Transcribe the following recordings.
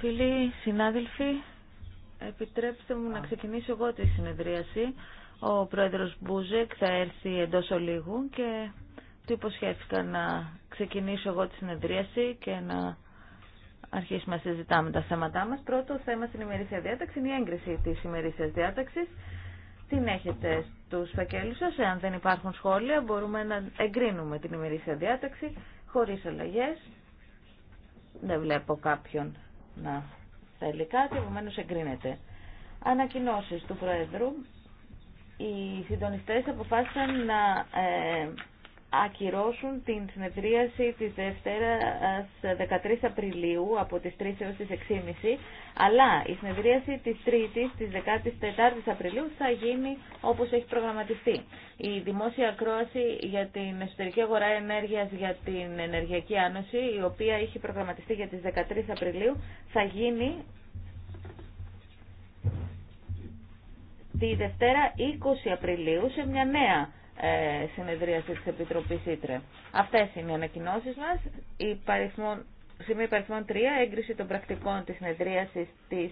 Φίλοι, συνάδελφοι, επιτρέψτε μου να ξεκινήσω εγώ τη συνεδρίαση. Ο πρόεδρος Μπούζεκ θα έρθει εντός ολίγου και του υποσχέθηκα να ξεκινήσω εγώ τη συνεδρίαση και να αρχίσουμε να συζητάμε τα θέματά μας. Πρώτο θέμα στην ημερήσια διάταξη είναι η έγκριση της ημερήσιας διάταξης την έχετε στους φακέλους σας. Εάν δεν υπάρχουν σχόλια μπορούμε να εγκρίνουμε την ημερήσια διάταξη χωρίς αλλαγές. Δεν βλέπω κάποιον να θέλει κάτι, επομένως εγκρίνεται. Ανακοινώσεις του Προέδρου. Οι συντονιστές αποφάσισαν να ε, ακυρώσουν την συνεδρίαση της Δευτέρας 13 ε, Απριλίου από τις 3 έως τις 6.30 αλλά η συνεδρίαση της Τρίτης της 14ης Απριλίου θα γίνει όπως έχει προγραμματιστεί. Η δημόσια ακρόαση για την εσωτερική αγορά ενέργειας για την Ενεργειακή Άνωση η οποία είχε προγραμματιστεί για τις 13 Απριλίου θα γίνει τη Δευτέρα 20 Απριλίου σε μια νέα ε, συνεδρίαση της Επιτροπής Ήτρε. Αυτές είναι οι ανακοινώσεις μας. Η σημείο υπαριθμών 3, έγκριση των πρακτικών της συνεδρίασης της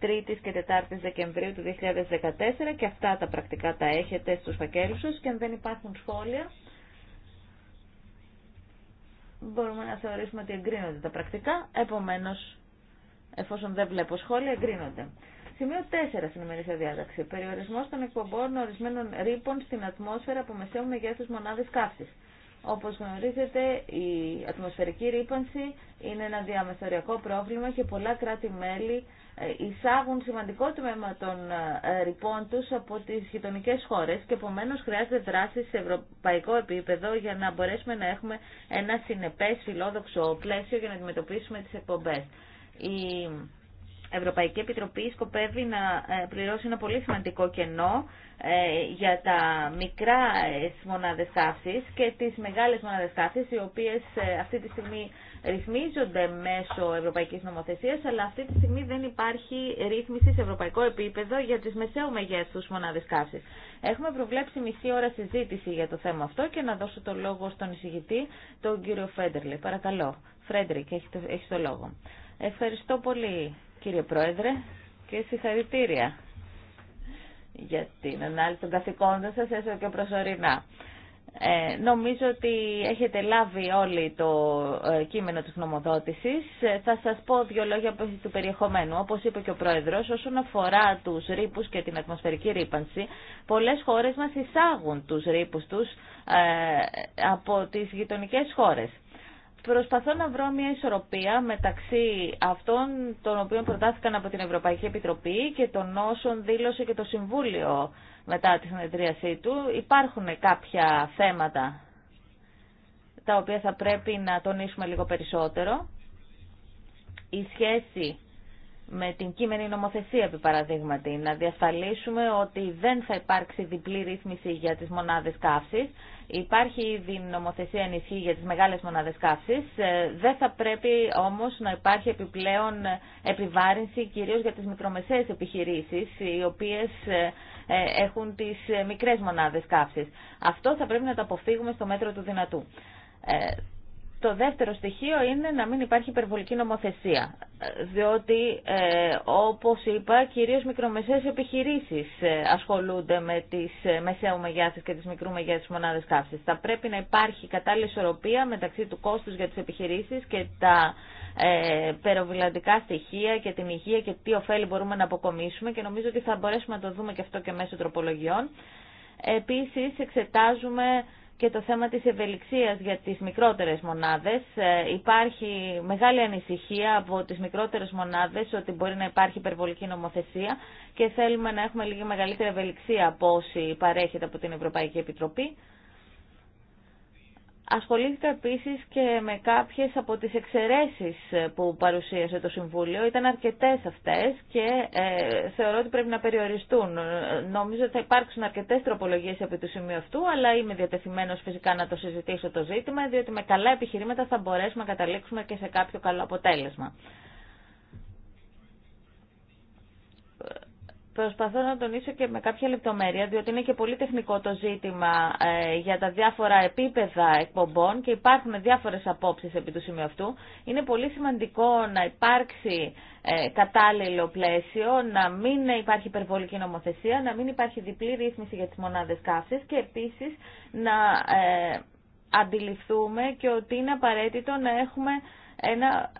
3ης ε, και 4ης Δεκεμβρίου του 2014 και αυτά τα πρακτικά τα έχετε στους φακέλους σας και αν δεν υπάρχουν σχόλια μπορούμε να θεωρήσουμε ότι εγκρίνονται τα πρακτικά, επομένως εφόσον δεν βλέπω σχόλια εγκρίνονται. Σημείο 4 στην ημερήσια διάταξη. Περιορισμό των εκπομπών ορισμένων ρήπων στην ατμόσφαιρα από μεσαίου μεγέθου μονάδε καύση. Όπω γνωρίζετε, η ατμοσφαιρική ρήπανση είναι ένα διαμεθοριακό πρόβλημα και πολλά κράτη-μέλη ε, εισάγουν σημαντικό τμήμα των ε, ρηπών του από τι γειτονικέ χώρε και επομένω χρειάζεται δράση σε ευρωπαϊκό επίπεδο για να μπορέσουμε να έχουμε ένα συνεπέ φιλόδοξο πλαίσιο για να αντιμετωπίσουμε τι εκπομπέ. Η Ευρωπαϊκή Επιτροπή σκοπεύει να ε, πληρώσει ένα πολύ σημαντικό κενό ε, για τα μικρά ε, μονάδες τάσης και τις μεγάλες μονάδες τάσης, οι οποίες αυτή τη στιγμή ρυθμίζονται μέσω ευρωπαϊκής νομοθεσίας, αλλά αυτή τη στιγμή δεν υπάρχει ρύθμιση σε ευρωπαϊκό επίπεδο για τις μεσαίου μεγέθους μονάδες τάσης. Έχουμε προβλέψει μισή ώρα συζήτηση για το θέμα αυτό και να δώσω το λόγο στον εισηγητή, τον κύριο Φέντερλε. Παρακαλώ. το, έχει το λόγο. Ευχαριστώ πολύ, κύριε Πρόεδρε, και συγχαρητήρια για την ανάλυση των καθηκόντων σας, έστω και προσωρινά. Ε, νομίζω ότι έχετε λάβει όλοι το ε, κείμενο της νομοδότησης. Ε, θα σας πω δύο λόγια του περιεχομένου. Όπως είπε και ο Πρόεδρος, όσον αφορά τους ρήπους και την ατμοσφαιρική ρήπανση, πολλές χώρες μας εισάγουν τους ρήπους τους ε, από τις γειτονικές χώρες. Προσπαθώ να βρω μια ισορροπία μεταξύ αυτών των οποίων προτάθηκαν από την Ευρωπαϊκή Επιτροπή και των όσων δήλωσε και το Συμβούλιο μετά τη συνεδρίασή του. Υπάρχουν κάποια θέματα τα οποία θα πρέπει να τονίσουμε λίγο περισσότερο. Η σχέση με την κείμενη νομοθεσία, επί παραδείγματι, να διασφαλίσουμε ότι δεν θα υπάρξει διπλή ρύθμιση για τις μονάδες καύση. Υπάρχει ήδη νομοθεσία ενισχύ για τις μεγάλες μονάδες καύση. Ε, δεν θα πρέπει όμως να υπάρχει επιπλέον επιβάρυνση, κυρίως για τις μικρομεσαίες επιχειρήσεις, οι οποίες ε, ε, έχουν τις μικρές μονάδες καύση. Αυτό θα πρέπει να το αποφύγουμε στο μέτρο του δυνατού. Το δεύτερο στοιχείο είναι να μην υπάρχει υπερβολική νομοθεσία, διότι ε, όπως είπα κυρίως μικρομεσαίες επιχειρήσεις ε, ασχολούνται με τις ε, μεσαίου μεγέθους και τις μικρού μεγέθους μονάδες καύσης. Θα πρέπει να υπάρχει κατάλληλη ισορροπία μεταξύ του κόστους για τις επιχειρήσεις και τα ε, στοιχεία και την υγεία και τι ωφέλη μπορούμε να αποκομίσουμε και νομίζω ότι θα μπορέσουμε να το δούμε και αυτό και μέσω τροπολογιών. Επίσης εξετάζουμε και το θέμα της ευελιξίας για τις μικρότερες μονάδες. Ε, υπάρχει μεγάλη ανησυχία από τις μικρότερες μονάδες ότι μπορεί να υπάρχει υπερβολική νομοθεσία και θέλουμε να έχουμε λίγη μεγαλύτερη ευελιξία από όσοι παρέχεται από την Ευρωπαϊκή Επιτροπή. Ασχολήθηκα επίσης και με κάποιες από τις εξαιρέσεις που παρουσίασε το Συμβούλιο. Ήταν αρκετές αυτές και ε, θεωρώ ότι πρέπει να περιοριστούν. Νομίζω ότι θα υπάρξουν αρκετές τροπολογίες από του σημείου αυτού, αλλά είμαι διατεθειμένος φυσικά να το συζητήσω το ζήτημα, διότι με καλά επιχειρήματα θα μπορέσουμε να καταλήξουμε και σε κάποιο καλό αποτέλεσμα. Προσπαθώ να τονίσω και με κάποια λεπτομέρεια, διότι είναι και πολύ τεχνικό το ζήτημα ε, για τα διάφορα επίπεδα εκπομπών και υπάρχουν διάφορες απόψεις επί του σημείου αυτού. Είναι πολύ σημαντικό να υπάρξει ε, κατάλληλο πλαίσιο, να μην υπάρχει υπερβολική νομοθεσία, να μην υπάρχει διπλή ρύθμιση για τις μονάδες καύσης και επίσης να ε, αντιληφθούμε και ότι είναι απαραίτητο να έχουμε ένα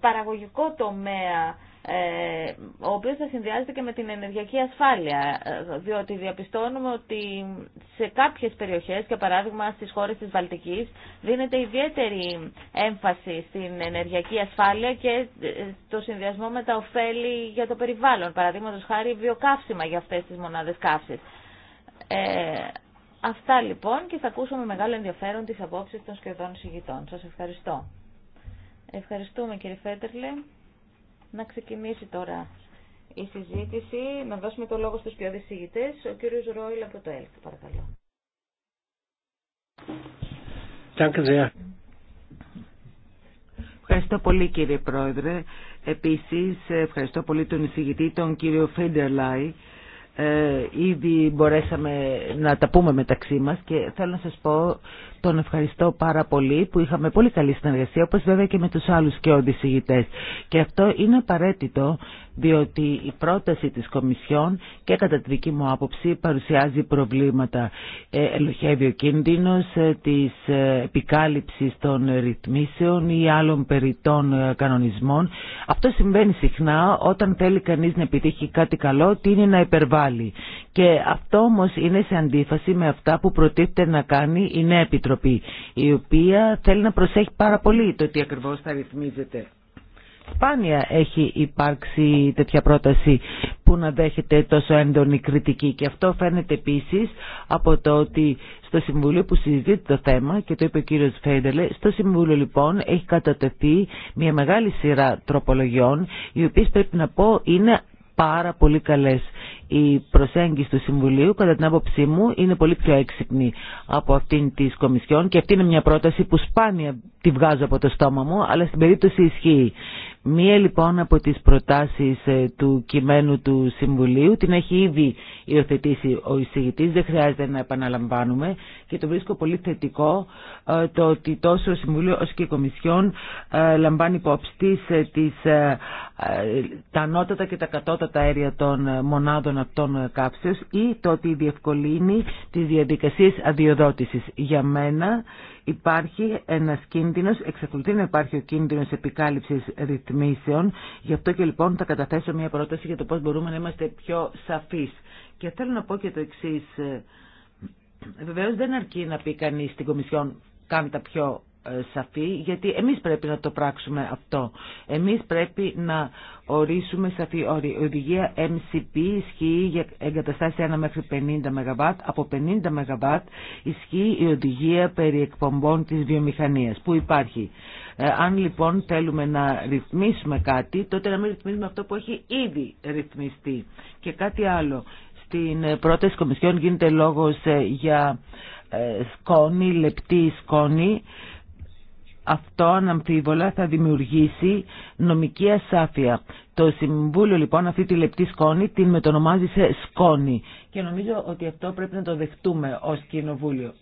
παραγωγικό τομέα ε, ο οποίος θα συνδυάζεται και με την ενεργειακή ασφάλεια, ε, διότι διαπιστώνουμε ότι σε κάποιες περιοχές, για παράδειγμα στις χώρες της Βαλτικής, δίνεται ιδιαίτερη έμφαση στην ενεργειακή ασφάλεια και ε, το συνδυασμό με τα ωφέλη για το περιβάλλον, παραδείγματο χάρη βιοκαύσιμα για αυτές τις μονάδες καύσης. Ε, αυτά λοιπόν και θα ακούσουμε μεγάλο ενδιαφέρον τις απόψεις των σχεδόν συγητών. Σας ευχαριστώ. Ευχαριστούμε κύριε Φέτερλε να ξεκινήσει τώρα η συζήτηση, να δώσουμε το λόγο στους πιο δυσηγητές. Ο κύριος Ρόιλ από το ΕΛΚ, παρακαλώ. Ευχαριστώ πολύ κύριε Πρόεδρε. Επίσης ευχαριστώ πολύ τον εισηγητή, τον κύριο Φίντερλάι. Ε, ήδη μπορέσαμε να τα πούμε μεταξύ μας και θέλω να σας πω τον ευχαριστώ πάρα πολύ που είχαμε πολύ καλή συνεργασία, όπως βέβαια και με τους άλλους και ηγητές. Και αυτό είναι απαραίτητο διότι η πρόταση της Κομισιόν και κατά τη δική μου άποψη παρουσιάζει προβλήματα. Ε, ελοχεύει ο κίνδυνος ε, της ε, επικάλυψης των ρυθμίσεων ή άλλων περιττών κανονισμών. Αυτό συμβαίνει συχνά όταν θέλει κανείς να επιτύχει κάτι καλό, τι είναι να υπερβάλλει. Και αυτό όμως είναι σε αντίφαση με αυτά που προτίθεται να κάνει η νέα επιτροπή, η οποία θέλει να προσέχει πάρα πολύ το τι ακριβώς θα ρυθμίζεται. Σπάνια έχει υπάρξει τέτοια πρόταση που να δέχεται τόσο έντονη κριτική και αυτό φαίνεται επίσης από το ότι στο Συμβούλιο που συζητεί το θέμα και το είπε ο κύριος Φέντελε, στο Συμβούλιο λοιπόν έχει κατατεθεί μια μεγάλη σειρά τροπολογιών οι οποίες πρέπει να πω είναι πάρα πολύ καλές. Η προσέγγιση του Συμβουλίου, κατά την άποψή μου, είναι πολύ πιο έξυπνη από αυτήν της Κομισιόν και αυτή είναι μια πρόταση που σπάνια τη βγάζω από το στόμα μου, αλλά στην περίπτωση ισχύει. Μία λοιπόν από τις προτάσεις ε, του κειμένου του Συμβουλίου την έχει ήδη υιοθετήσει ο εισηγητής, δεν χρειάζεται να επαναλαμβάνουμε και το βρίσκω πολύ θετικό ε, το ότι τόσο ο Συμβουλίο όσο και η Κομισιόν ε, λαμβάνει υπόψη της ε, τα ανώτατα και τα κατώτατα αέρια των ε, μονάδων αυτών ε, κάψεως ή το ότι διευκολύνει τις διαδικασίες αδειοδότησης. Για μένα υπάρχει ένας κίνδυνος, εξακολουθεί να υπάρχει ο κίνδυνος επικάλυψης ρυθμίσεων, γι' αυτό και λοιπόν θα καταθέσω μια πρόταση για το πώς μπορούμε να είμαστε πιο σαφείς. Και θέλω να πω και το εξή. Βεβαίω δεν αρκεί να πει κανείς στην Κομισιόν τα πιο ε, σαφή γιατί εμείς πρέπει να το πράξουμε αυτό. Εμείς πρέπει να ορίσουμε σαφή Η οδηγία MCP ισχύει για εγκαταστάσεις 1 μέχρι 50 ΜΒ. Από 50 ΜΒ ισχύει η οδηγία περί εκπομπών της βιομηχανίας που υπάρχει. Ε, αν λοιπόν θέλουμε να ρυθμίσουμε κάτι, τότε να μην ρυθμίσουμε αυτό που έχει ήδη ρυθμιστεί. Και κάτι άλλο. Στην πρόταση Κομισιόν γίνεται λόγος ε, για σκόνη, λεπτή σκόνη αυτό αναμφίβολα θα δημιουργήσει νομική ασάφεια. Το Συμβούλιο λοιπόν αυτή τη λεπτή σκόνη την μετονομάζει σε σκόνη και νομίζω ότι αυτό πρέπει να το δεχτούμε ως Κοινοβούλιο.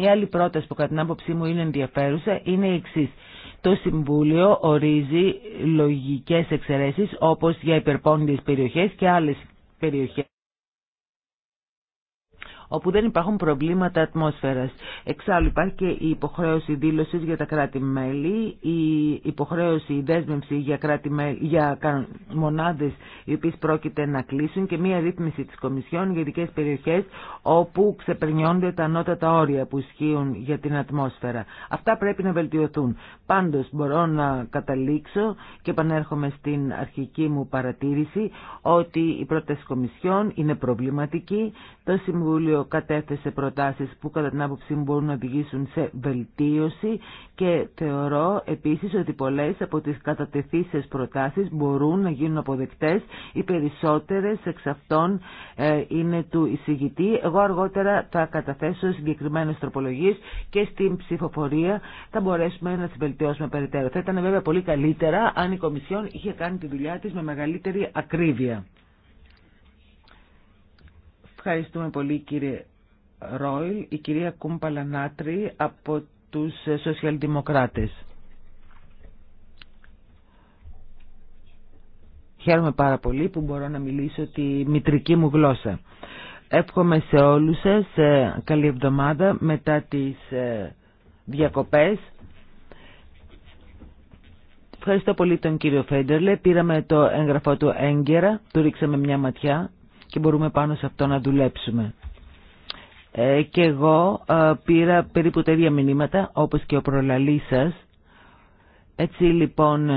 Η άλλη πρόταση που κατά την άποψή μου είναι ενδιαφέρουσα είναι η εξή. Το Συμβούλιο ορίζει λογικές εξαιρέσεις όπως για υπερπόνητες περιοχές και άλλες περιοχές όπου δεν υπάρχουν προβλήματα ατμόσφαιρας. Εξάλλου υπάρχει και η υποχρέωση δήλωσης για τα κράτη-μέλη, η υποχρέωση η δέσμευση για, κράτη για μονάδες οι οποίες πρόκειται να κλείσουν και μια ρύθμιση της Κομισιόν για ειδικέ περιοχές όπου ξεπερνιόνται τα ανώτατα όρια που ισχύουν για την ατμόσφαιρα. Αυτά πρέπει να βελτιωθούν. Πάντως μπορώ να καταλήξω και επανέρχομαι στην αρχική μου παρατήρηση ότι η πρόταση Κομισιόν είναι προβληματική, το Συμβούλιο κατέθεσε προτάσεις που κατά την άποψή μου μπορούν να οδηγήσουν σε βελτίωση και θεωρώ επίσης ότι πολλές από τις κατατεθήσεις προτάσεις μπορούν να γίνουν αποδεκτές. Οι περισσότερες εξ αυτών ε, είναι του εισηγητή. Εγώ αργότερα θα καταθέσω συγκεκριμένε τροπολογίες και στην ψηφοφορία θα μπορέσουμε να τις βελτιώσουμε περιττέρω. Θα ήταν βέβαια πολύ καλύτερα αν η Κομισιόν είχε κάνει τη δουλειά της με μεγαλύτερη ακρίβεια. Ευχαριστούμε πολύ κύριε Ρόιλ. Η κυρία Κούμπα Νάτρη από τους σοσιαλδημοκράτες. Χαίρομαι πάρα πολύ που μπορώ να μιλήσω τη μητρική μου γλώσσα. Εύχομαι σε όλους σας ε, καλή εβδομάδα μετά τις ε, διακοπές. Ευχαριστώ πολύ τον κύριο Φέντερλε. Πήραμε το έγγραφό του έγκαιρα, του ρίξαμε μια ματιά και μπορούμε πάνω σε αυτό να δουλέψουμε. Ε, και εγώ ε, πήρα περίπου τα ίδια μηνύματα όπως και ο προλαλής σας. Έτσι λοιπόν,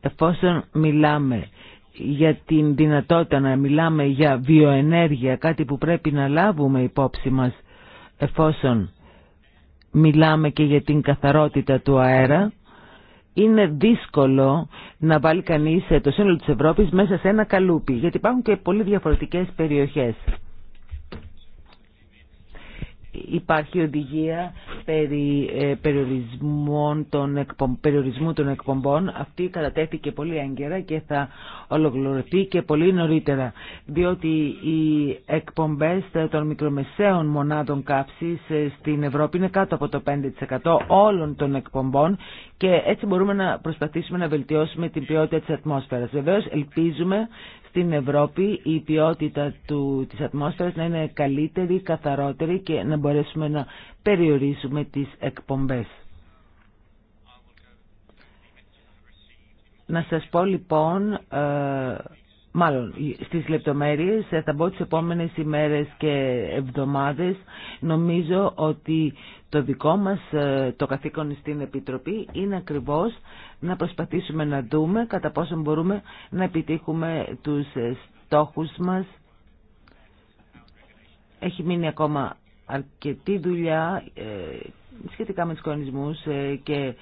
εφόσον μιλάμε για την δυνατότητα να μιλάμε για βιοενέργεια, κάτι που πρέπει να λάβουμε υπόψη μας εφόσον μιλάμε και για την καθαρότητα του αέρα, είναι δύσκολο να βάλει κανείς το σύνολο της Ευρώπης μέσα σε ένα καλούπι, γιατί υπάρχουν και πολύ διαφορετικές περιοχές υπάρχει οδηγία περί ε, περιορισμού των εκπομπών. Αυτή κατατέθηκε πολύ έγκαιρα και θα ολοκληρωθεί και πολύ νωρίτερα. Διότι οι εκπομπές των μικρομεσαίων μονάδων καύσης ε, στην Ευρώπη είναι κάτω από το 5% όλων των εκπομπών και έτσι μπορούμε να προσπαθήσουμε να βελτιώσουμε την ποιότητα της ατμόσφαιρας. Βεβαίως ελπίζουμε στην Ευρώπη η ποιότητα του, της ατμόσφαιρας να είναι καλύτερη, καθαρότερη και να μπορέσουμε να περιορίσουμε τις εκπομπές. Να σας πω λοιπόν, ε, μάλλον στις λεπτομέρειες, θα μπω τις επόμενες ημέρες και εβδομάδες. Νομίζω ότι το δικό μας ε, το καθήκον στην Επιτροπή είναι ακριβώς να προσπαθήσουμε να δούμε κατά πόσο μπορούμε να επιτύχουμε τους ε, στόχους μας. Έχει μείνει ακόμα αρκετή δουλειά ε, σχετικά με τους ε, και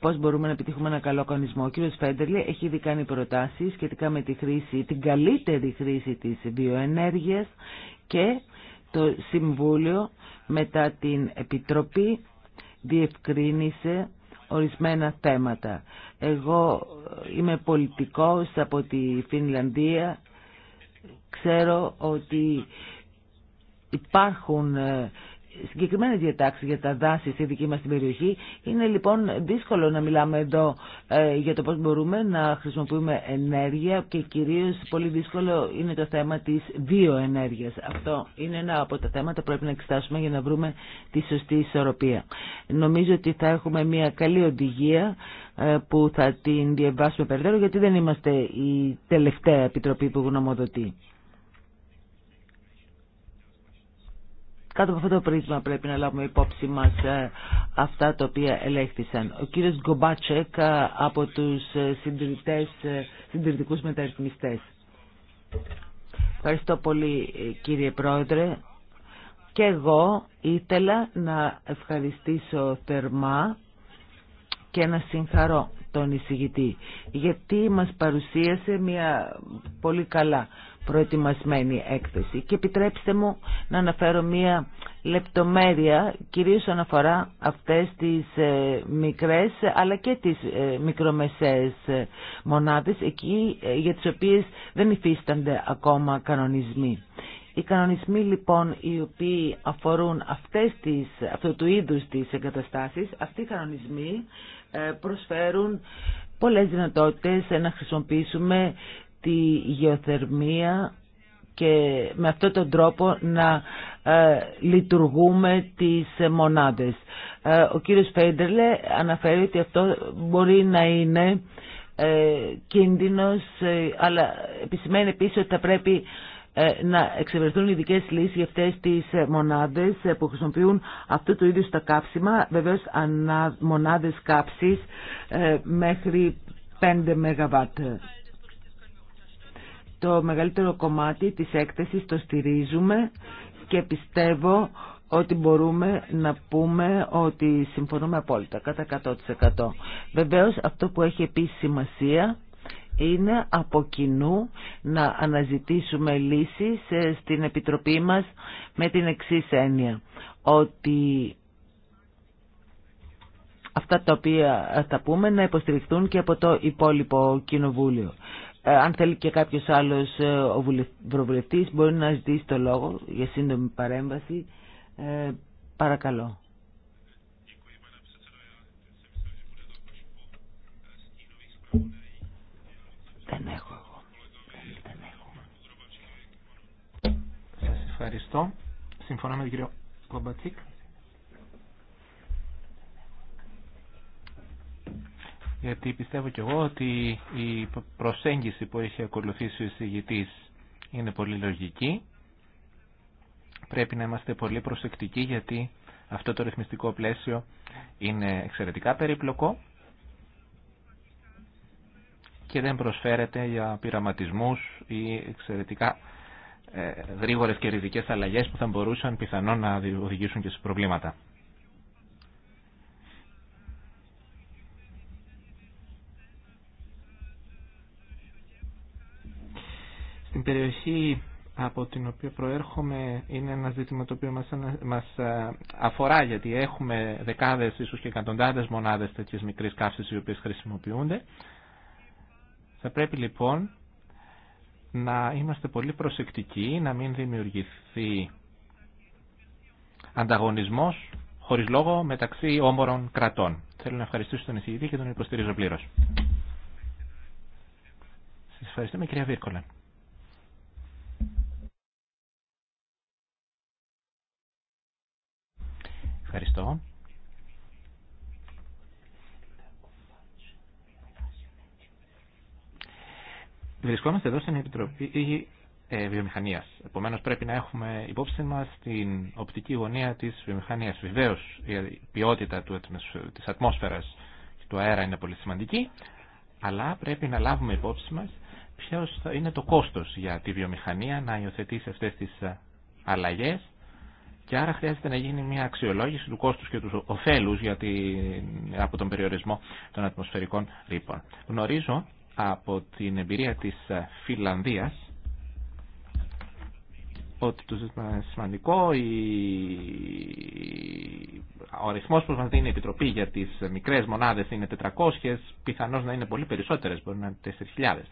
πώς μπορούμε να επιτύχουμε ένα καλό κονισμό. Ο κ. Φέντερλε έχει ήδη κάνει προτάσεις σχετικά με τη χρήση, την καλύτερη χρήση της βιοενέργειας και το Συμβούλιο μετά την Επιτροπή διευκρίνησε ορισμένα θέματα. Εγώ είμαι πολιτικός από τη Φινλανδία. Ξέρω ότι υπάρχουν ε, συγκεκριμένε διατάξει για τα δάση στη δική μα την περιοχή. Είναι λοιπόν δύσκολο να μιλάμε εδώ ε, για το πώ μπορούμε να χρησιμοποιούμε ενέργεια και κυρίω πολύ δύσκολο είναι το θέμα τη βιοενέργεια. Αυτό είναι ένα από τα θέματα που πρέπει να εξετάσουμε για να βρούμε τη σωστή ισορροπία. Νομίζω ότι θα έχουμε μια καλή οδηγία ε, που θα την διαβάσουμε περαιτέρω γιατί δεν είμαστε η τελευταία επιτροπή που γνωμοδοτεί. κάτω από αυτό το πρίσμα πρέπει να λάβουμε υπόψη μας ε, αυτά τα οποία ελέγχθησαν. Ο κύριος Γκομπάτσεκ ε, από τους ε, συντηρητικού συντηρητικούς μεταρρυθμιστές. Ευχαριστώ πολύ κύριε Πρόεδρε. Και εγώ ήθελα να ευχαριστήσω θερμά και να συγχαρώ τον εισηγητή γιατί μας παρουσίασε μια πολύ καλά προετοιμασμένη έκθεση. Και επιτρέψτε μου να αναφέρω μία λεπτομέρεια, κυρίως αναφορά αυτές τις ε, μικρές αλλά και τις ε, μικρομεσαίες ε, μονάδες, εκεί για τις οποίες δεν υφίστανται ακόμα κανονισμοί. Οι κανονισμοί λοιπόν οι οποίοι αφορούν αυτές τις, αυτού του είδους τις εγκαταστάσεις, αυτοί οι κανονισμοί προσφέρουν πολλές δυνατότητες να χρησιμοποιήσουμε τη γεωθερμία και με αυτόν τον τρόπο να ε, λειτουργούμε τις μονάδες. Ε, ο κύριος Φέντερλε αναφέρει ότι αυτό μπορεί να είναι ε, κίνδυνος, ε, αλλά επισημαίνει επίσης ότι θα πρέπει ε, να εξευρεθούν ειδικέ λύσεις για αυτές τις μονάδες που χρησιμοποιούν αυτού του είδους τα κάψιμα, βεβαίως μονάδες κάψης μέχρι 5 ΜΒ το μεγαλύτερο κομμάτι της έκθεσης το στηρίζουμε και πιστεύω ότι μπορούμε να πούμε ότι συμφωνούμε απόλυτα, κατά 100%. Βεβαίως αυτό που έχει επίσης σημασία είναι από κοινού να αναζητήσουμε λύσεις ε, στην Επιτροπή μας με την εξής έννοια, ότι αυτά τα οποία θα πούμε να υποστηριχθούν και από το υπόλοιπο Κοινοβούλιο. Ε, αν θέλει και κάποιος άλλος ε, ο μπορεί να ζητήσει το λόγο για σύντομη παρέμβαση. Ε, παρακαλώ. Δεν έχω εγώ. Δεν, έχω. Σας ευχαριστώ. Συμφωνώ με τον κύριο Κομπατσίκ. γιατί πιστεύω κι εγώ ότι η προσέγγιση που έχει ακολουθήσει ο εισηγητής είναι πολύ λογική. Πρέπει να είμαστε πολύ προσεκτικοί γιατί αυτό το ρυθμιστικό πλαίσιο είναι εξαιρετικά περίπλοκο και δεν προσφέρεται για πειραματισμούς ή εξαιρετικά ε, γρήγορες και ριζικές αλλαγές που θα μπορούσαν πιθανόν να οδηγήσουν και σε προβλήματα. Στην περιοχή από την οποία προέρχομαι είναι ένα ζήτημα το οποίο μας, ε, αφορά γιατί έχουμε δεκάδες ίσως και εκατοντάδες μονάδες τέτοιες μικρής καύσης οι οποίες χρησιμοποιούνται. Θα πρέπει λοιπόν να είμαστε πολύ προσεκτικοί, να μην δημιουργηθεί ανταγωνισμός χωρίς λόγο μεταξύ όμορων κρατών. Θέλω να ευχαριστήσω τον εισηγητή και τον υποστηρίζω πλήρως. Σας ευχαριστούμε κυρία Βίρκολα. Ευχαριστώ. Βρισκόμαστε εδώ στην Επιτροπή ε, Βιομηχανία. Επομένω, πρέπει να έχουμε υπόψη μα την οπτική γωνία τη βιομηχανία. Βεβαίω, η ποιότητα τη ατμόσφαιρα και του αέρα είναι πολύ σημαντική, αλλά πρέπει να λάβουμε υπόψη μα ποιο είναι το κόστο για τη βιομηχανία να υιοθετήσει αυτέ τι ε, αλλαγέ και άρα χρειάζεται να γίνει μια αξιολόγηση του κόστους και του ωφέλου από τον περιορισμό των ατμοσφαιρικών ρήπων. Γνωρίζω από την εμπειρία της Φιλανδίας ότι το σημαντικό η... ο αριθμό που μα δίνει η Επιτροπή για τι μικρέ μονάδε είναι 400, πιθανώ να είναι πολύ περισσότερε, μπορεί να είναι 4.000.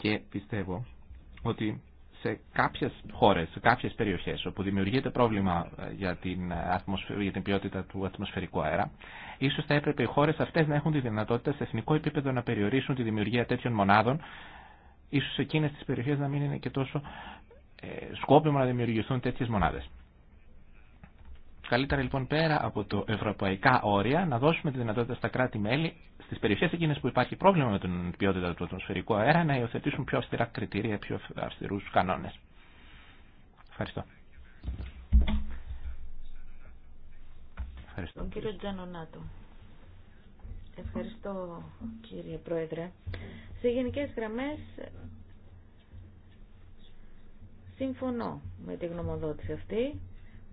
και πιστεύω ότι σε κάποιες χώρες, σε κάποιες περιοχές όπου δημιουργείται πρόβλημα ε, για την, για την ποιότητα του ατμοσφαιρικού αέρα, ίσως θα έπρεπε οι χώρες αυτές να έχουν τη δυνατότητα σε εθνικό επίπεδο να περιορίσουν τη δημιουργία τέτοιων μονάδων, ίσως εκείνες τις περιοχές να μην είναι και τόσο ε, σκόπιμο να δημιουργηθούν τέτοιες μονάδες. Καλύτερα λοιπόν πέρα από το ευρωπαϊκά όρια να δώσουμε τη δυνατότητα στα κράτη-μέλη στι περιοχέ εκείνε που υπάρχει πρόβλημα με την ποιότητα του ατμοσφαιρικού αέρα να υιοθετήσουν πιο αυστηρά κριτήρια, πιο αυστηρού κανόνε. Ευχαριστώ. Ευχαριστώ. Τον Τζανονάτο. Ευχαριστώ κύριε Πρόεδρε. Σε γενικέ γραμμές συμφωνώ με τη γνωμοδότηση αυτή.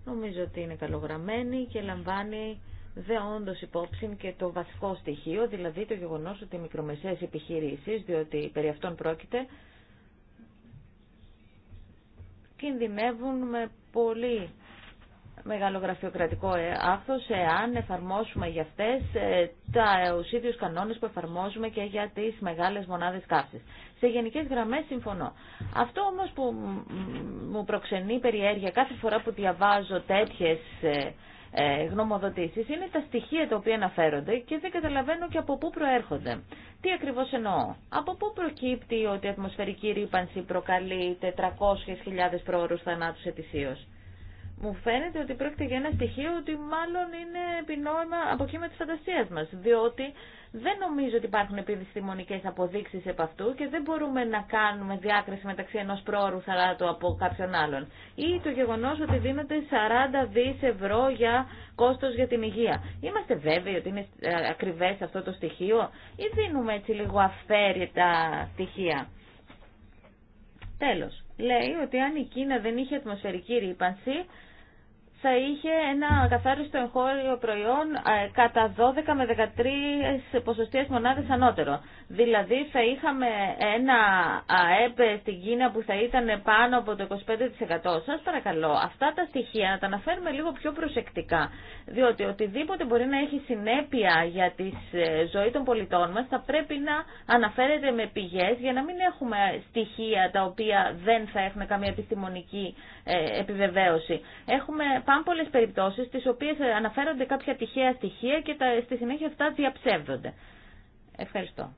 Νομίζω ότι είναι καλογραμμένη και λαμβάνει δεόντω υπόψη και το βασικό στοιχείο, δηλαδή το γεγονό ότι οι μικρομεσαίες επιχειρήσεις, διότι περί αυτών πρόκειται, κινδυνεύουν με πολύ μεγάλο γραφειοκρατικό ε, άκθος εάν εφαρμόσουμε για αυτές ε, τα ίδιους κανόνες που εφαρμόζουμε και για τις μεγάλες μονάδες καύσης. Σε γενικές γραμμές συμφωνώ. Αυτό όμως που μου προξενεί περιέργεια κάθε φορά που διαβάζω τέτοιες ε, γνωμοδοτήσεις είναι τα στοιχεία τα οποία αναφέρονται και δεν καταλαβαίνω και από πού προέρχονται. Τι ακριβώς εννοώ. Από πού προκύπτει ότι η ατμοσφαιρική ρήπανση προκαλεί 400.000 πρόωρους θανάτου ετησίως μου φαίνεται ότι πρόκειται για ένα στοιχείο ότι μάλλον είναι επινόημα από κύμα της φαντασίας μας, διότι δεν νομίζω ότι υπάρχουν επιστημονικές αποδείξεις επ' αυτού και δεν μπορούμε να κάνουμε διάκριση μεταξύ ενός πρόωρου θαλάτου από κάποιον άλλον. Ή το γεγονός ότι δίνονται 40 δις ευρώ για κόστος για την υγεία. Είμαστε βέβαιοι ότι είναι ακριβές αυτό το στοιχείο ή δίνουμε έτσι λίγο αφαίρετα στοιχεία. Τέλος, λέει ότι αν η Κίνα δεν είχε ατμοσφαιρική ρήπανση, θα είχε ένα καθάριστο εγχώριο προϊόν ε, κατά 12 με 13 ποσοστίες μονάδες ανώτερο. Δηλαδή θα είχαμε ένα ΑΕΠ στην Κίνα που θα ήταν πάνω από το 25%. Σας παρακαλώ, αυτά τα στοιχεία να τα αναφέρουμε λίγο πιο προσεκτικά, διότι οτιδήποτε μπορεί να έχει συνέπεια για τη ε, ζωή των πολιτών μας θα πρέπει να αναφέρεται με πηγές για να μην έχουμε στοιχεία τα οποία δεν θα έχουν καμία επιστημονική ε, επιβεβαίωση. Έχουμε πάνω πολλέ περιπτώσει στις οποίες αναφέρονται κάποια τυχαία στοιχεία και τα, στη συνέχεια αυτά διαψεύδονται. Ευχαριστώ.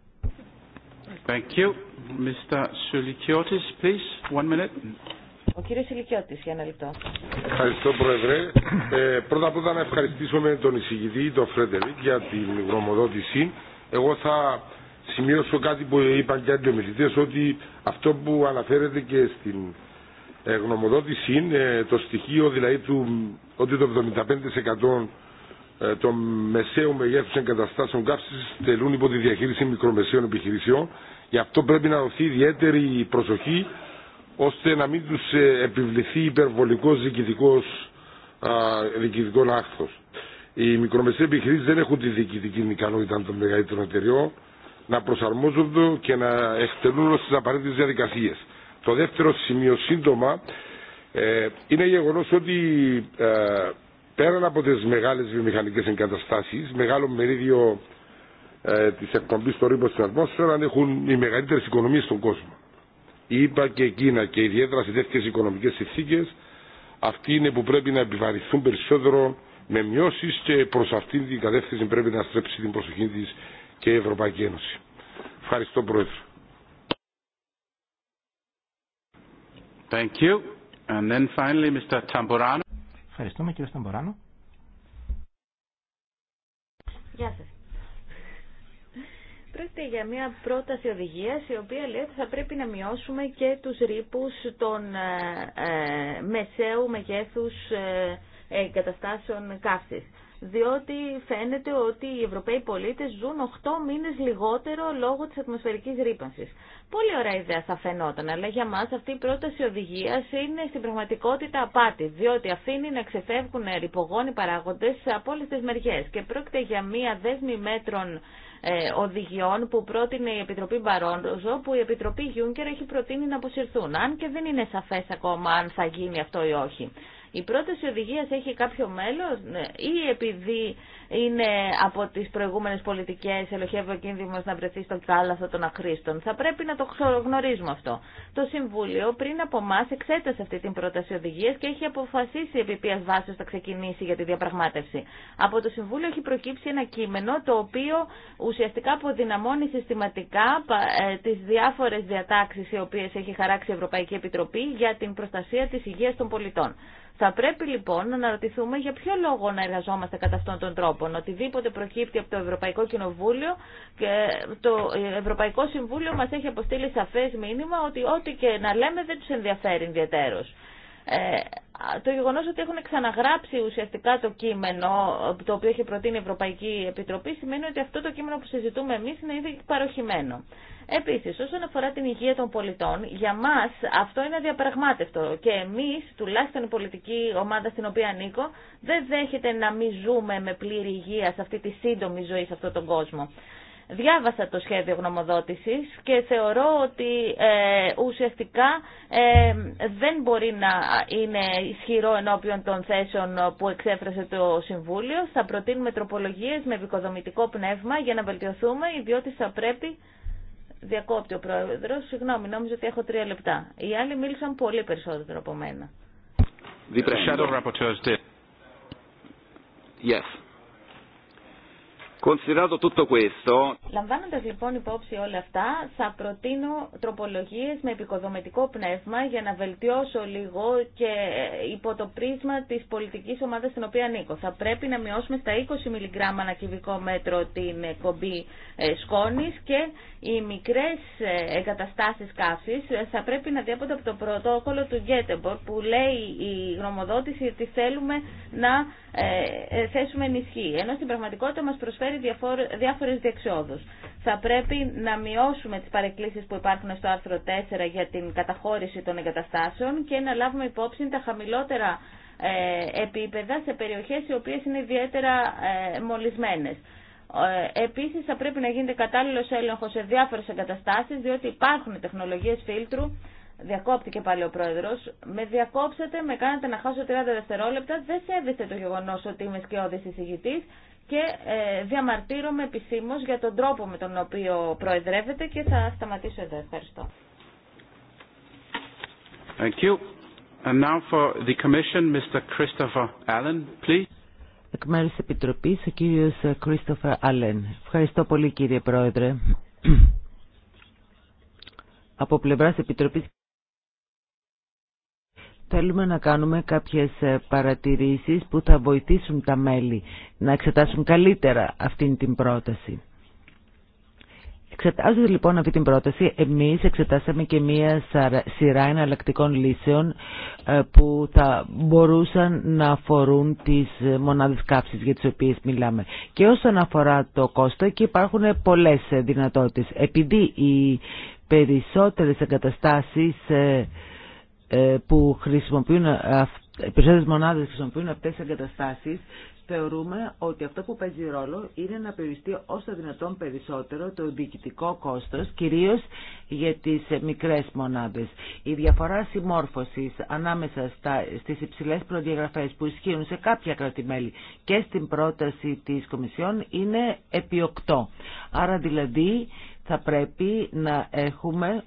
Thank you. Mr. please. One minute. Ο κύριος για λεπτό. Ευχαριστώ, Πρόεδρε. Ε, πρώτα απ' όλα να ευχαριστήσουμε τον εισηγητή, τον Φρέντερικ, για την γνωμοδότηση. Εγώ θα σημείωσω κάτι που είπαν και άλλοι ότι αυτό που αναφέρεται και στην ε, γνωμοδότηση είναι το στοιχείο δηλαδή του ότι το 75% ε, των μεσαίων μεγέθους εγκαταστάσεων καύσης τελούν υπό τη διαχείριση μικρομεσαίων επιχειρήσεων. Γι' αυτό πρέπει να δοθεί ιδιαίτερη προσοχή ώστε να μην τους ε, επιβληθεί υπερβολικός διοικητικός, διοικητικό άχθος. Οι μικρομεσαίες επιχειρήσεις δεν έχουν τη διοικητική ικανότητα των μεγαλύτερων εταιριών να προσαρμόζονται και να εκτελούν στι τις απαραίτητες διαδικασίες. Το δεύτερο σημείο σύντομα ε, είναι γεγονός ότι ε, πέραν από τις μεγάλες βιομηχανικές εγκαταστάσεις, μεγάλο μερίδιο ε, της εκπομπής των ρήμων στην ατμόσφαιρα έχουν οι μεγαλύτερες οικονομίες στον κόσμο. Η ΕΠΑ και η Κίνα και ιδιαίτερα σε τέτοιες οικονομικές συνθήκε, αυτοί είναι που πρέπει να επιβαρυνθούν περισσότερο με μειώσεις και προς αυτήν την κατεύθυνση πρέπει να στρέψει την προσοχή της και η Ευρωπαϊκή Ένωση. Ευχαριστώ Πρόεδρε. Thank you. And then finally, Mr. Tamburano. Ευχαριστούμε κύριε Σταμποράνο. Γεια σα. Πρόκειται για μια πρόταση οδηγίας η οποία λέει ότι θα πρέπει να μειώσουμε και τους ρήπους των ε, ε μεσαίου μεγέθους ε, εγκαταστάσεων καύσης διότι φαίνεται ότι οι Ευρωπαίοι πολίτες ζουν 8 μήνες λιγότερο λόγω της ατμοσφαιρικής ρήπανσης. Πολύ ωραία ιδέα θα φαινόταν, αλλά για μα αυτή η πρόταση οδηγία είναι στην πραγματικότητα απάτη, διότι αφήνει να ξεφεύγουν ρηπογόνοι παράγοντε από όλε τι μεριές και πρόκειται για μία δέσμη μέτρων ε, οδηγιών που πρότεινε η Επιτροπή Μπαρόνροζο, που η Επιτροπή Γιούνκερ έχει προτείνει να αποσυρθούν, αν και δεν είναι σαφέ ακόμα αν θα γίνει αυτό ή όχι. Η πρόταση οδηγία έχει κάποιο μέλο ναι. ή επειδή είναι από τι προηγούμενε πολιτικέ ελοχεύει ο κίνδυνο να βρεθεί στον κάλαθο των αχρήστων. Θα πρέπει να το γνωρίζουμε αυτό. Το Συμβούλιο πριν από εμά εξέτασε αυτή την πρόταση οδηγία και έχει αποφασίσει επί ποια βάση θα ξεκινήσει για τη διαπραγμάτευση. Από το Συμβούλιο έχει προκύψει ένα κείμενο το οποίο ουσιαστικά αποδυναμώνει συστηματικά ε, τι διάφορε διατάξει οι οποίε έχει χαράξει η Ευρωπαϊκή Επιτροπή για την προστασία τη υγεία των πολιτών. Θα πρέπει λοιπόν να αναρωτηθούμε για ποιο λόγο να εργαζόμαστε κατά αυτόν τον τρόπο. Οτιδήποτε προκύπτει από το Ευρωπαϊκό Κοινοβούλιο και το Ευρωπαϊκό Συμβούλιο μας έχει αποστείλει σαφές μήνυμα ότι ό,τι και να λέμε δεν τους ενδιαφέρει ιδιαίτερος. Ε, το γεγονός ότι έχουν ξαναγράψει ουσιαστικά το κείμενο το οποίο έχει προτείνει η Ευρωπαϊκή Επιτροπή σημαίνει ότι αυτό το κείμενο που συζητούμε εμείς είναι ήδη παροχημένο. Επίσης, όσον αφορά την υγεία των πολιτών, για μας αυτό είναι διαπραγμάτευτο και εμείς, τουλάχιστον η πολιτική ομάδα στην οποία ανήκω, δεν δέχεται να μην ζούμε με πλήρη υγεία σε αυτή τη σύντομη ζωή σε αυτόν τον κόσμο. Διάβασα το σχέδιο γνωμοδότησης και θεωρώ ότι ε, ουσιαστικά ε, δεν μπορεί να είναι ισχυρό ενώπιον των θέσεων που εξέφρασε το Συμβούλιο. Θα προτείνουμε τροπολογίες με επικοδομητικό πνεύμα για να βελτιωθούμε, διότι θα πρέπει Διακόπτει ο πρόεδρο. Συγγνώμη, νόμιζα ότι έχω τρία λεπτά. Οι άλλοι μίλησαν πολύ περισσότερο από μένα. The shadow rapporteurs did. Yes. Λαμβάνοντα Λαμβάνοντας λοιπόν υπόψη όλα αυτά, θα προτείνω τροπολογίες με επικοδομητικό πνεύμα για να βελτιώσω λίγο και ε, υπό το πρίσμα της πολιτικής ομάδας στην οποία ανήκω. Θα πρέπει να μειώσουμε στα 20 μιλιγκράμμα ανά κυβικό μέτρο την ε, κομπή ε, σκόνης και οι μικρές εγκαταστάσεις καύσης θα πρέπει να διέπονται από το πρωτόκολλο του Γκέτεμπορ που λέει η γνωμοδότηση ότι θέλουμε να θέσουμε ενισχύ. Ενώ στην πραγματικότητα προσφέρει προσφέρει διάφορες διεξόδους. Θα πρέπει να μειώσουμε τι παρεκκλήσει που υπάρχουν στο άρθρο 4 για την καταχώρηση των εγκαταστάσεων και να λάβουμε υπόψη τα χαμηλότερα ε, επίπεδα σε περιοχέ, οι οποίε είναι ιδιαίτερα ε, μολυσμένες. Ε, Επίση, θα πρέπει να γίνεται κατάλληλο έλεγχο σε διάφορε εγκαταστάσει, διότι υπάρχουν τεχνολογίε φίλτρου Διακόπτηκε πάλι ο πρόεδρο. Με διακόψατε, με κάνατε να χάσω 30 δευτερόλεπτα. Δεν σέβεστε το γεγονό ότι είμαι σκιώδη εισηγητή και ε, διαμαρτύρομαι επισήμω για τον τρόπο με τον οποίο προεδρεύεται και θα σταματήσω εδώ. Ευχαριστώ. Thank you. And now for the Commission, Mr. Christopher Allen, please. Εκ μέρους της Επιτροπής, ο κύριος Christopher Allen. Ευχαριστώ πολύ κύριε Πρόεδρε. Από πλευράς Επιτροπής Θέλουμε να κάνουμε κάποιες ε, παρατηρήσεις που θα βοηθήσουν τα μέλη να εξετάσουν καλύτερα αυτήν την πρόταση. Εξετάζοντα λοιπόν αυτή την πρόταση, εμείς εξετάσαμε και μία σειρά εναλλακτικών λύσεων ε, που θα μπορούσαν να αφορούν τις ε, μονάδες καύσης για τις οποίες μιλάμε. Και όσον αφορά το κόστο, εκεί υπάρχουν πολλέ δυνατότητες. Επειδή οι περισσότερες εγκαταστάσεις ε, που χρησιμοποιούν ε, αυτές οι περισσότερες μονάδες χρησιμοποιούν αυτές τις εγκαταστάσεις, θεωρούμε ότι αυτό που παίζει ρόλο είναι να περιοριστεί όσο δυνατόν περισσότερο το διοικητικό κόστος, κυρίως για τις ε, μικρές μονάδες. Η διαφορά συμμόρφωσης ανάμεσα στα, στις υψηλές προδιαγραφές που ισχύουν σε κάποια κρατημέλη και στην πρόταση της Κομισιόν είναι επί 8. Άρα δηλαδή θα πρέπει να έχουμε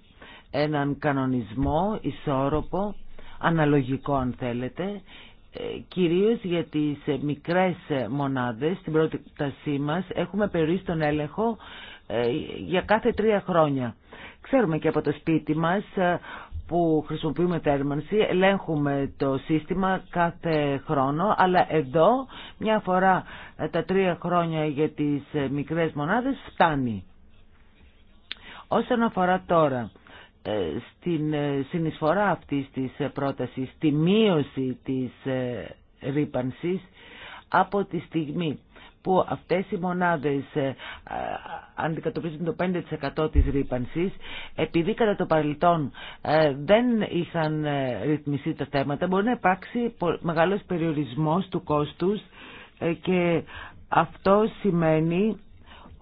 έναν κανονισμό ισόρροπο, αναλογικό αν θέλετε, ε, κυρίως για τις ε, μικρές ε, μονάδες, στην πρώτη τασή μας, έχουμε περιορίσει έλεγχο για κάθε τρία χρόνια. Ξέρουμε και από το σπίτι μας που χρησιμοποιούμε θέρμανση, ελέγχουμε το σύστημα κάθε χρόνο, αλλά εδώ μια φορά τα τρία χρόνια για τις μικρές μονάδες φτάνει. Όσον αφορά τώρα ε, στην ε, συνεισφορά αυτής της ε, πρότασης, τη μείωση της ρήπανσης από τη στιγμή που αυτές οι μονάδες αντικατοπίζουν το 5% της ρήπανσης, επειδή κατά το παρελθόν δεν είχαν ρυθμιστεί τα θέματα, μπορεί να υπάρξει μεγάλος περιορισμός του κόστους και αυτό σημαίνει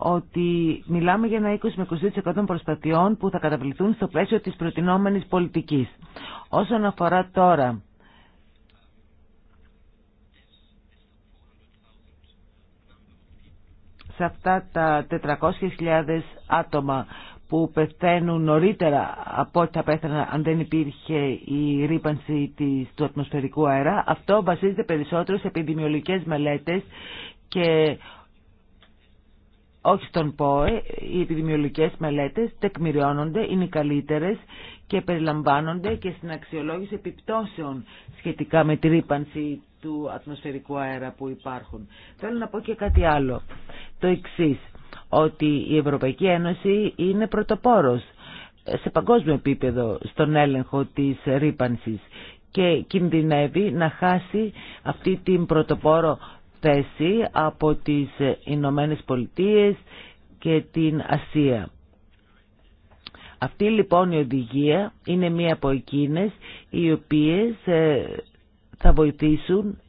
ότι μιλάμε για ένα 20 με 22% προστατιών που θα καταβληθούν στο πλαίσιο της προτινόμενης πολιτικής. Όσον αφορά τώρα σε αυτά τα 400.000 άτομα που πεθαίνουν νωρίτερα από ό,τι θα πέθαναν αν δεν υπήρχε η ρήπανση της, του ατμοσφαιρικού αέρα. Αυτό βασίζεται περισσότερο σε επιδημιολογικές μελέτες και όχι στον ΠΟΕ, οι επιδημιολογικές μελέτες τεκμηριώνονται, είναι οι καλύτερες και περιλαμβάνονται και στην αξιολόγηση επιπτώσεων σχετικά με τη ρήπανση του ατμοσφαιρικού αέρα που υπάρχουν. Θέλω να πω και κάτι άλλο. Το εξή ότι η Ευρωπαϊκή Ένωση είναι πρωτοπόρος σε παγκόσμιο επίπεδο στον έλεγχο της ρήπανσης και κινδυνεύει να χάσει αυτή την πρωτοπόρο θέση από τις Ηνωμένε Πολιτείε και την Ασία. Αυτή λοιπόν η οδηγία είναι μία από εκείνες οι οποίες ε, θα βοηθήσουν,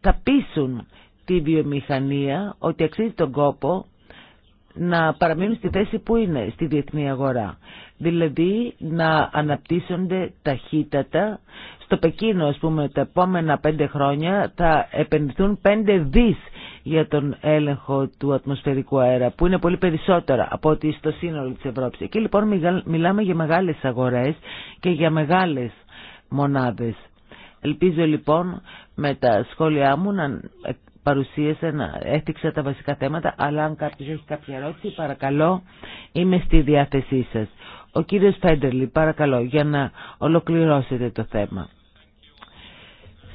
θα πείσουν τη βιομηχανία ότι αξίζει τον κόπο να παραμείνουν στη θέση που είναι στη διεθνή αγορά. Δηλαδή να αναπτύσσονται ταχύτατα στο Πεκίνο, ας πούμε, τα επόμενα πέντε χρόνια θα επενδυθούν πέντε δις για τον έλεγχο του ατμοσφαιρικού αέρα, που είναι πολύ περισσότερα από ότι στο σύνολο της Ευρώπης. Εκεί λοιπόν μιλάμε για μεγάλες αγορές και για μεγάλες μονάδες. Ελπίζω λοιπόν με τα σχόλιά μου να παρουσίασα, να έφτιαξα τα βασικά θέματα, αλλά αν κάποιος έχει κάποια ερώτηση, παρακαλώ, είμαι στη διάθεσή σας. Ο κύριος Φέντερλη, παρακαλώ, για να ολοκληρώσετε το θέμα.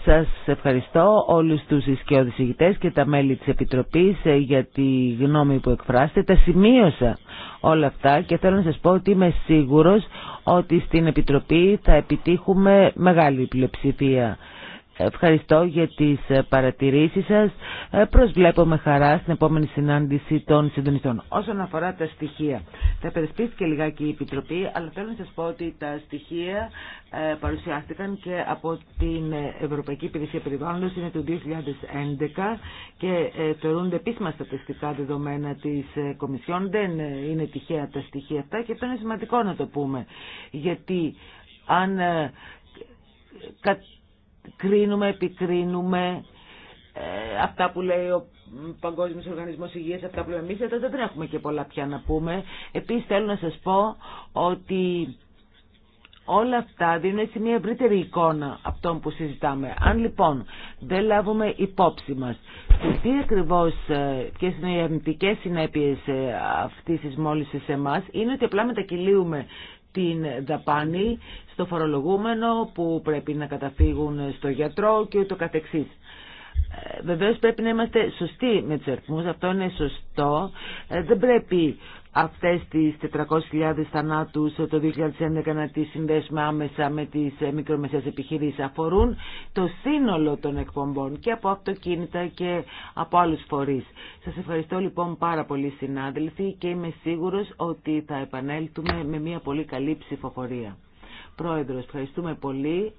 Σας ευχαριστώ όλους τους ισκαιοδησηγητές και τα μέλη της Επιτροπής ε, για τη γνώμη που εκφράσετε. Τα σημείωσα όλα αυτά και θέλω να σας πω ότι είμαι σίγουρος ότι στην Επιτροπή θα επιτύχουμε μεγάλη πλειοψηφία Ευχαριστώ για τις ε, παρατηρήσεις σας. Ε, προσβλέπω με χαρά στην επόμενη συνάντηση των συντονιστών. Όσον αφορά τα στοιχεία, θα περισπίστηκε λιγάκι η Επιτροπή, αλλά θέλω να σας πω ότι τα στοιχεία ε, παρουσιάστηκαν και από την Ευρωπαϊκή Υπηρεσία Περιβάλλοντος, είναι του 2011 και θεωρούνται επίσημα στατιστικά δεδομένα της Κομισιόν. Δεν είναι τυχαία τα στοιχεία αυτά και αυτό είναι σημαντικό να το πούμε, γιατί αν κρίνουμε, επικρίνουμε ε, αυτά που λέει ο Παγκόσμιος Οργανισμός Υγείας, αυτά που λέμε εμείς, αλλά δεν έχουμε και πολλά πια να πούμε. Επίσης θέλω να σας πω ότι όλα αυτά δίνουν έτσι μια ευρύτερη εικόνα από τον που συζητάμε. Αν λοιπόν δεν λάβουμε υπόψη μας το τι ακριβώς, και ε, είναι οι αρνητικές συνέπειες ε, αυτής της μόλις σε εμά, είναι ότι απλά μετακυλίουμε την δαπάνη στο φορολογούμενο που πρέπει να καταφύγουν στο γιατρό και ούτω καθεξής. Ε, Βεβαίω πρέπει να είμαστε σωστοί με του αριθμού, αυτό είναι σωστό. Ε, δεν πρέπει αυτές τις 400.000 θανάτους το 2011 να τις συνδέσουμε άμεσα με τις ε, μικρομεσαίες επιχειρήσεις αφορούν το σύνολο των εκπομπών και από αυτοκίνητα και από άλλους φορείς. Σας ευχαριστώ λοιπόν πάρα πολύ συνάδελφοι και είμαι σίγουρος ότι θα επανέλθουμε με μια πολύ καλή ψηφοφορία. Πρόεδρος, ευχαριστούμε πολύ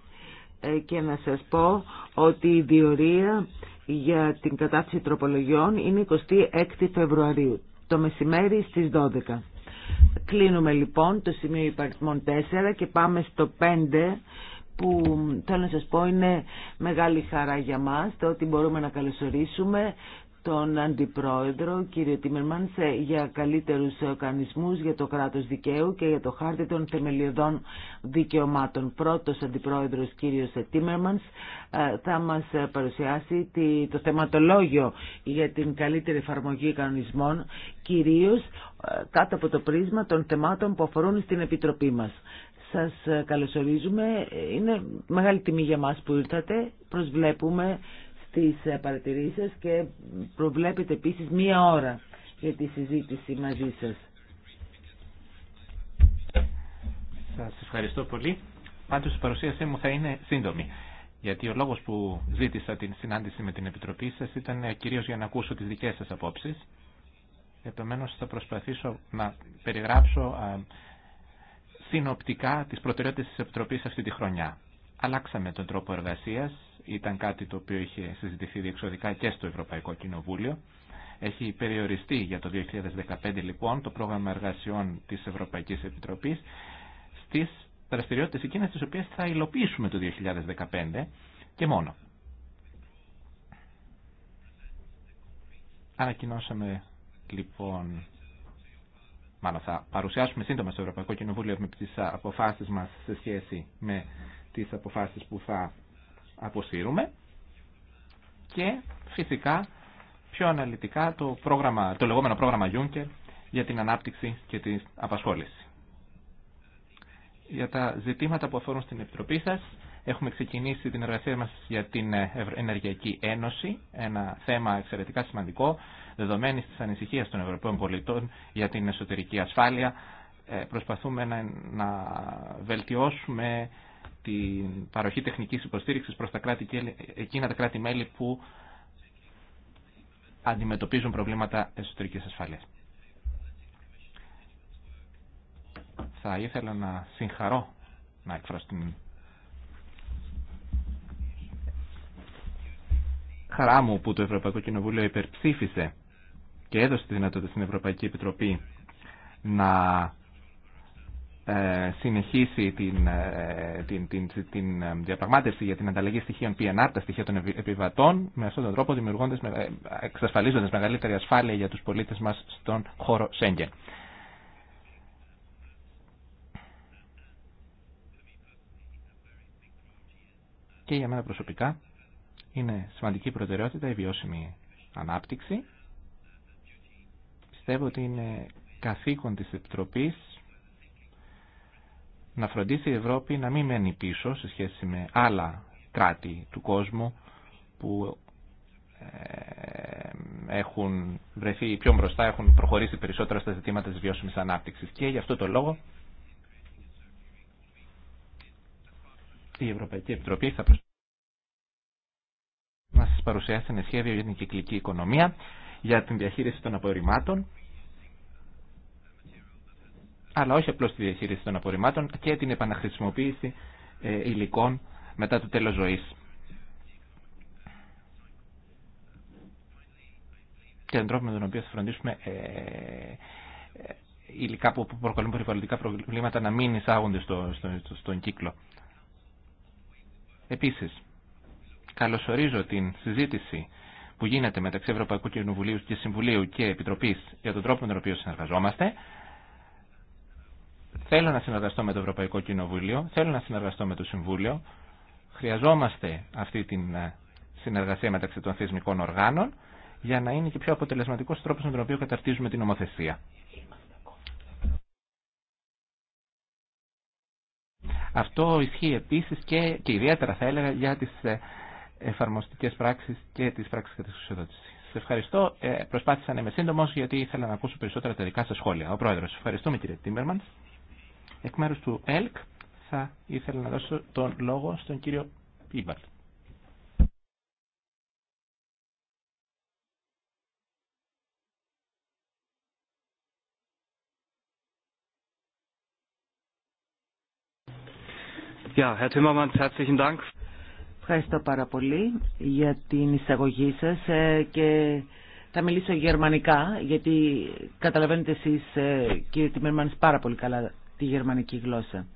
ε, και να σας πω ότι η διορία για την κατάσταση τροπολογιών είναι 26 Φεβρουαρίου το μεσημέρι στις 12. Κλείνουμε λοιπόν το σημείο υπαριθμών 4 και πάμε στο 5 που θέλω να σας πω είναι μεγάλη χαρά για μας το ότι μπορούμε να καλωσορίσουμε τον Αντιπρόεδρο, κύριο Τίμερμανς, ε, για καλύτερους οργανισμούς για το κράτος δικαίου και για το χάρτη των θεμελιωδών δικαιωμάτων. Πρώτος Αντιπρόεδρος, κύριος Τίμερμανς, ε, θα μας παρουσιάσει το θεματολόγιο για την καλύτερη εφαρμογή κανονισμών, κυρίως ε, κάτω από το πρίσμα των θεμάτων που αφορούν στην Επιτροπή μας. Σας καλωσορίζουμε. Είναι μεγάλη τιμή για μας που ήρθατε. Προσβλέπουμε τις ε, παρατηρήσεις και προβλέπετε επίσης μία ώρα για τη συζήτηση μαζί σας. Σας ευχαριστώ πολύ. Πάντως η παρουσίασή μου θα είναι σύντομη. Γιατί ο λόγος που ζήτησα την συνάντηση με την Επιτροπή σας ήταν ε, κυρίως για να ακούσω τις δικές σας απόψεις. Επομένως θα προσπαθήσω να περιγράψω ε, συνοπτικά τις προτεραιότητες της Επιτροπής αυτή τη χρονιά. Αλλάξαμε τον τρόπο εργασίας ήταν κάτι το οποίο είχε συζητηθεί διεξοδικά και στο Ευρωπαϊκό Κοινοβούλιο. Έχει περιοριστεί για το 2015 λοιπόν το πρόγραμμα εργασιών της Ευρωπαϊκής Επιτροπής στις δραστηριότητες εκείνες τις οποίες θα υλοποιήσουμε το 2015 και μόνο. Ανακοινώσαμε λοιπόν, μάλλον θα παρουσιάσουμε σύντομα στο Ευρωπαϊκό Κοινοβούλιο με τις αποφάσεις μας σε σχέση με τις αποφάσεις που θα αποσύρουμε και φυσικά πιο αναλυτικά το, πρόγραμμα, το λεγόμενο πρόγραμμα Juncker για την ανάπτυξη και την απασχόληση. Για τα ζητήματα που αφορούν στην Επιτροπή σας, έχουμε ξεκινήσει την εργασία μας για την Ενεργειακή Ένωση, ένα θέμα εξαιρετικά σημαντικό, δεδομένη της ανησυχίας των Ευρωπαίων πολιτών για την εσωτερική ασφάλεια. Ε, προσπαθούμε να, να βελτιώσουμε την παροχή τεχνικής υποστήριξης προς τα κράτη και εκείνα τα κράτη-μέλη που αντιμετωπίζουν προβλήματα εσωτερικής ασφάλειας. Θα ήθελα να συγχαρώ να εκφράσω την χαρά μου που το Ευρωπαϊκό Κοινοβούλιο υπερψήφισε και έδωσε τη δυνατότητα στην Ευρωπαϊκή Επιτροπή να ε, συνεχίσει ε, την, την, την, την ε, διαπραγμάτευση για την ανταλλαγή στοιχείων PNR, τα στοιχεία των επιβατών, με αυτόν τον τρόπο δημιουργώντας, εξασφαλίζοντας μεγαλύτερη ασφάλεια για τους πολίτες μας στον χώρο Σέγγεν. Και για μένα προσωπικά είναι σημαντική προτεραιότητα η βιώσιμη ανάπτυξη. Πιστεύω ότι είναι καθήκον της Επιτροπής να φροντίσει η Ευρώπη να μην μένει πίσω σε σχέση με άλλα κράτη του κόσμου που ε, έχουν βρεθεί πιο μπροστά, έχουν προχωρήσει περισσότερο στα ζητήματα της βιώσιμης ανάπτυξης. Και γι' αυτό το λόγο η Ευρωπαϊκή Επιτροπή θα προσπαθήσει να σας παρουσιάσει ένα σχέδιο για την κυκλική οικονομία, για την διαχείριση των απορριμμάτων αλλά όχι απλώς τη διαχείριση των απορριμμάτων και την επαναχρησιμοποίηση ε, υλικών μετά το τέλος ζωής. Και τον τρόπο με τον οποίο θα φροντίσουμε ε, ε, υλικά που προκαλούν περιβαλλοντικά προβλήματα να μην εισάγονται στο, στο, στον κύκλο. Επίσης, καλωσορίζω την συζήτηση που γίνεται μεταξύ Ευρωπαϊκού Κοινοβουλίου και Συμβουλίου και Επιτροπής για τον τρόπο με τον οποίο συνεργαζόμαστε Θέλω να συνεργαστώ με το Ευρωπαϊκό Κοινοβούλιο, θέλω να συνεργαστώ με το Συμβούλιο. Χρειαζόμαστε αυτή τη ε, συνεργασία μεταξύ των θεσμικών οργάνων για να είναι και πιο αποτελεσματικό τρόπο με τον οποίο καταρτίζουμε την νομοθεσία. Αυτό ισχύει επίση και, και ιδιαίτερα θα έλεγα για τι ε, εφαρμοστικέ πράξει και τι πράξει κατά τη Σα ευχαριστώ. Ε, προσπάθησα να είμαι σύντομο γιατί ήθελα να ακούσω περισσότερα τα δικά σα σχόλια. Ο Πρόεδρο, ευχαριστούμε κύριε Τίμερμαντ. Εκ μέρους του ΕΛΚ θα ήθελα να δώσω τον λόγο στον κύριο Πίμπαλ. Herr herzlichen Dank. Ευχαριστώ πάρα πολύ για την εισαγωγή σας ε, και θα μιλήσω γερμανικά γιατί καταλαβαίνετε εσείς ε, κύριε Τιμερμάνης πάρα πολύ καλά τη γερμανική γλώσσα.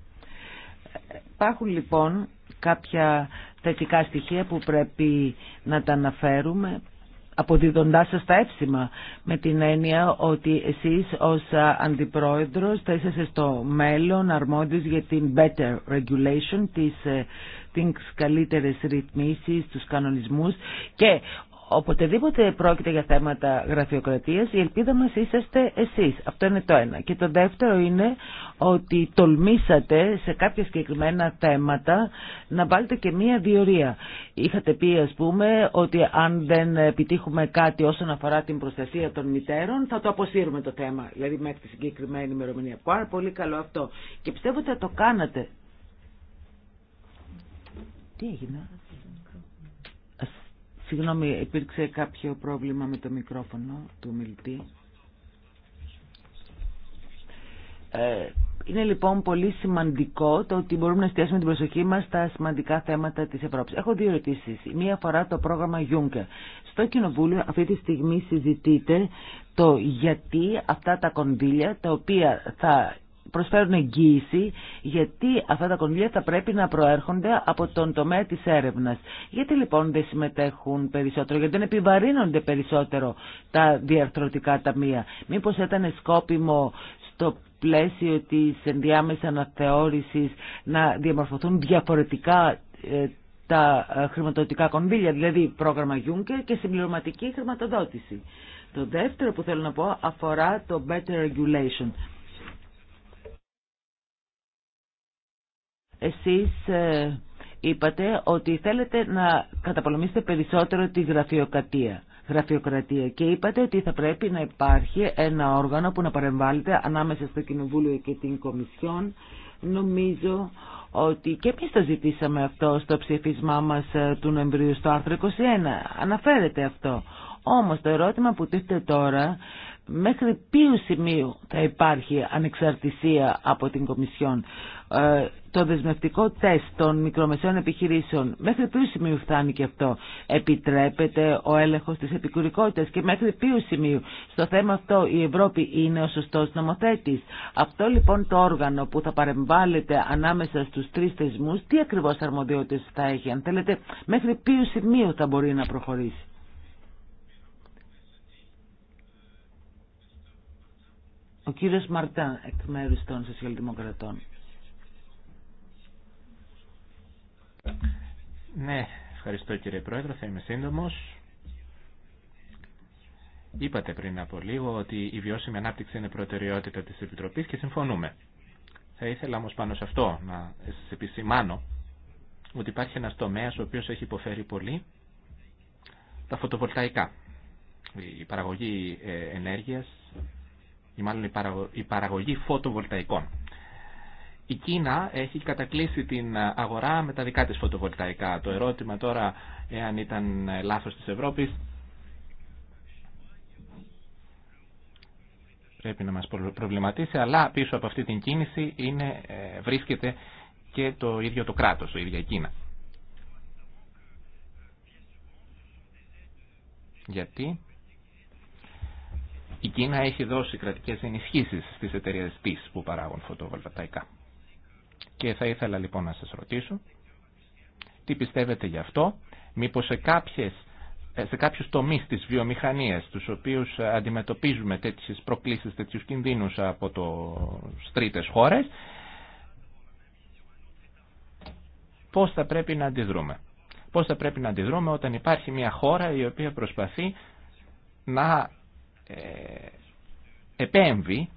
Υπάρχουν λοιπόν κάποια θετικά στοιχεία που πρέπει να τα αναφέρουμε αποδίδοντάς σας τα έψημα με την έννοια ότι εσείς ως αντιπρόεδρος θα είσαστε στο μέλλον αρμόδιος για την better regulation, τις, ε, τις καλύτερες ρυθμίσεις, τους κανονισμούς και οποτεδήποτε πρόκειται για θέματα γραφειοκρατίας, η ελπίδα μας είσαστε εσείς. Αυτό είναι το ένα. Και το δεύτερο είναι ότι τολμήσατε σε κάποια συγκεκριμένα θέματα να βάλετε και μία διορία. Είχατε πει, ας πούμε, ότι αν δεν επιτύχουμε κάτι όσον αφορά την προστασία των μητέρων, θα το αποσύρουμε το θέμα. Δηλαδή μέχρι τη συγκεκριμένη ημερομηνία. Πάρα πολύ καλό αυτό. Και πιστεύω ότι θα το κάνατε. Τι έγινε. Συγγνώμη, υπήρξε κάποιο πρόβλημα με το μικρόφωνο του μιλητή. Ε, είναι λοιπόν πολύ σημαντικό το ότι μπορούμε να εστιάσουμε την προσοχή μας στα σημαντικά θέματα της Ευρώπης. Έχω δύο ερωτήσεις. μία αφορά το πρόγραμμα Juncker. Στο Κοινοβούλιο αυτή τη στιγμή συζητείται το γιατί αυτά τα κονδύλια τα οποία θα προσφέρουν εγγύηση γιατί αυτά τα κονδύλια θα πρέπει να προέρχονται από τον τομέα της έρευνας. Γιατί λοιπόν δεν συμμετέχουν περισσότερο, γιατί δεν επιβαρύνονται περισσότερο τα διαρθρωτικά ταμεία. Μήπως ήταν σκόπιμο στο πλαίσιο της ενδιάμεσης αναθεώρησης να διαμορφωθούν διαφορετικά ε, τα ε, χρηματοδοτικά κονδύλια, δηλαδή πρόγραμμα Juncker και συμπληρωματική χρηματοδότηση. Το δεύτερο που θέλω να πω αφορά το Better Regulation. Εσείς ε, είπατε ότι θέλετε να καταπολεμήσετε περισσότερο τη γραφειοκρατία. Γραφειοκρατία και είπατε ότι θα πρέπει να υπάρχει ένα όργανο που να παρεμβάλλεται ανάμεσα στο Κοινοβούλιο και την Κομισιόν. Νομίζω ότι και εμεί το ζητήσαμε αυτό στο ψηφισμά μας ε, του Νοεμβρίου στο άρθρο 21. Αναφέρεται αυτό. Όμως το ερώτημα που τίθεται τώρα, μέχρι ποιου σημείου θα υπάρχει ανεξαρτησία από την Κομισιόν. Ε, το δεσμευτικό τεστ των μικρομεσαίων επιχειρήσεων. Μέχρι ποιο σημείο φτάνει και αυτό. Επιτρέπεται ο έλεγχος της επικουρικότητας και μέχρι ποιο σημείο. Στο θέμα αυτό η Ευρώπη είναι ο σωστός νομοθέτης. Αυτό λοιπόν το όργανο που θα παρεμβάλλεται ανάμεσα στους τρεις θεσμούς, τι ακριβώς αρμοδιότητες θα έχει, αν θέλετε, μέχρι ποιο σημείο θα μπορεί να προχωρήσει. Ο κύριος Μαρτάν εκ μέρους των Σοσιαλδημοκρατών. Ναι, ευχαριστώ κύριε Πρόεδρο, θα είμαι σύντομος. Είπατε πριν από λίγο ότι η βιώσιμη ανάπτυξη είναι προτεραιότητα της Επιτροπής και συμφωνούμε. Θα ήθελα όμως πάνω σε αυτό να σας επισημάνω ότι υπάρχει ένας τομέας ο οποίος έχει υποφέρει πολύ τα φωτοβολταϊκά. Η παραγωγή ε, ενέργειας ή μάλλον η παραγωγή φωτοβολταϊκών η Κίνα έχει κατακλείσει την ε, αγορά με τα δικά της φωτοβολταϊκά. Το ερώτημα τώρα, εάν ήταν ε, λάθος της Ευρώπης, πρέπει να μας προβληματίσει, αλλά πίσω από αυτή την κίνηση είναι, ε, βρίσκεται και το ίδιο το κράτος, το ίδια η Κίνα. Γιατί η Κίνα έχει δώσει κρατικές ενισχύσεις στις εταιρείες της που παράγουν φωτοβολταϊκά. Και θα ήθελα λοιπόν να σας ρωτήσω τι πιστεύετε γι' αυτό, μήπως σε, κάποιες, ε, σε κάποιους τομείς της βιομηχανίας, τους οποίους ε, αντιμετωπίζουμε τέτοιες προκλήσεις, τέτοιους κινδύνους από το τρίτες χώρες, πώς θα πρέπει να αντιδρούμε. Πώς θα πρέπει να αντιδρούμε όταν υπάρχει μια χώρα η οποία προσπαθεί να ε, επέμβει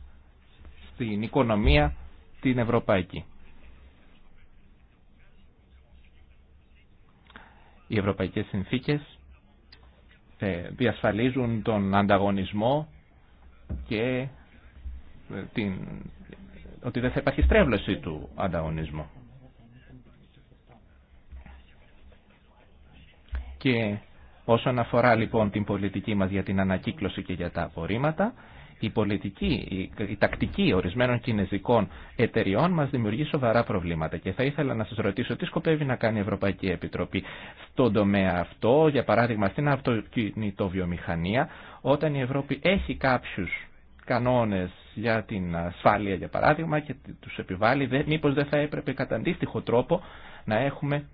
στην οικονομία την ευρωπαϊκή. οι ευρωπαϊκές συνθήκες ε, διασφαλίζουν τον ανταγωνισμό και ε, την, ότι δεν θα υπάρχει στρέβλωση του ανταγωνισμού. Και όσον αφορά λοιπόν την πολιτική μας για την ανακύκλωση και για τα απορρίμματα, η πολιτική, η, τακτική ορισμένων κινέζικων εταιριών μας δημιουργεί σοβαρά προβλήματα και θα ήθελα να σας ρωτήσω τι σκοπεύει να κάνει η Ευρωπαϊκή Επιτροπή στον τομέα αυτό, για παράδειγμα στην αυτοκινητοβιομηχανία, όταν η Ευρώπη έχει κάποιου κανόνες για την ασφάλεια για παράδειγμα και του επιβάλλει, δε, δεν θα έπρεπε κατά αντίστοιχο τρόπο να έχουμε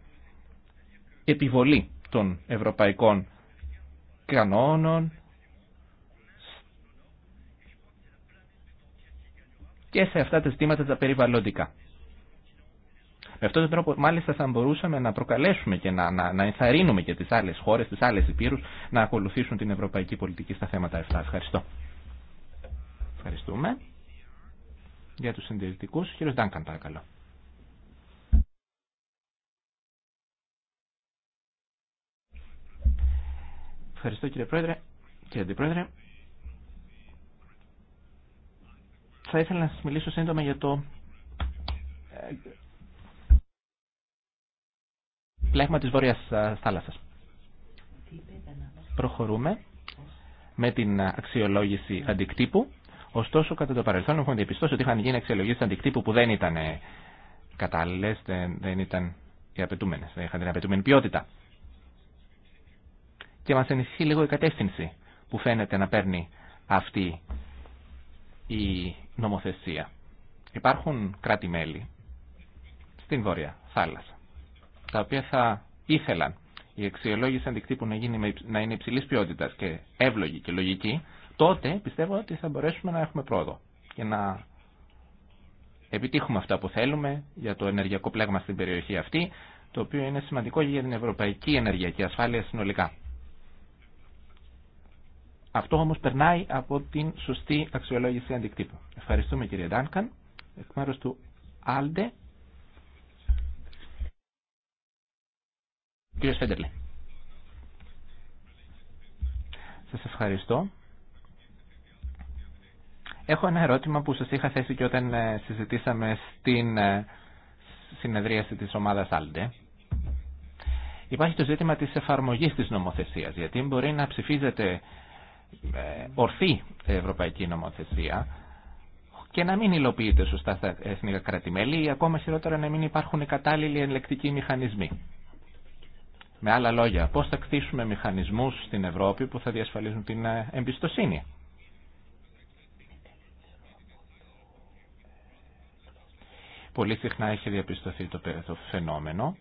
επιβολή των ευρωπαϊκών κανόνων και σε αυτά τα ζητήματα τα περιβαλλοντικά. Με αυτόν τον τρόπο μάλιστα θα μπορούσαμε να προκαλέσουμε και να, να, να ενθαρρύνουμε και τις άλλες χώρες, τις άλλες υπήρους να ακολουθήσουν την ευρωπαϊκή πολιτική στα θέματα αυτά. Ευχαριστώ. Ευχαριστούμε. Για τους συντηρητικού κύριο Ντάνκαν παρακαλώ. Ευχαριστώ κύριε Πρόεδρε, κύριε Αντιπρόεδρε. Θα ήθελα να σας μιλήσω σύντομα για το ε, πλέγμα της Βόρειας ε, Θάλασσας. Προχωρούμε με την αξιολόγηση αντικτύπου. Ωστόσο, κατά το παρελθόν έχουμε διαπιστώσει ότι είχαν γίνει αξιολογήσεις αντικτύπου που δεν ήταν ε, κατάλληλε, δεν, ήταν οι απαιτούμενε, δεν είχαν την απαιτούμενη ποιότητα. Και μας ενισχύει λίγο η κατεύθυνση που φαίνεται να παίρνει αυτή η νομοθεσία. Υπάρχουν κράτη-μέλη στην Βόρεια Θάλασσα, τα οποία θα ήθελαν η αξιολόγηση αντικτύπου να, γίνει, να είναι υψηλή ποιότητας και εύλογη και λογική, τότε πιστεύω ότι θα μπορέσουμε να έχουμε πρόοδο και να επιτύχουμε αυτά που θέλουμε για το ενεργειακό πλέγμα στην περιοχή αυτή, το οποίο είναι σημαντικό για την ευρωπαϊκή ενεργειακή ασφάλεια συνολικά. Αυτό όμως περνάει από την σωστή αξιολόγηση αντικτύπου. Ευχαριστούμε κύριε Ντάνκαν. Εκ μέρου του Άλντε. Κύριε Σέντερλε. Σας ευχαριστώ. Έχω ένα ερώτημα που σας είχα θέσει και όταν ε, συζητήσαμε στην ε, συνεδρίαση της ομάδας Άλντε. Υπάρχει το ζήτημα της εφαρμογής της νομοθεσίας, γιατί μπορεί να ψηφίζεται ε, ορθή ευρωπαϊκή νομοθεσία και να μην υλοποιείται σωστά στα εθνικά κρατημέλη ή ακόμα χειρότερα να μην υπάρχουν κατάλληλοι ελεκτικοί μηχανισμοί. Με άλλα λόγια, πώς θα κτίσουμε μηχανισμούς στην Ευρώπη που θα διασφαλίζουν την ε, εμπιστοσύνη. Πολύ συχνά έχει διαπιστωθεί το φαινόμενο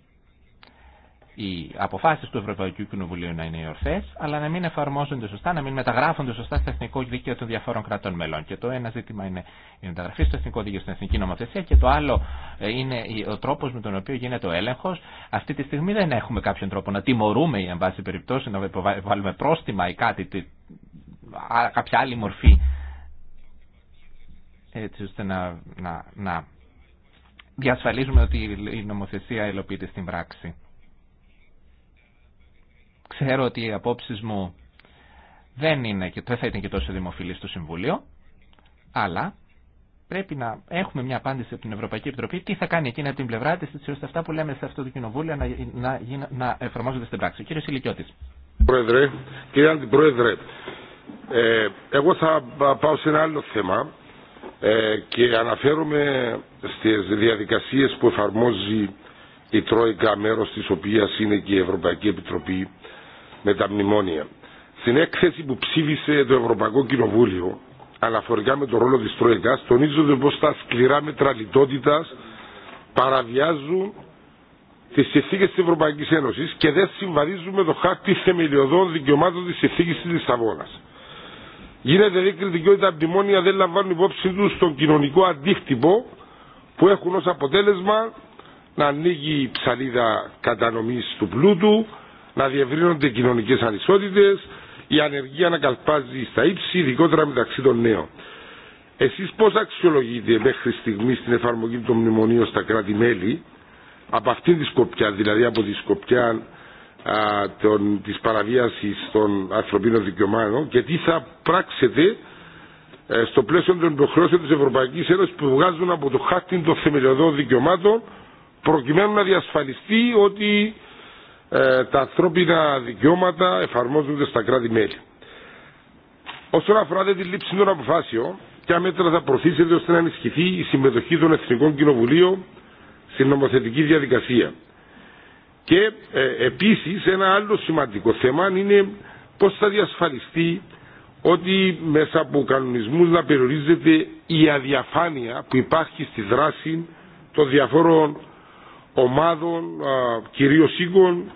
οι αποφάσει του Ευρωπαϊκού Κοινοβουλίου να είναι ορθέ, αλλά να μην εφαρμόζονται σωστά, να μην μεταγράφονται σωστά στο εθνικό δίκαιο των διαφόρων κρατών μελών. Και το ένα ζήτημα είναι η μεταγραφή στο εθνικό δίκαιο, στην εθνική νομοθεσία, και το άλλο ε, είναι ο τρόπο με τον οποίο γίνεται ο έλεγχο. Αυτή τη στιγμή δεν έχουμε κάποιον τρόπο να τιμωρούμε, ή εν πάση περιπτώσει, να βάλουμε πρόστιμα ή κάτι, κάποια άλλη μορφή, έτσι ώστε να, να, να διασφαλίζουμε ότι η νομοθεσία υλοποιείται στην πράξη. Ξέρω ότι οι απόψει μου δεν, είναι, δεν θα ήταν και τόσο δημοφιλεί στο Συμβούλιο, αλλά πρέπει να έχουμε μια απάντηση από την Ευρωπαϊκή Επιτροπή τι θα κάνει εκείνη από την πλευρά τη, έτσι ώστε αυτά που λέμε σε αυτό το κοινοβούλιο να, να, να εφαρμόζονται στην πράξη. Κύριε Σιλικιώτη. Πρόεδρε, κύριε Αντιπρόεδρε, ε, εγώ θα πάω σε ένα άλλο θέμα ε, και αναφέρομαι στις διαδικασίες που εφαρμόζει η Τρόικα μέρος της οποίας είναι και η Ευρωπαϊκή Επιτροπή με τα μνημόνια. Στην έκθεση που ψήφισε το Ευρωπαϊκό Κοινοβούλιο αναφορικά με τον ρόλο της Τρόικας τονίζονται πως τα σκληρά μέτρα λιτότητας παραβιάζουν τι συνθήκε τη Ευρωπαϊκή Ένωση και δεν συμβαδίζουν με το χάρτη θεμελιωδών δικαιωμάτων τη συνθήκη τη Λισαβόνα. Γίνεται δε κριτική ότι τα μνημόνια δεν λαμβάνουν υπόψη του τον κοινωνικό αντίκτυπο που έχουν ω αποτέλεσμα να ανοίγει η ψαλίδα κατανομή του πλούτου, να διευρύνονται οι κοινωνικέ ανισότητε, η ανεργία να καλπάζει στα ύψη, ειδικότερα μεταξύ των νέων. Εσεί πώ αξιολογείτε μέχρι στιγμή την εφαρμογή των μνημονίων στα κράτη-μέλη, από αυτήν τη σκοπιά, δηλαδή από τη σκοπιά τη παραβίαση των ανθρωπίνων δικαιωμάτων και τι θα πράξετε ε, στο πλαίσιο των υποχρεώσεων τη Ευρωπαϊκή Ένωση που βγάζουν από το χάρτη των θεμελιωδών δικαιωμάτων προκειμένου να διασφαλιστεί ότι ε, τα ανθρώπινα δικαιώματα εφαρμόζονται στα κράτη-μέλη. Όσον αφορά την λήψη των αποφάσεων, ποια μέτρα θα προωθήσετε ώστε να ενισχυθεί η συμμετοχή των Εθνικών Κοινοβουλίων στην νομοθετική διαδικασία. Και ε, επίσης ένα άλλο σημαντικό θέμα είναι πώς θα διασφαλιστεί ότι μέσα από κανονισμούς να περιορίζεται η αδιαφάνεια που υπάρχει στη δράση των διαφόρων ομάδων, κυρίως οίκων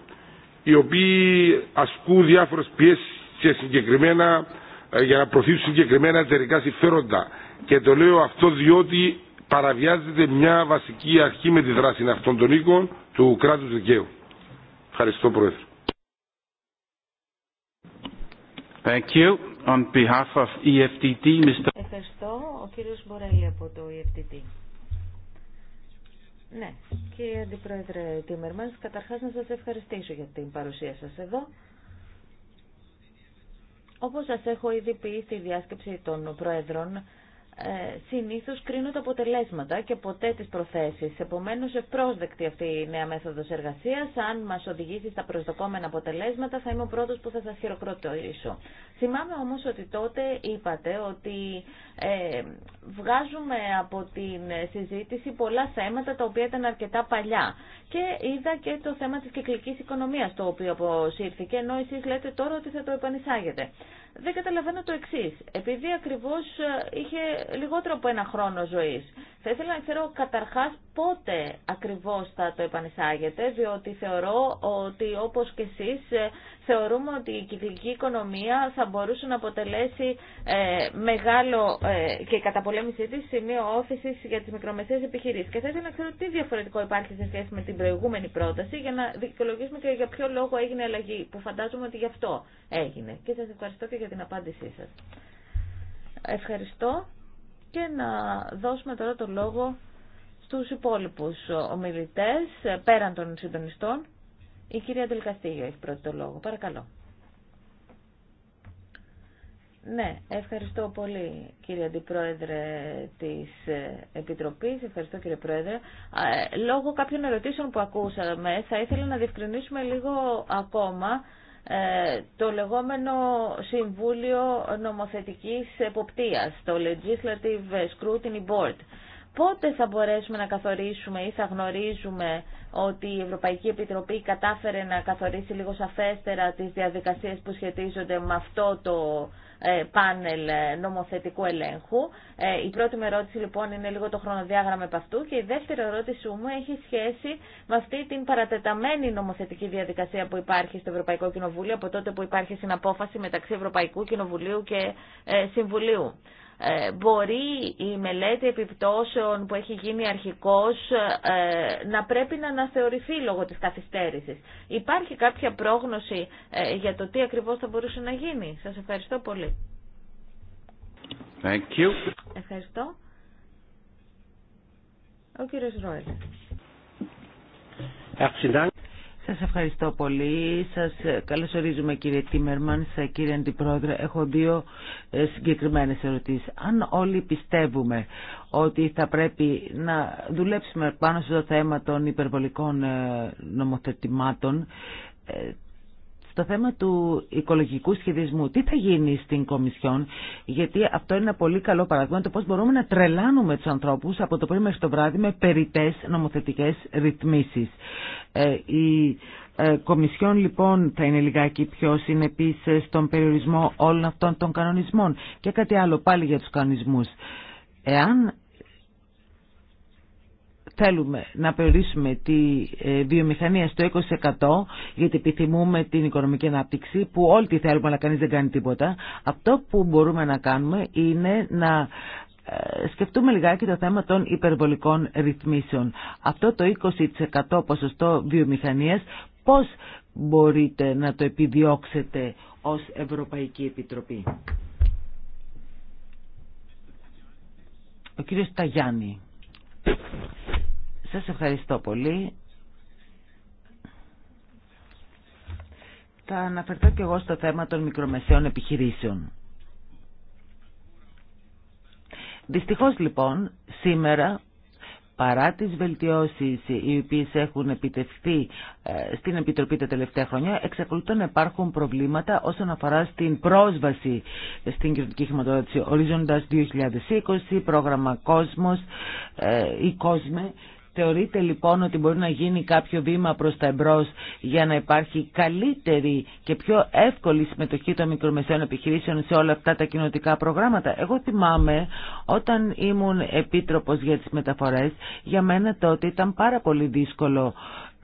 οι οποίοι ασκούν διάφορες πιέσεις συγκεκριμένα ε, για να προωθήσουν συγκεκριμένα εταιρικά συμφέροντα. Και το λέω αυτό διότι παραβιάζεται μια βασική αρχή με τη δράση αυτών των οίκων του κράτους δικαίου. Ευχαριστώ Πρόεδρε. Thank you. On behalf of e Mr. Ευχαριστώ. Ο κύριος Μπορέλη από το EFTD. Ναι, κύριε Αντιπρόεδρε Τίμερμανς, καταρχάς να σας ευχαριστήσω για την παρουσία σας εδώ. Όπως σας έχω ήδη πει στη διάσκεψη των Προέδρων, ε, συνήθως κρίνω τα αποτελέσματα και ποτέ τις προθέσεις. Επομένως, ευπρόσδεκτη αυτή η νέα μέθοδος εργασίας. Αν μας οδηγήσει στα προσδοκόμενα αποτελέσματα, θα είμαι ο πρώτος που θα σας χειροκροτήσω. Θυμάμαι όμως ότι τότε είπατε ότι ε, βγάζουμε από την συζήτηση πολλά θέματα τα οποία ήταν αρκετά παλιά. Και είδα και το θέμα της κυκλικής οικονομίας το οποίο αποσύρθηκε, ενώ εσείς λέτε τώρα ότι θα το επανεισάγετε. Δεν καταλαβαίνω το εξής. Επειδή ακριβώς ε, είχε λιγότερο από ένα χρόνο ζωή. Θα ήθελα να ξέρω καταρχά πότε ακριβώ θα το επανεισάγετε, διότι θεωρώ ότι όπω και εσεί ε, θεωρούμε ότι η κυκλική οικονομία θα μπορούσε να αποτελέσει ε, μεγάλο ε, και η καταπολέμησή τη σημείο όφηση για τι μικρομεσαίες επιχειρήσει. Και θα ήθελα να ξέρω τι διαφορετικό υπάρχει σε σχέση με την προηγούμενη πρόταση για να δικαιολογήσουμε και για ποιο λόγο έγινε αλλαγή, που φαντάζομαι ότι γι' αυτό έγινε. Και σα ευχαριστώ και για την απάντησή σα. Ευχαριστώ και να δώσουμε τώρα το λόγο στους υπόλοιπους ομιλητές πέραν των συντονιστών. Η κυρία Τελκαστήγιο έχει πρώτο το λόγο. Παρακαλώ. Ναι, ευχαριστώ πολύ κύριε Αντιπρόεδρε της Επιτροπής, ευχαριστώ κύριε Πρόεδρε. Ε, λόγω κάποιων ερωτήσεων που ακούσαμε θα ήθελα να διευκρινίσουμε λίγο ακόμα ε, το λεγόμενο Συμβούλιο Νομοθετικής Εποπτείας, το Legislative Scrutiny Board. Πότε θα μπορέσουμε να καθορίσουμε ή θα γνωρίζουμε ότι η Ευρωπαϊκή Επιτροπή κατάφερε να καθορίσει λίγο σαφέστερα τις διαδικασίες που σχετίζονται με αυτό το ε, πάνελ ε, νομοθετικού ελέγχου. Ε, η πρώτη με ερώτηση λοιπόν είναι λίγο το χρονοδιάγραμμα επ' αυτού και η δεύτερη ερώτησή μου έχει σχέση με αυτή την παρατεταμένη νομοθετική διαδικασία που υπάρχει στο Ευρωπαϊκό Κοινοβούλιο από τότε που υπάρχει συναπόφαση μεταξύ Ευρωπαϊκού Κοινοβουλίου και Συμβουλίου. Ε, μπορεί η μελέτη επιπτώσεων που έχει γίνει αρχικώς ε, να πρέπει να αναθεωρηθεί λόγω της καθυστέρησης. Υπάρχει κάποια πρόγνωση ε, για το τι ακριβώς θα μπορούσε να γίνει. Σας ευχαριστώ πολύ. Thank you. Ευχαριστώ. Ο κύριος Ρόελ. Σας ευχαριστώ πολύ. Σας ε, καλωσορίζουμε κύριε Τίμερμαν, ε, κύριε Αντιπρόεδρε. Έχω δύο ε, συγκεκριμένες ερωτήσεις. Αν όλοι πιστεύουμε ότι θα πρέπει να δουλέψουμε πάνω στο θέμα των υπερβολικών νομοθετημάτων, στο θέμα του οικολογικού σχεδισμού, τι θα γίνει στην Κομισιόν, γιατί αυτό είναι ένα πολύ καλό παράδειγμα το πώς μπορούμε να τρελάνουμε τους ανθρώπους από το πρωί μέχρι το βράδυ με περιτές νομοθετικές ρυθμίσεις. Ε, η ε, Κομισιόν λοιπόν θα είναι λιγάκι πιο συνεπής ε, στον περιορισμό όλων αυτών των κανονισμών και κάτι άλλο πάλι για τους κανονισμούς. Εάν θέλουμε να περιορίσουμε τη βιομηχανία στο 20% γιατί επιθυμούμε την οικονομική ανάπτυξη που όλοι τη θέλουμε αλλά κανείς δεν κάνει τίποτα αυτό που μπορούμε να κάνουμε είναι να ε, σκεφτούμε λιγάκι το θέμα των υπερβολικών ρυθμίσεων. Αυτό το 20% ποσοστό βιομηχανίας πώς μπορείτε να το επιδιώξετε ως Ευρωπαϊκή Επιτροπή. Ο κύριος Ταγιάννη. Σας ευχαριστώ πολύ. Θα αναφερθώ και εγώ στο θέμα των μικρομεσαίων επιχειρήσεων. Δυστυχώς λοιπόν σήμερα παρά τις βελτιώσεις οι οποίες έχουν επιτευχθεί ε, στην Επιτροπή τα τελευταία χρόνια, εξακολουθούν να υπάρχουν προβλήματα όσον αφορά στην πρόσβαση στην κοινωνική χρηματοδότηση. Ορίζοντας 2020, πρόγραμμα Κόσμος ή ε, Κόσμε Θεωρείτε λοιπόν ότι μπορεί να γίνει κάποιο βήμα προς τα εμπρός για να υπάρχει καλύτερη και πιο εύκολη συμμετοχή των μικρομεσαίων επιχειρήσεων σε όλα αυτά τα κοινοτικά προγράμματα. Εγώ θυμάμαι όταν ήμουν επίτροπος για τις μεταφορές, για μένα τότε ήταν πάρα πολύ δύσκολο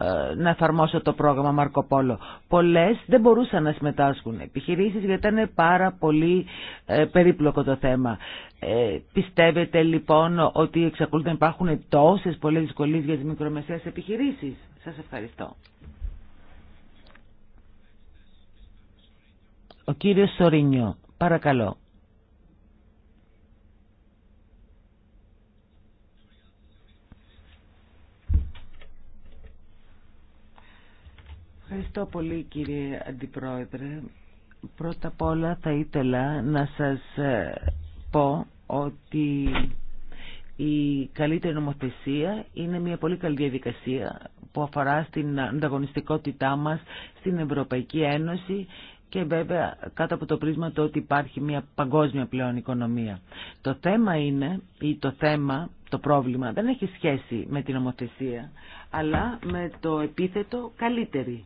ε, να εφαρμόσω το πρόγραμμα Μαρκο Πόλο. Πολλές δεν μπορούσαν να συμμετάσχουν επιχειρήσεις γιατί ήταν πάρα πολύ ε, περίπλοκο το θέμα. Ε, πιστεύετε λοιπόν ότι εξακολουθούν να υπάρχουν τόσες πολλές δυσκολίες για τις μικρομεσαίες επιχειρήσεις. Σας ευχαριστώ. Ο κύριος Σορίνιο, παρακαλώ. Ευχαριστώ πολύ κύριε Αντιπρόεδρε. Πρώτα απ' όλα θα ήθελα να σας ε, πω ότι η καλύτερη νομοθεσία είναι μια πολύ καλή διαδικασία που αφορά στην ανταγωνιστικότητά μας στην Ευρωπαϊκή Ένωση και βέβαια κάτω από το πρίσμα το ότι υπάρχει μια παγκόσμια πλέον οικονομία. Το θέμα είναι, ή το θέμα, το πρόβλημα δεν έχει σχέση με την νομοθεσία, αλλά με το επίθετο καλύτερη.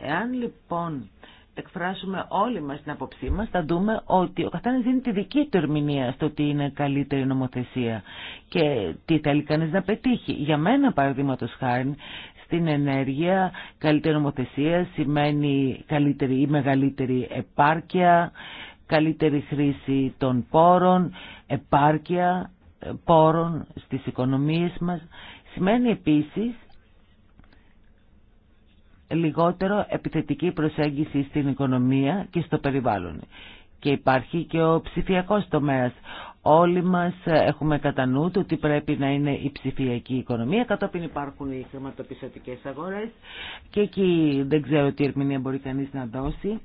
Εάν λοιπόν εκφράσουμε όλοι μας την απόψή μας, θα δούμε ότι ο καθένας δίνει τη δική του ερμηνεία στο ότι είναι καλύτερη νομοθεσία και τι θέλει κανείς να πετύχει. Για μένα, παραδείγματος χάρη, στην ενέργεια καλύτερη νομοθεσία σημαίνει καλύτερη ή μεγαλύτερη επάρκεια, καλύτερη χρήση των πόρων, επάρκεια ε, πόρων στις οικονομίες μας. Σημαίνει επίσης λιγότερο επιθετική προσέγγιση στην οικονομία και στο περιβάλλον. Και υπάρχει και ο ψηφιακός τομέας. Όλοι μας έχουμε κατά νου το ότι πρέπει να είναι η ψηφιακή οικονομία, κατόπιν υπάρχουν οι χρηματοπιστωτικές αγορές και εκεί δεν ξέρω τι ερμηνεία μπορεί κανείς να δώσει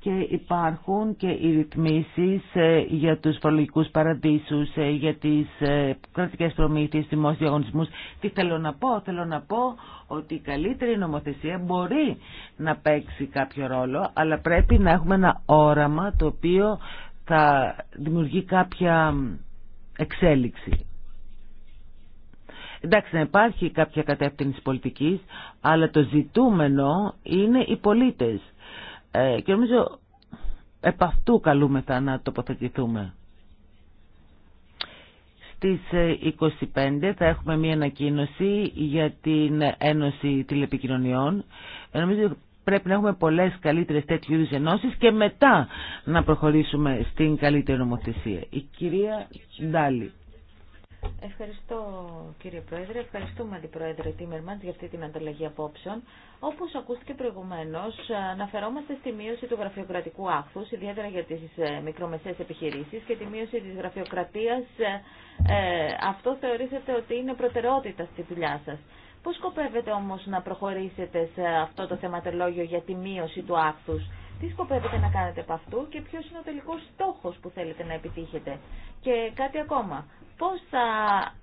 και υπάρχουν και οι ρυθμίσεις ε, για τους φορολογικούς παραδείσους, ε, για τις ε, κρατικές προμήθειες, δημόσιους διαγωνισμούς. Τι θέλω να πω, θέλω να πω ότι η καλύτερη νομοθεσία μπορεί να παίξει κάποιο ρόλο, αλλά πρέπει να έχουμε ένα όραμα το οποίο θα δημιουργεί κάποια εξέλιξη. Εντάξει, να υπάρχει κάποια κατεύθυνση πολιτικής, αλλά το ζητούμενο είναι οι πολίτες ε, και νομίζω επ' αυτού καλούμεθα να τοποθετηθούμε. Στις 25 ε, θα έχουμε μία ανακοίνωση για την Ένωση Τηλεπικοινωνιών. Ε, νομίζω πρέπει να έχουμε πολλές καλύτερες τέτοιου είδους ενώσεις και μετά να προχωρήσουμε στην καλύτερη νομοθεσία. Η κυρία Ντάλη. Ευχαριστώ κύριε Πρόεδρε, ευχαριστούμε Αντιπρόεδρε Τίμερμαντ για αυτή την ανταλλαγή απόψεων. Όπω ακούστηκε προηγουμένω, αναφερόμαστε στη μείωση του γραφειοκρατικού άχθου, ιδιαίτερα για τι ε, μικρομεσαίε επιχειρήσει και τη μείωση τη γραφειοκρατία. Ε, ε, αυτό θεωρήσετε ότι είναι προτεραιότητα στη δουλειά σα. Πώ σκοπεύετε όμω να προχωρήσετε σε αυτό το θεματολόγιο για τη μείωση του άκθου. Τι σκοπεύετε να κάνετε από αυτού και ποιο είναι ο τελικό στόχο που θέλετε να επιτύχετε. Και κάτι ακόμα, πώς θα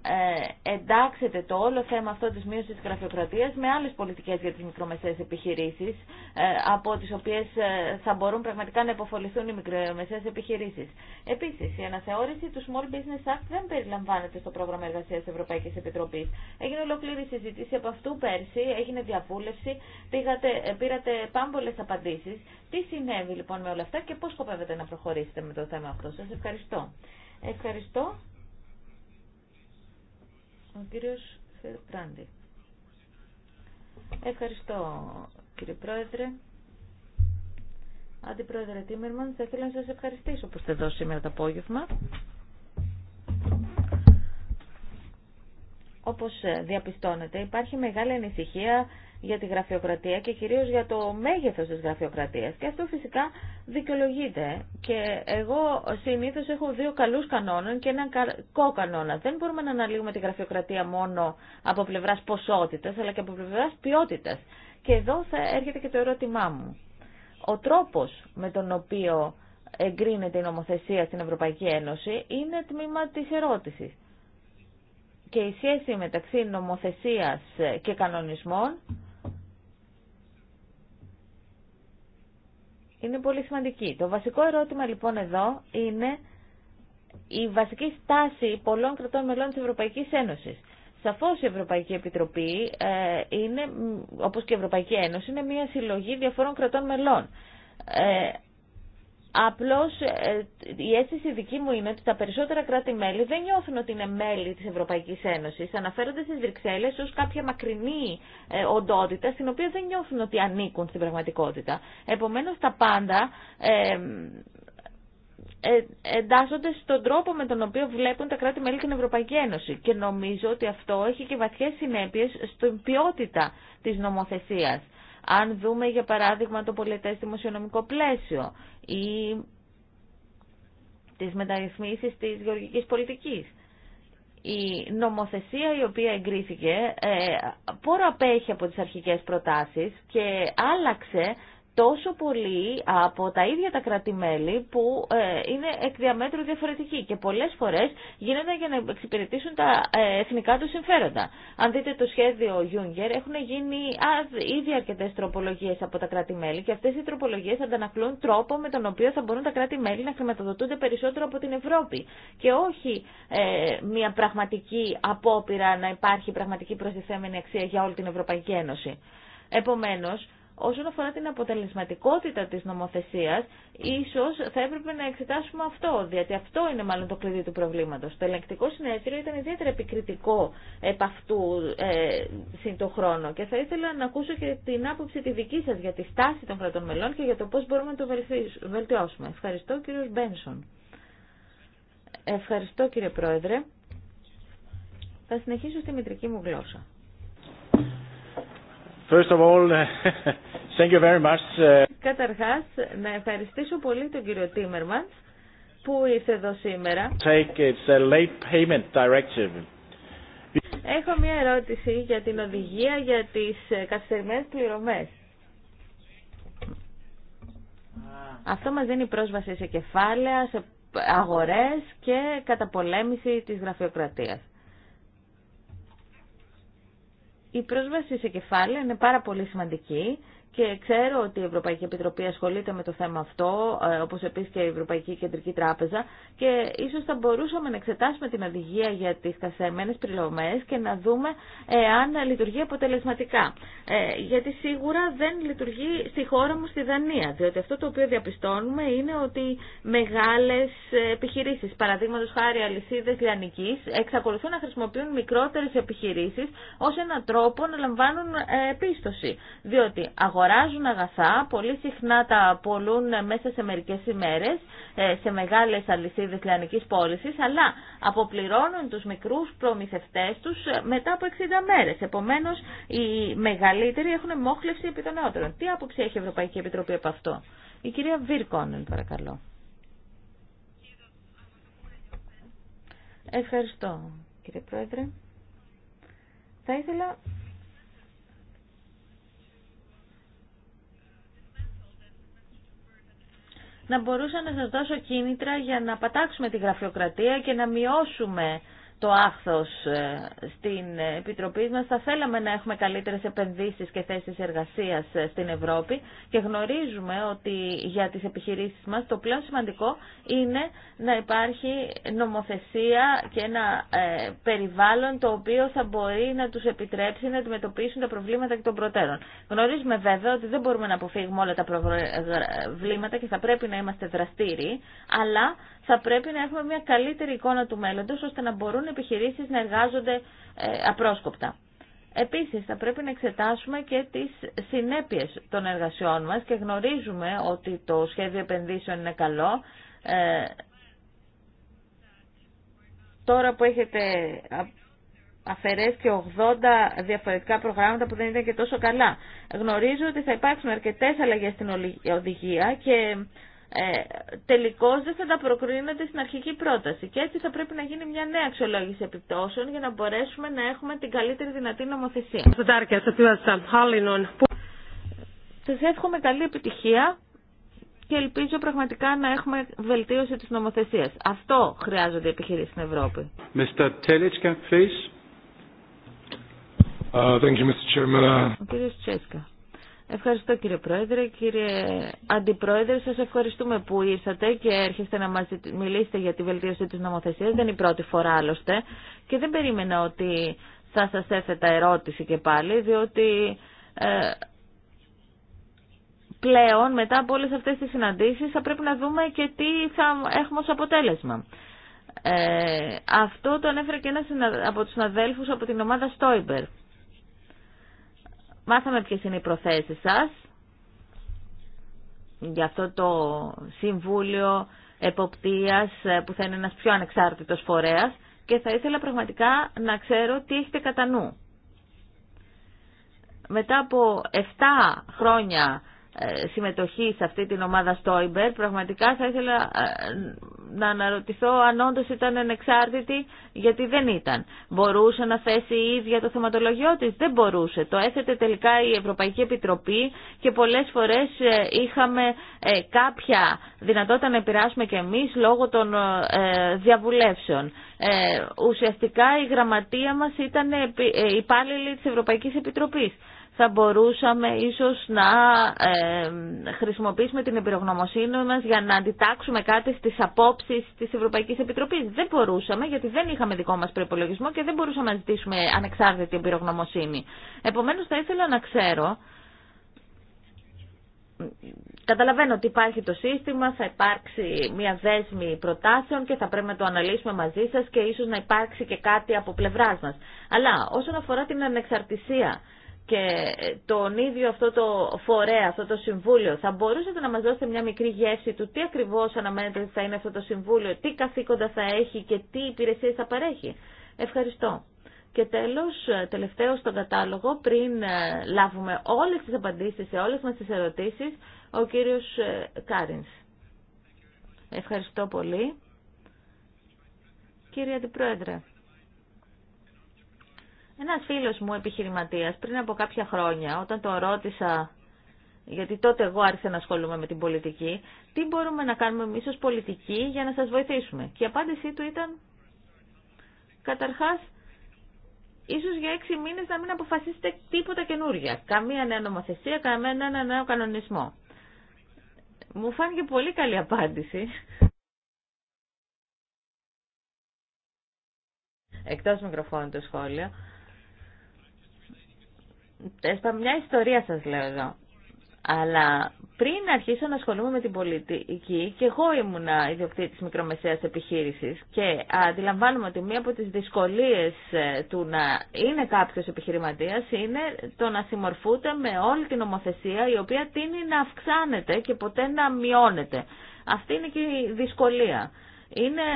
ε, εντάξετε το όλο θέμα αυτό της μείωσης της γραφειοκρατίας με άλλες πολιτικές για τις μικρομεσαίες επιχειρήσεις, ε, από τις οποίες ε, θα μπορούν πραγματικά να υποφοληθούν οι μικρομεσαίες επιχειρήσεις. Επίσης, η αναθεώρηση του Small Business Act δεν περιλαμβάνεται στο πρόγραμμα εργασίας της Ευρωπαϊκής Επιτροπής. Έγινε ολόκληρη συζήτηση από αυτού πέρσι, έγινε διαβούλευση, πήγατε, πήρατε πάμπολες απαντήσεις. Τι συνέβη λοιπόν με όλα αυτά και πώς σκοπεύετε να προχωρήσετε με το θέμα αυτό. Σας ευχαριστώ. Ευχαριστώ. Ο κύριος Φερπράντη. Ευχαριστώ κύριε Πρόεδρε. Αντιπρόεδρε Τίμερμαν, θα ήθελα να σας ευχαριστήσω που είστε εδώ σήμερα το απόγευμα. Όπως ε, διαπιστώνετε, υπάρχει μεγάλη ανησυχία για τη γραφειοκρατία και κυρίως για το μέγεθος της γραφειοκρατίας. Και αυτό φυσικά δικαιολογείται. Και εγώ συνήθως έχω δύο καλούς κανόνων και έναν κακό κανόνα. Δεν μπορούμε να αναλύουμε τη γραφειοκρατία μόνο από πλευράς ποσότητας, αλλά και από πλευράς ποιότητας. Και εδώ θα έρχεται και το ερώτημά μου. Ο τρόπος με τον οποίο εγκρίνεται η νομοθεσία στην Ευρωπαϊκή Ένωση είναι τμήμα της ερώτησης. Και η σχέση μεταξύ νομοθεσίας και κανονισμών είναι πολύ σημαντική. Το βασικό ερώτημα λοιπόν εδώ είναι η βασική στάση πολλών κρατών μελών της Ευρωπαϊκής Ένωσης. Σαφώς η Ευρωπαϊκή Επιτροπή ε, είναι, όπως και η Ευρωπαϊκή Ένωση, είναι μια συλλογή διαφόρων κρατών μελών. Ε, Απλώς ε, η αίσθηση δική μου είναι ότι τα περισσότερα κράτη-μέλη δεν νιώθουν ότι είναι μέλη τη Ευρωπαϊκή Ένωση, Αναφέρονται στις Βρυξέλλες ως κάποια μακρινή ε, οντότητα στην οποία δεν νιώθουν ότι ανήκουν στην πραγματικότητα. Επομένω, τα πάντα ε, ε, εντάσσονται στον τρόπο με τον οποίο βλέπουν τα κράτη-μέλη την Ευρωπαϊκή Ένωση. Και νομίζω ότι αυτό έχει και βαθιές συνέπειε στην ποιότητα της νομοθεσίας αν δούμε για παράδειγμα το πολιτές δημοσιονομικό πλαίσιο ή τις μεταρρυθμίσεις της γεωργικής πολιτικής. Η νομοθεσία η οποία εγκρίθηκε ε, πόρο απέχει από τις αρχικές προτάσεις και άλλαξε τόσο πολύ από τα ίδια τα κράτη-μέλη που ε, είναι εκ διαμέτρου διαφορετικοί και πολλές φορές γίνονται για να εξυπηρετήσουν τα ε, εθνικά του συμφέροντα. Αν δείτε το σχέδιο Γιούγκερ, έχουν γίνει ήδη αρκετέ τροπολογίες από τα κρατη και αυτές οι τροπολογίες αντανακλούν τρόπο με τον οποίο θα μπορούν τα κρατη να χρηματοδοτούνται περισσότερο από την Ευρώπη και όχι ε, μια πραγματική απόπειρα να υπάρχει πραγματική προστιθέμενη αξία για όλη την Ευρωπαϊκή Ένωση. Επομένως, Όσον αφορά την αποτελεσματικότητα της νομοθεσίας, ίσως θα έπρεπε να εξετάσουμε αυτό, γιατί αυτό είναι μάλλον το κλειδί του προβλήματος. Το ελεγκτικό συνέδριο ήταν ιδιαίτερα επικριτικό επ' αυτού ε, συν το χρόνο και θα ήθελα να ακούσω και την άποψη τη δική σας για τη στάση των κρατών μελών και για το πώς μπορούμε να το βελτιώσουμε. Ευχαριστώ κύριο Μπένσον. Ευχαριστώ κύριε Πρόεδρε. Θα συνεχίσω στη μητρική μου γλώσσα. First of uh, Καταρχάς, να ευχαριστήσω πολύ τον κύριο Τίμερμαν που ήρθε εδώ σήμερα. Take it's a uh, late payment directive. Έχω μια ερώτηση για την οδηγία για τις ε, καθυστερημένες πληρωμές. Αυτό μας δίνει πρόσβαση σε κεφάλαια, σε αγορές και καταπολέμηση της γραφειοκρατίας. Η πρόσβαση σε κεφάλαιο είναι πάρα πολύ σημαντική και ξέρω ότι η Ευρωπαϊκή Επιτροπή ασχολείται με το θέμα αυτό, ε, όπως επίσης και η Ευρωπαϊκή Κεντρική Τράπεζα και ίσως θα μπορούσαμε να εξετάσουμε την οδηγία για τις κασεμένες πληρωμές και να δούμε ε, αν λειτουργεί αποτελεσματικά. Ε, γιατί σίγουρα δεν λειτουργεί στη χώρα μου στη Δανία, διότι αυτό το οποίο διαπιστώνουμε είναι ότι μεγάλες επιχειρήσεις, παραδείγματο χάρη αλυσίδες λιανικής, εξακολουθούν να χρησιμοποιούν μικρότερες επιχειρήσεις ως έναν τρόπο να λαμβάνουν πίστοση. Διότι αγοράζουν αγαθά, πολύ συχνά τα πολλούν μέσα σε μερικές ημέρες ε, σε μεγάλες αλυσίδες λιανικής πώληση, αλλά αποπληρώνουν τους μικρούς προμηθευτές τους ε, μετά από 60 μέρες. Επομένως, οι μεγαλύτεροι έχουν μόχλευση επί των νεότερων. Τι άποψη έχει η Ευρωπαϊκή Επιτροπή από αυτό. Η κυρία Βίρκονεν, παρακαλώ. Ευχαριστώ, κύριε Πρόεδρε. Θα ήθελα να μπορούσα να σας δώσω κίνητρα για να πατάξουμε τη γραφειοκρατία και να μειώσουμε το άχθος ε, στην Επιτροπή μας. Θα θέλαμε να έχουμε καλύτερες επενδύσεις και θέσεις εργασίας ε, στην Ευρώπη και γνωρίζουμε ότι για τις επιχειρήσεις μας το πλέον σημαντικό είναι να υπάρχει νομοθεσία και ένα ε, περιβάλλον το οποίο θα μπορεί να τους επιτρέψει να αντιμετωπίσουν τα προβλήματα και των προτέρων. Γνωρίζουμε βέβαια ότι δεν μπορούμε να αποφύγουμε όλα τα προβλήματα και θα πρέπει να είμαστε δραστήριοι, αλλά θα πρέπει να έχουμε μια καλύτερη εικόνα του μέλλοντος, ώστε να μπορούν οι επιχειρήσεις να εργάζονται ε, απρόσκοπτα. Επίσης, θα πρέπει να εξετάσουμε και τις συνέπειες των εργασιών μας και γνωρίζουμε ότι το σχέδιο επενδύσεων είναι καλό. Ε, τώρα που έχετε αφαιρέσει και 80 διαφορετικά προγράμματα που δεν ήταν και τόσο καλά, γνωρίζω ότι θα υπάρξουν αρκετές αλλαγές στην οδηγία και ε, δεν θα τα προκρίνεται στην αρχική πρόταση. Και έτσι θα πρέπει να γίνει μια νέα αξιολόγηση επιπτώσεων για να μπορέσουμε να έχουμε την καλύτερη δυνατή νομοθεσία. Σα εύχομαι καλή επιτυχία και ελπίζω πραγματικά να έχουμε βελτίωση της νομοθεσίας. Αυτό χρειάζονται οι επιχειρήσεις στην Ευρώπη. Mr. please. Uh, thank you, Mr. Chairman. Ευχαριστώ κύριε Πρόεδρε. Κύριε Αντιπρόεδρε, σας ευχαριστούμε που ήρθατε και έρχεστε να μας μιλήσετε για τη βελτίωση της νομοθεσίας. Δεν είναι η πρώτη φορά άλλωστε και δεν περίμενα ότι θα σας έθετα ερώτηση και πάλι, διότι ε, πλέον μετά από όλες αυτές τις συναντήσεις θα πρέπει να δούμε και τι θα έχουμε ως αποτέλεσμα. Ε, αυτό το ανέφερε και ένας από τους συναδέλφους από την ομάδα Στόιμπερ. Μάθαμε ποιες είναι οι προθέσεις σας για αυτό το Συμβούλιο Εποπτείας ε, που θα είναι ένας πιο ανεξάρτητος φορέας και θα ήθελα πραγματικά να ξέρω τι έχετε κατά νου. Μετά από 7 χρόνια ε, συμμετοχή σε αυτή την ομάδα Στόιμπερ. Πραγματικά θα ήθελα ε, να αναρωτηθώ αν όντω ήταν ανεξάρτητη, γιατί δεν ήταν. Μπορούσε να θέσει η ίδια το θεματολογιό της. Δεν μπορούσε. Το έθετε τελικά η Ευρωπαϊκή Επιτροπή και πολλές φορές ε, είχαμε κάποια δυνατότητα να επηρεάσουμε και εμεί λόγω των διαβουλεύσεων. Ουσιαστικά η γραμματεία μας ήταν υπάλληλη της Ευρωπαϊκής Επιτροπής θα μπορούσαμε ίσως να ε, χρησιμοποιήσουμε την εμπειρογνωμοσύνη μας για να αντιτάξουμε κάτι στις απόψεις της Ευρωπαϊκής Επιτροπής. Δεν μπορούσαμε γιατί δεν είχαμε δικό μας προπολογισμό και δεν μπορούσαμε να ζητήσουμε ανεξάρτητη εμπειρογνωμοσύνη. Επομένως θα ήθελα να ξέρω... Καταλαβαίνω ότι υπάρχει το σύστημα, θα υπάρξει μια δέσμη προτάσεων και θα πρέπει να το αναλύσουμε μαζί σας και ίσως να υπάρξει και κάτι από πλευράς μας. Αλλά όσον αφορά την ανεξαρτησία, και τον ίδιο αυτό το φορέα, αυτό το συμβούλιο, θα μπορούσατε να μας δώσετε μια μικρή γεύση του τι ακριβώς αναμένετε ότι θα είναι αυτό το συμβούλιο, τι καθήκοντα θα έχει και τι υπηρεσίες θα παρέχει. Ευχαριστώ. Και τέλος, τελευταίο στον κατάλογο, πριν ε, λάβουμε όλες τις απαντήσεις σε όλες μας τις ερωτήσεις, ο κύριος ε, Κάρινς. Ευχαριστώ πολύ. Κύριε Αντιπρόεδρε. Ένας φίλος μου επιχειρηματίας πριν από κάποια χρόνια, όταν τον ρώτησα, γιατί τότε εγώ άρχισα να ασχολούμαι με την πολιτική, τι μπορούμε να κάνουμε εμεί ω πολιτικοί για να σας βοηθήσουμε. Και η απάντησή του ήταν, καταρχάς, ίσως για έξι μήνες να μην αποφασίσετε τίποτα καινούργια. Καμία νέα νομοθεσία, κανένα νέο κανονισμό. Μου φάνηκε πολύ καλή απάντηση. Εκτός μικροφώνου το σχόλιο. Έσπα μια ιστορία σας λέω εδώ. Αλλά πριν αρχίσω να ασχολούμαι με την πολιτική, και εγώ ήμουνα ιδιοκτήτης μικρομεσαίας επιχείρησης και αντιλαμβάνομαι ότι μία από τις δυσκολίες ε, του να είναι κάποιος επιχειρηματίας είναι το να συμμορφούνται με όλη την ομοθεσία η οποία τίνει να αυξάνεται και ποτέ να μειώνεται. Αυτή είναι και η δυσκολία. Είναι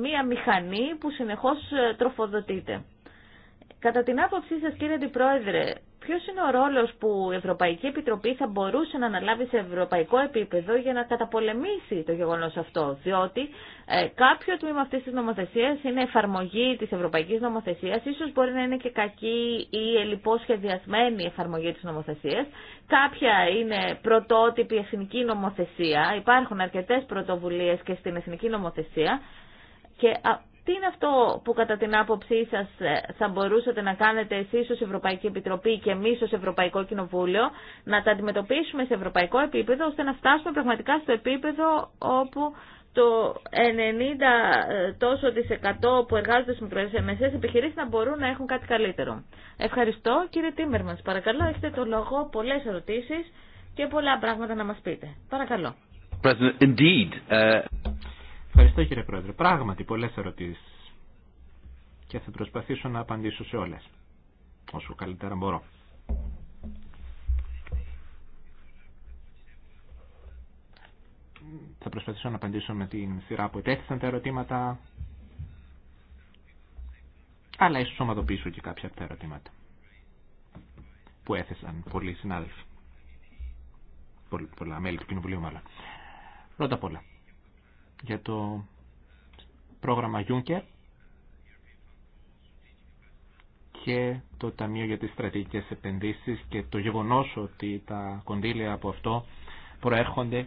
μία μηχανή που συνεχώς ε, τροφοδοτείται. Κατά την άποψή σας κύριε Αντιπρόεδρε, Ποιος είναι ο ρόλος που η Ευρωπαϊκή Επιτροπή θα μπορούσε να αναλάβει σε ευρωπαϊκό επίπεδο για να καταπολεμήσει το γεγονός αυτό, διότι ε, κάποιο τμήμα αυτής της νομοθεσίας είναι εφαρμογή της Ευρωπαϊκής Νομοθεσίας, ίσως μπορεί να είναι και κακή ή ελλειπώς σχεδιασμένη εφαρμογή της νομοθεσίας, κάποια είναι πρωτότυπη εθνική νομοθεσία, υπάρχουν αρκετές πρωτοβουλίες και στην εθνική νομοθεσία και τι είναι αυτό που κατά την άποψή σας ε, θα μπορούσατε να κάνετε εσείς ως Ευρωπαϊκή Επιτροπή και εμείς ως Ευρωπαϊκό Κοινοβούλιο να τα αντιμετωπίσουμε σε ευρωπαϊκό επίπεδο ώστε να φτάσουμε πραγματικά στο επίπεδο όπου το 90 ε, τόσο που εργάζονται στις μικρομεσαίες επιχειρήσεις να μπορούν να έχουν κάτι καλύτερο. Ευχαριστώ κύριε Τίμερμανς. Παρακαλώ έχετε το λόγο πολλές ερωτήσεις και πολλά πράγματα να μας πείτε. Παρακαλώ. Indeed. Uh, Ευχαριστώ κύριε Πρόεδρε. Πράγματι πολλές ερωτήσεις και θα προσπαθήσω να απαντήσω σε όλες όσο καλύτερα μπορώ. Θα προσπαθήσω να απαντήσω με την σειρά που ετέθησαν τα ερωτήματα αλλά ίσως ομαδοποιήσω και κάποια από τα ερωτήματα που έθεσαν πολλοί συνάδελφοι. Πολλά μέλη του Κοινοβουλίου μάλλον. Πρώτα απ' όλα, για το πρόγραμμα Juncker και το Ταμείο για τις Στρατηγικές Επενδύσεις και το γεγονός ότι τα κονδύλια από αυτό προέρχονται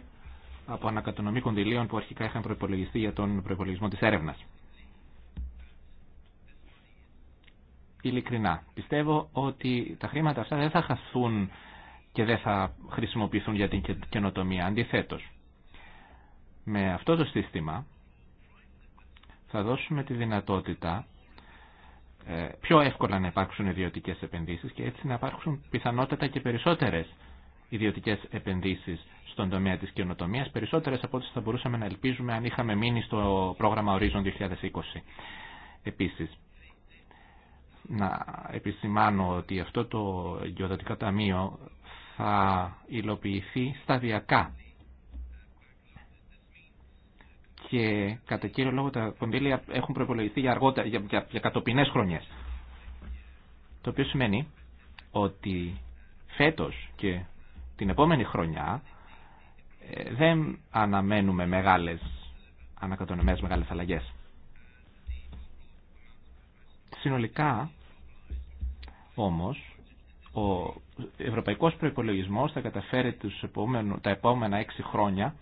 από ανακατονομή κονδυλίων που αρχικά είχαν προπολογιστεί για τον προπολογισμό της έρευνας. Ειλικρινά, πιστεύω ότι τα χρήματα αυτά δεν θα χαθούν και δεν θα χρησιμοποιηθούν για την καινοτομία. Αντιθέτως, με αυτό το σύστημα θα δώσουμε τη δυνατότητα ε, πιο εύκολα να υπάρξουν ιδιωτικές επενδύσεις και έτσι να υπάρξουν πιθανότατα και περισσότερες ιδιωτικές επενδύσεις στον τομέα της καινοτομίας, περισσότερες από ό,τι θα μπορούσαμε να ελπίζουμε αν είχαμε μείνει στο πρόγραμμα Horizon 2020. Επίσης, να επισημάνω ότι αυτό το γεωδοτικό ταμείο θα υλοποιηθεί σταδιακά και κατά κύριο λόγο τα κονδύλια έχουν προπολογιστεί για, αργότερα, για, για, για κατοπινές χρονιές. Το οποίο σημαίνει ότι φέτος και την επόμενη χρονιά ε, δεν αναμένουμε μεγάλες ανακατονομές, μεγάλες αλλαγές. Συνολικά, όμως, ο ευρωπαϊκός προϋπολογισμός θα καταφέρει τους τα επόμενα έξι χρόνια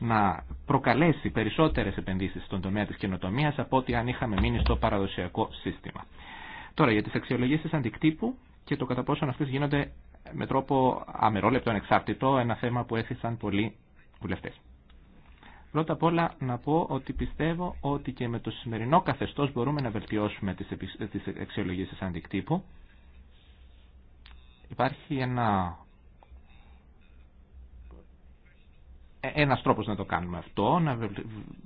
να προκαλέσει περισσότερες επενδύσεις στον τομέα της καινοτομίας από ότι αν είχαμε μείνει στο παραδοσιακό σύστημα. Τώρα για τις αξιολογήσεις αντικτύπου και το κατά πόσο αυτές γίνονται με τρόπο αμερόλεπτο, ανεξάρτητο, ένα θέμα που έθεσαν πολλοί βουλευτές. Πρώτα απ' όλα να πω ότι πιστεύω ότι και με το σημερινό καθεστώς μπορούμε να βελτιώσουμε τις αξιολογήσεις αντικτύπου. Υπάρχει ένα Ε, ένας τρόπος να το κάνουμε αυτό, να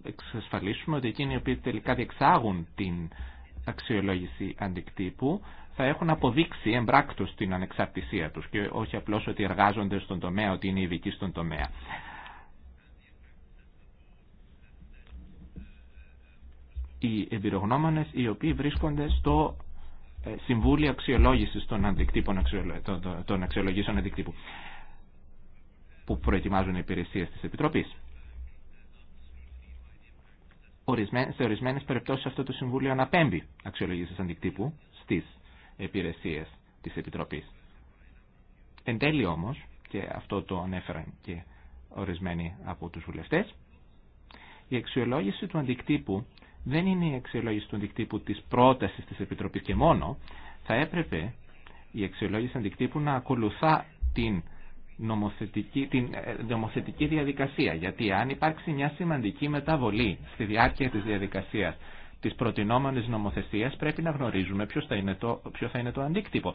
εξασφαλίσουμε ότι εκείνοι οι οποίοι τελικά διεξάγουν την αξιολόγηση αντικτύπου θα έχουν αποδείξει εμπράκτως την ανεξαρτησία τους και όχι απλώς ότι εργάζονται στον τομέα, ότι είναι ειδικοί στον τομέα. Οι εμπειρογνώμονες οι οποίοι βρίσκονται στο ε, Συμβούλιο Αξιολόγησης των, των αξιολογήσεων αντικτύπου που προετοιμάζουν οι υπηρεσίε τη Επιτροπής. σε ορισμένε περιπτώσει αυτό το Συμβούλιο αναπέμπει αξιολογήσει αντικτύπου στις υπηρεσίε τη Επιτροπής. Εν τέλει όμως, και αυτό το ανέφεραν και ορισμένοι από τους βουλευτέ, η αξιολόγηση του αντικτύπου δεν είναι η αξιολόγηση του αντικτύπου της πρόταση τη Επιτροπή και μόνο, θα έπρεπε η αξιολόγηση αντικτύπου να ακολουθά την νομοθετική, την ε, νομοθετική διαδικασία. Γιατί αν υπάρξει μια σημαντική μεταβολή στη διάρκεια της διαδικασίας της προτινόμενης νομοθεσίας πρέπει να γνωρίζουμε ποιο θα είναι το, ποιο θα είναι το αντίκτυπο.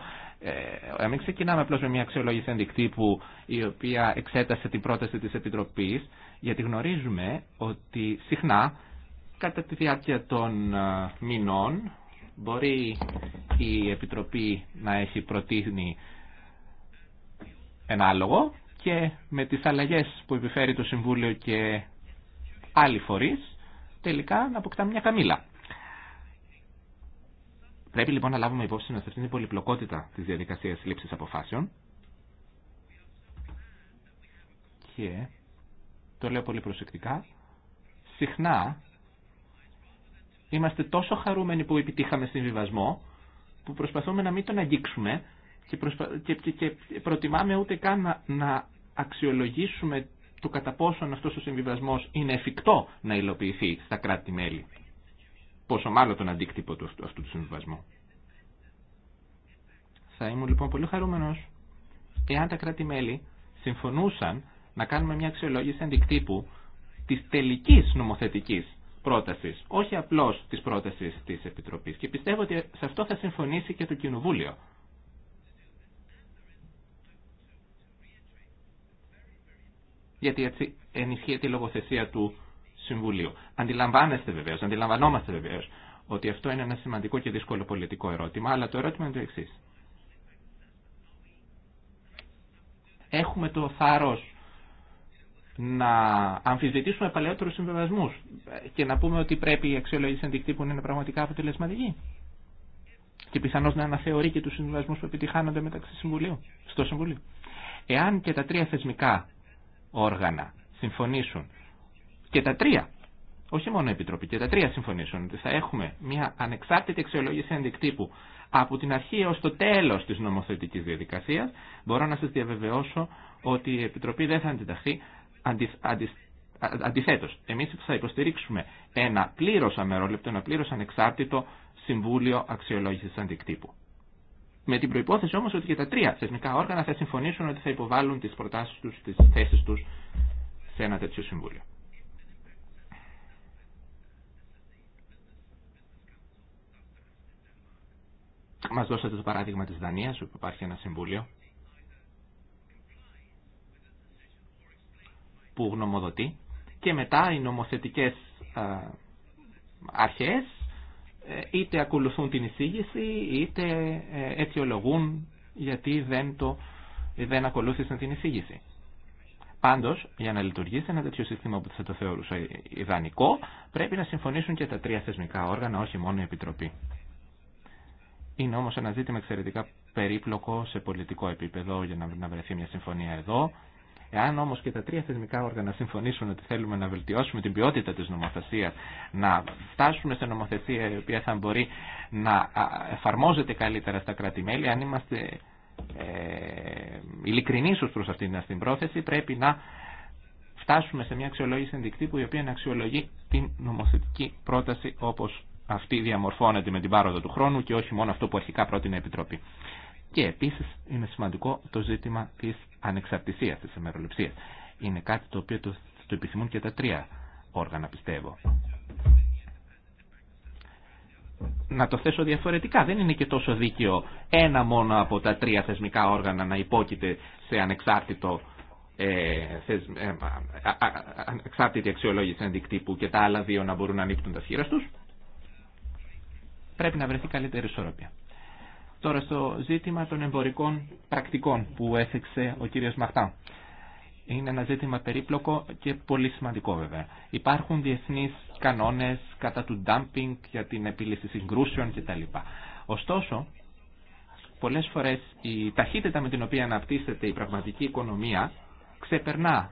Ε, μην ξεκινάμε απλώς με μια αξιολόγηση αντικτύπου η οποία εξέτασε την πρόταση της Επιτροπής γιατί γνωρίζουμε ότι συχνά κατά τη διάρκεια των ε, μηνών μπορεί η Επιτροπή να έχει προτείνει ενάλογο και με τις αλλαγές που επιφέρει το Συμβούλιο και άλλοι φορείς τελικά να αποκτά μια καμήλα. Πρέπει λοιπόν να λάβουμε υπόψη μας αυτήν την πολυπλοκότητα της διαδικασίας λήψης αποφάσεων και το λέω πολύ προσεκτικά συχνά είμαστε τόσο χαρούμενοι που επιτύχαμε συμβιβασμό που προσπαθούμε να μην τον αγγίξουμε και, προτιμάμε ούτε καν να, αξιολογήσουμε το κατά πόσον αυτός ο συμβιβασμός είναι εφικτό να υλοποιηθεί στα κράτη-μέλη. Πόσο μάλλον τον αντίκτυπο του αυτού, αυτού του συμβιβασμού. Θα ήμουν λοιπόν πολύ χαρούμενος εάν τα κράτη-μέλη συμφωνούσαν να κάνουμε μια αξιολόγηση αντικτύπου της τελικής νομοθετικής πρότασης, όχι απλώς της πρότασης της Επιτροπής. Και πιστεύω ότι σε αυτό θα συμφωνήσει και το Κοινοβούλιο γιατί έτσι ενισχύεται η λογοθεσία του Συμβουλίου. Αντιλαμβάνεστε βεβαίω, αντιλαμβανόμαστε βεβαίω ότι αυτό είναι ένα σημαντικό και δύσκολο πολιτικό ερώτημα, αλλά το ερώτημα είναι το εξή. Έχουμε το θάρρο να αμφισβητήσουμε παλαιότερου συμβιβασμού και να πούμε ότι πρέπει η αξιολόγηση αντικτύπου να είναι πραγματικά αποτελεσματική. Και πιθανώ να αναθεωρεί και του συμβιβασμού που επιτυχάνονται μεταξύ συμβουλίου, στο Συμβουλίο. Εάν και τα τρία θεσμικά όργανα συμφωνήσουν και τα τρία, όχι μόνο η Επιτροπή, και τα τρία συμφωνήσουν ότι θα έχουμε μια ανεξάρτητη αξιολόγηση αντικτύπου από την αρχή ως το τέλος της νομοθετικής διαδικασίας, μπορώ να σας διαβεβαιώσω ότι η Επιτροπή δεν θα αντιταχθεί αντι, αντι, Αντιθέτω, εμεί θα υποστηρίξουμε ένα πλήρω αμερόληπτο, ένα πλήρω ανεξάρτητο Συμβούλιο Αξιολόγηση Αντικτύπου. Με την προϋπόθεση όμως ότι και τα τρία θεσμικά όργανα θα συμφωνήσουν ότι θα υποβάλουν τις προτάσεις τους, τι θέσει τους σε ένα τέτοιο συμβούλιο. Μα δώσατε το παράδειγμα της Δανίας, όπου υπάρχει ένα συμβούλιο που γνωμοδοτεί και μετά οι νομοθετικέ αρχές ε, είτε ακολουθούν την εισήγηση είτε ε, αιτιολογούν γιατί δεν, το, δεν ακολούθησαν την εισήγηση. Πάντω, για να λειτουργήσει ένα τέτοιο σύστημα που θα το θεωρούσα ιδανικό, πρέπει να συμφωνήσουν και τα τρία θεσμικά όργανα, όχι μόνο η Επιτροπή. Είναι όμω ένα ζήτημα εξαιρετικά περίπλοκο σε πολιτικό επίπεδο για να βρεθεί μια συμφωνία εδώ. Εάν όμω και τα τρία θεσμικά όργανα συμφωνήσουν ότι θέλουμε να βελτιώσουμε την ποιότητα τη νομοθεσία, να φτάσουμε σε νομοθεσία η οποία θα μπορεί να εφαρμόζεται καλύτερα στα κράτη-μέλη, αν είμαστε ε, ειλικρινεί ω προ αυτήν την πρόθεση, πρέπει να φτάσουμε σε μια αξιολόγηση που η οποία να αξιολογεί την νομοθετική πρόταση όπω αυτή διαμορφώνεται με την πάροδο του χρόνου και όχι μόνο αυτό που αρχικά πρότεινε η Επιτροπή. Και επίσης είναι σημαντικό το ζήτημα της ανεξαρτησίας, της ημεροληψία. Είναι κάτι το οποίο το, το επισημούν και τα τρία όργανα πιστεύω. Να το θέσω διαφορετικά. Δεν είναι και τόσο δίκαιο ένα μόνο από τα τρία θεσμικά όργανα να υπόκειται σε ανεξάρτητο ε, ε, ανεξάρτητη αξιολόγηση ενδεικτύπου και τα άλλα δύο να μπορούν να ανοίξουν τα σχήρα τους, πρέπει να βρεθεί καλύτερη ισορροπία. Τώρα στο ζήτημα των εμπορικών πρακτικών που έθεξε ο κύριος Μαχτά. Είναι ένα ζήτημα περίπλοκο και πολύ σημαντικό βέβαια. Υπάρχουν διεθνείς κανόνες κατά του dumping για την επίλυση συγκρούσεων κτλ. Ωστόσο, πολλές φορές η ταχύτητα με την οποία αναπτύσσεται η πραγματική οικονομία ξεπερνά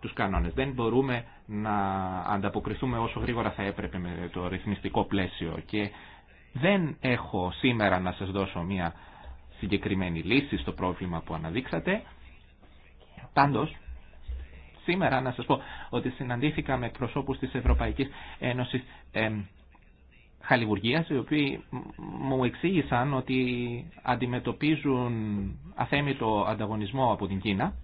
τους κανόνες. Δεν μπορούμε να ανταποκριθούμε όσο γρήγορα θα έπρεπε με το ρυθμιστικό πλαίσιο δεν έχω σήμερα να σας δώσω μια συγκεκριμένη λύση στο πρόβλημα που αναδείξατε. Πάντως, σήμερα να σας πω ότι συναντήθηκα με προσώπους της Ευρωπαϊκής Ένωσης ε, Χαλιβουργίας, οι οποίοι μου εξήγησαν ότι αντιμετωπίζουν αθέμητο ανταγωνισμό από την Κίνα,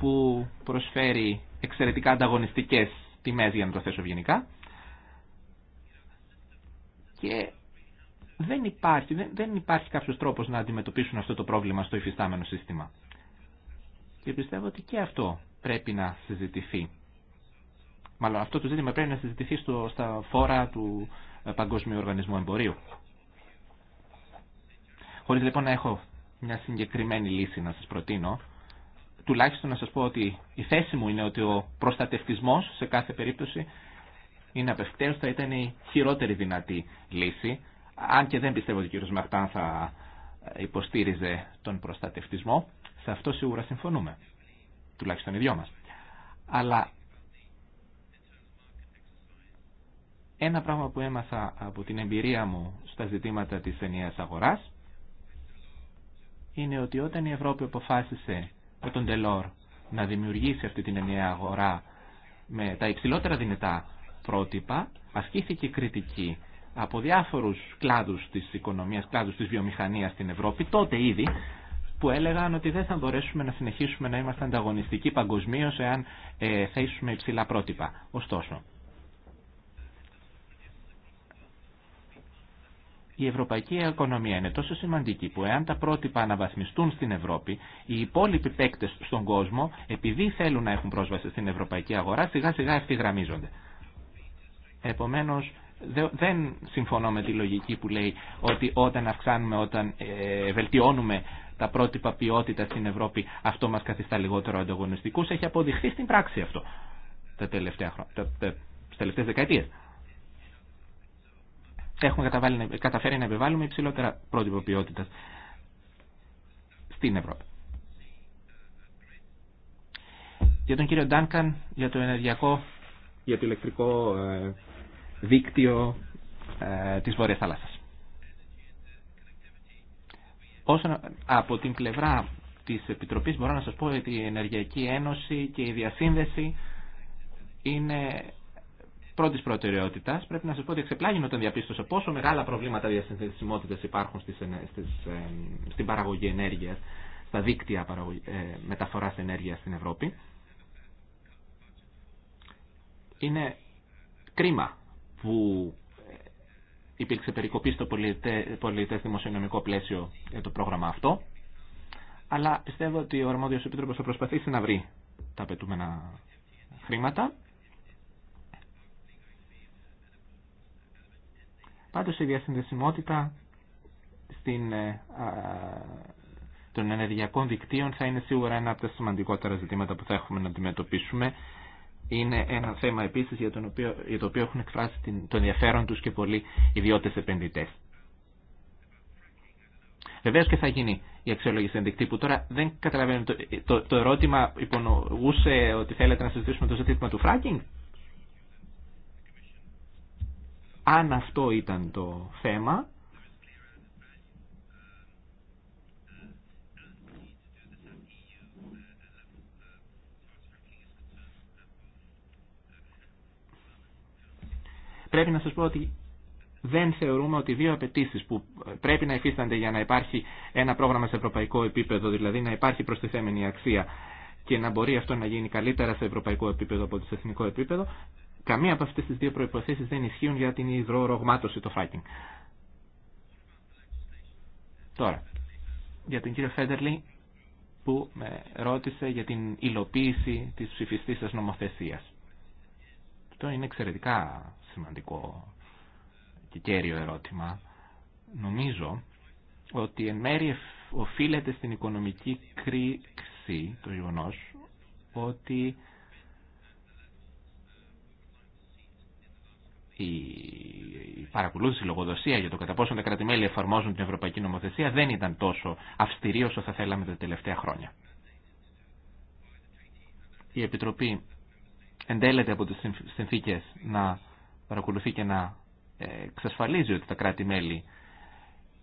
που προσφέρει εξαιρετικά ανταγωνιστικές τιμές, για να το θέσω ευγενικά, και δεν υπάρχει, δεν υπάρχει κάποιος τρόπος να αντιμετωπίσουν αυτό το πρόβλημα στο υφιστάμενο σύστημα. Και πιστεύω ότι και αυτό πρέπει να συζητηθεί. Μάλλον αυτό το ζήτημα πρέπει να συζητηθεί στο, στα φόρα του ε, Παγκόσμιου Οργανισμού Εμπορίου. Χωρίς λοιπόν να έχω μια συγκεκριμένη λύση να σας προτείνω, τουλάχιστον να σας πω ότι η θέση μου είναι ότι ο προστατευτισμός σε κάθε περίπτωση είναι απευκταίως θα ήταν η χειρότερη δυνατή λύση, αν και δεν πιστεύω ότι ο κ. Μαχτάν θα ε, υποστήριζε τον προστατευτισμό. Σε αυτό σίγουρα συμφωνούμε, τουλάχιστον οι δυο μας. Αλλά ένα πράγμα που έμαθα από την εμπειρία μου στα ζητήματα της ενιαίας αγοράς είναι ότι όταν η Ευρώπη αποφάσισε με τον Τελόρ να δημιουργήσει αυτή την ενιαία αγορά με τα υψηλότερα δυνατά πρότυπα ασκήθηκε κριτική από διάφορους κλάδους της οικονομίας, κλάδους της βιομηχανίας στην Ευρώπη, τότε ήδη, που έλεγαν ότι δεν θα μπορέσουμε να συνεχίσουμε να είμαστε ανταγωνιστικοί παγκοσμίω εάν ε, θέσουμε υψηλά πρότυπα. Ωστόσο, η ευρωπαϊκή οικονομία είναι τόσο σημαντική που εάν τα πρότυπα αναβαθμιστούν στην Ευρώπη, οι υπόλοιποι παίκτε στον κόσμο, επειδή θέλουν να έχουν πρόσβαση στην ευρωπαϊκή αγορά, σιγά σιγά ευθυγραμμίζονται. Επομένως, δεν συμφωνώ με τη λογική που λέει ότι όταν αυξάνουμε, όταν ε, βελτιώνουμε τα πρότυπα ποιότητα στην Ευρώπη, αυτό μας καθιστά λιγότερο ανταγωνιστικούς. Έχει αποδειχθεί στην πράξη αυτό τα τελευταία χρόνια, τα, τελευταίες δεκαετίες. Έχουμε καταφέρει να επιβάλλουμε υψηλότερα πρότυπα ποιότητα στην Ευρώπη. Για τον κύριο Ντάνκαν, για το ενεργειακό, για το ηλεκτρικό ε, δίκτυο ε, της Βόρειας Θάλασσας. Όσον από την πλευρά της Επιτροπής μπορώ να σας πω ότι η Ενεργειακή Ένωση και η διασύνδεση είναι πρώτης προτεραιότητας. Πρέπει να σας πω ότι εξεπλάγει όταν διαπίστωσα πόσο μεγάλα προβλήματα διασυνδεσιμότητας υπάρχουν στις, στις, στην παραγωγή ενέργειας, στα δίκτυα παραγωγή, ε, μεταφοράς ενέργειας στην Ευρώπη. Είναι κρίμα που υπήρξε περικοπή στο πολιτές δημοσιονομικό πλαίσιο για το πρόγραμμα αυτό. Αλλά πιστεύω ότι ο αρμόδιος επίτροπος θα προσπαθήσει να βρει τα απαιτούμενα χρήματα. Πάντως η διασυνδεσιμότητα στην, ε, των ενεργειακών δικτύων θα είναι σίγουρα ένα από τα σημαντικότερα ζητήματα που θα έχουμε να αντιμετωπίσουμε είναι ένα θέμα επίσης για, οποίο, το οποίο έχουν εκφράσει τον ενδιαφέρον τους και πολλοί ιδιώτες επενδυτές. Βεβαίω και θα γίνει η αξιολόγηση που Τώρα δεν καταλαβαίνω. Το, ερώτημα υπονοούσε ότι θέλετε να συζητήσουμε το ζήτημα του φράκινγκ. Αν αυτό ήταν το θέμα, πρέπει να σας πω ότι δεν θεωρούμε ότι δύο απαιτήσει που πρέπει να υφίστανται για να υπάρχει ένα πρόγραμμα σε ευρωπαϊκό επίπεδο, δηλαδή να υπάρχει προστιθέμενη αξία και να μπορεί αυτό να γίνει καλύτερα σε ευρωπαϊκό επίπεδο από το εθνικό επίπεδο, καμία από αυτές τις δύο προϋποθέσεις δεν ισχύουν για την υδρορογμάτωση, το fracking. Τώρα, για τον κύριο Φέντερλι που με ρώτησε για την υλοποίηση της ψηφιστής σας νομοθεσίας. Αυτό είναι εξαιρετικά σημαντικό και κέριο ερώτημα. Νομίζω ότι εν μέρει οφείλεται στην οικονομική κρίση το γεγονό ότι η παρακολούθηση, η λογοδοσία για το κατά πόσο τα κρατημέλη εφαρμόζουν την ευρωπαϊκή νομοθεσία δεν ήταν τόσο αυστηρή όσο θα θέλαμε τα τελευταία χρόνια. Η Επιτροπή εντέλεται από τις συνθήκες να παρακολουθεί και να ε, εξασφαλίζει ότι τα κράτη-μέλη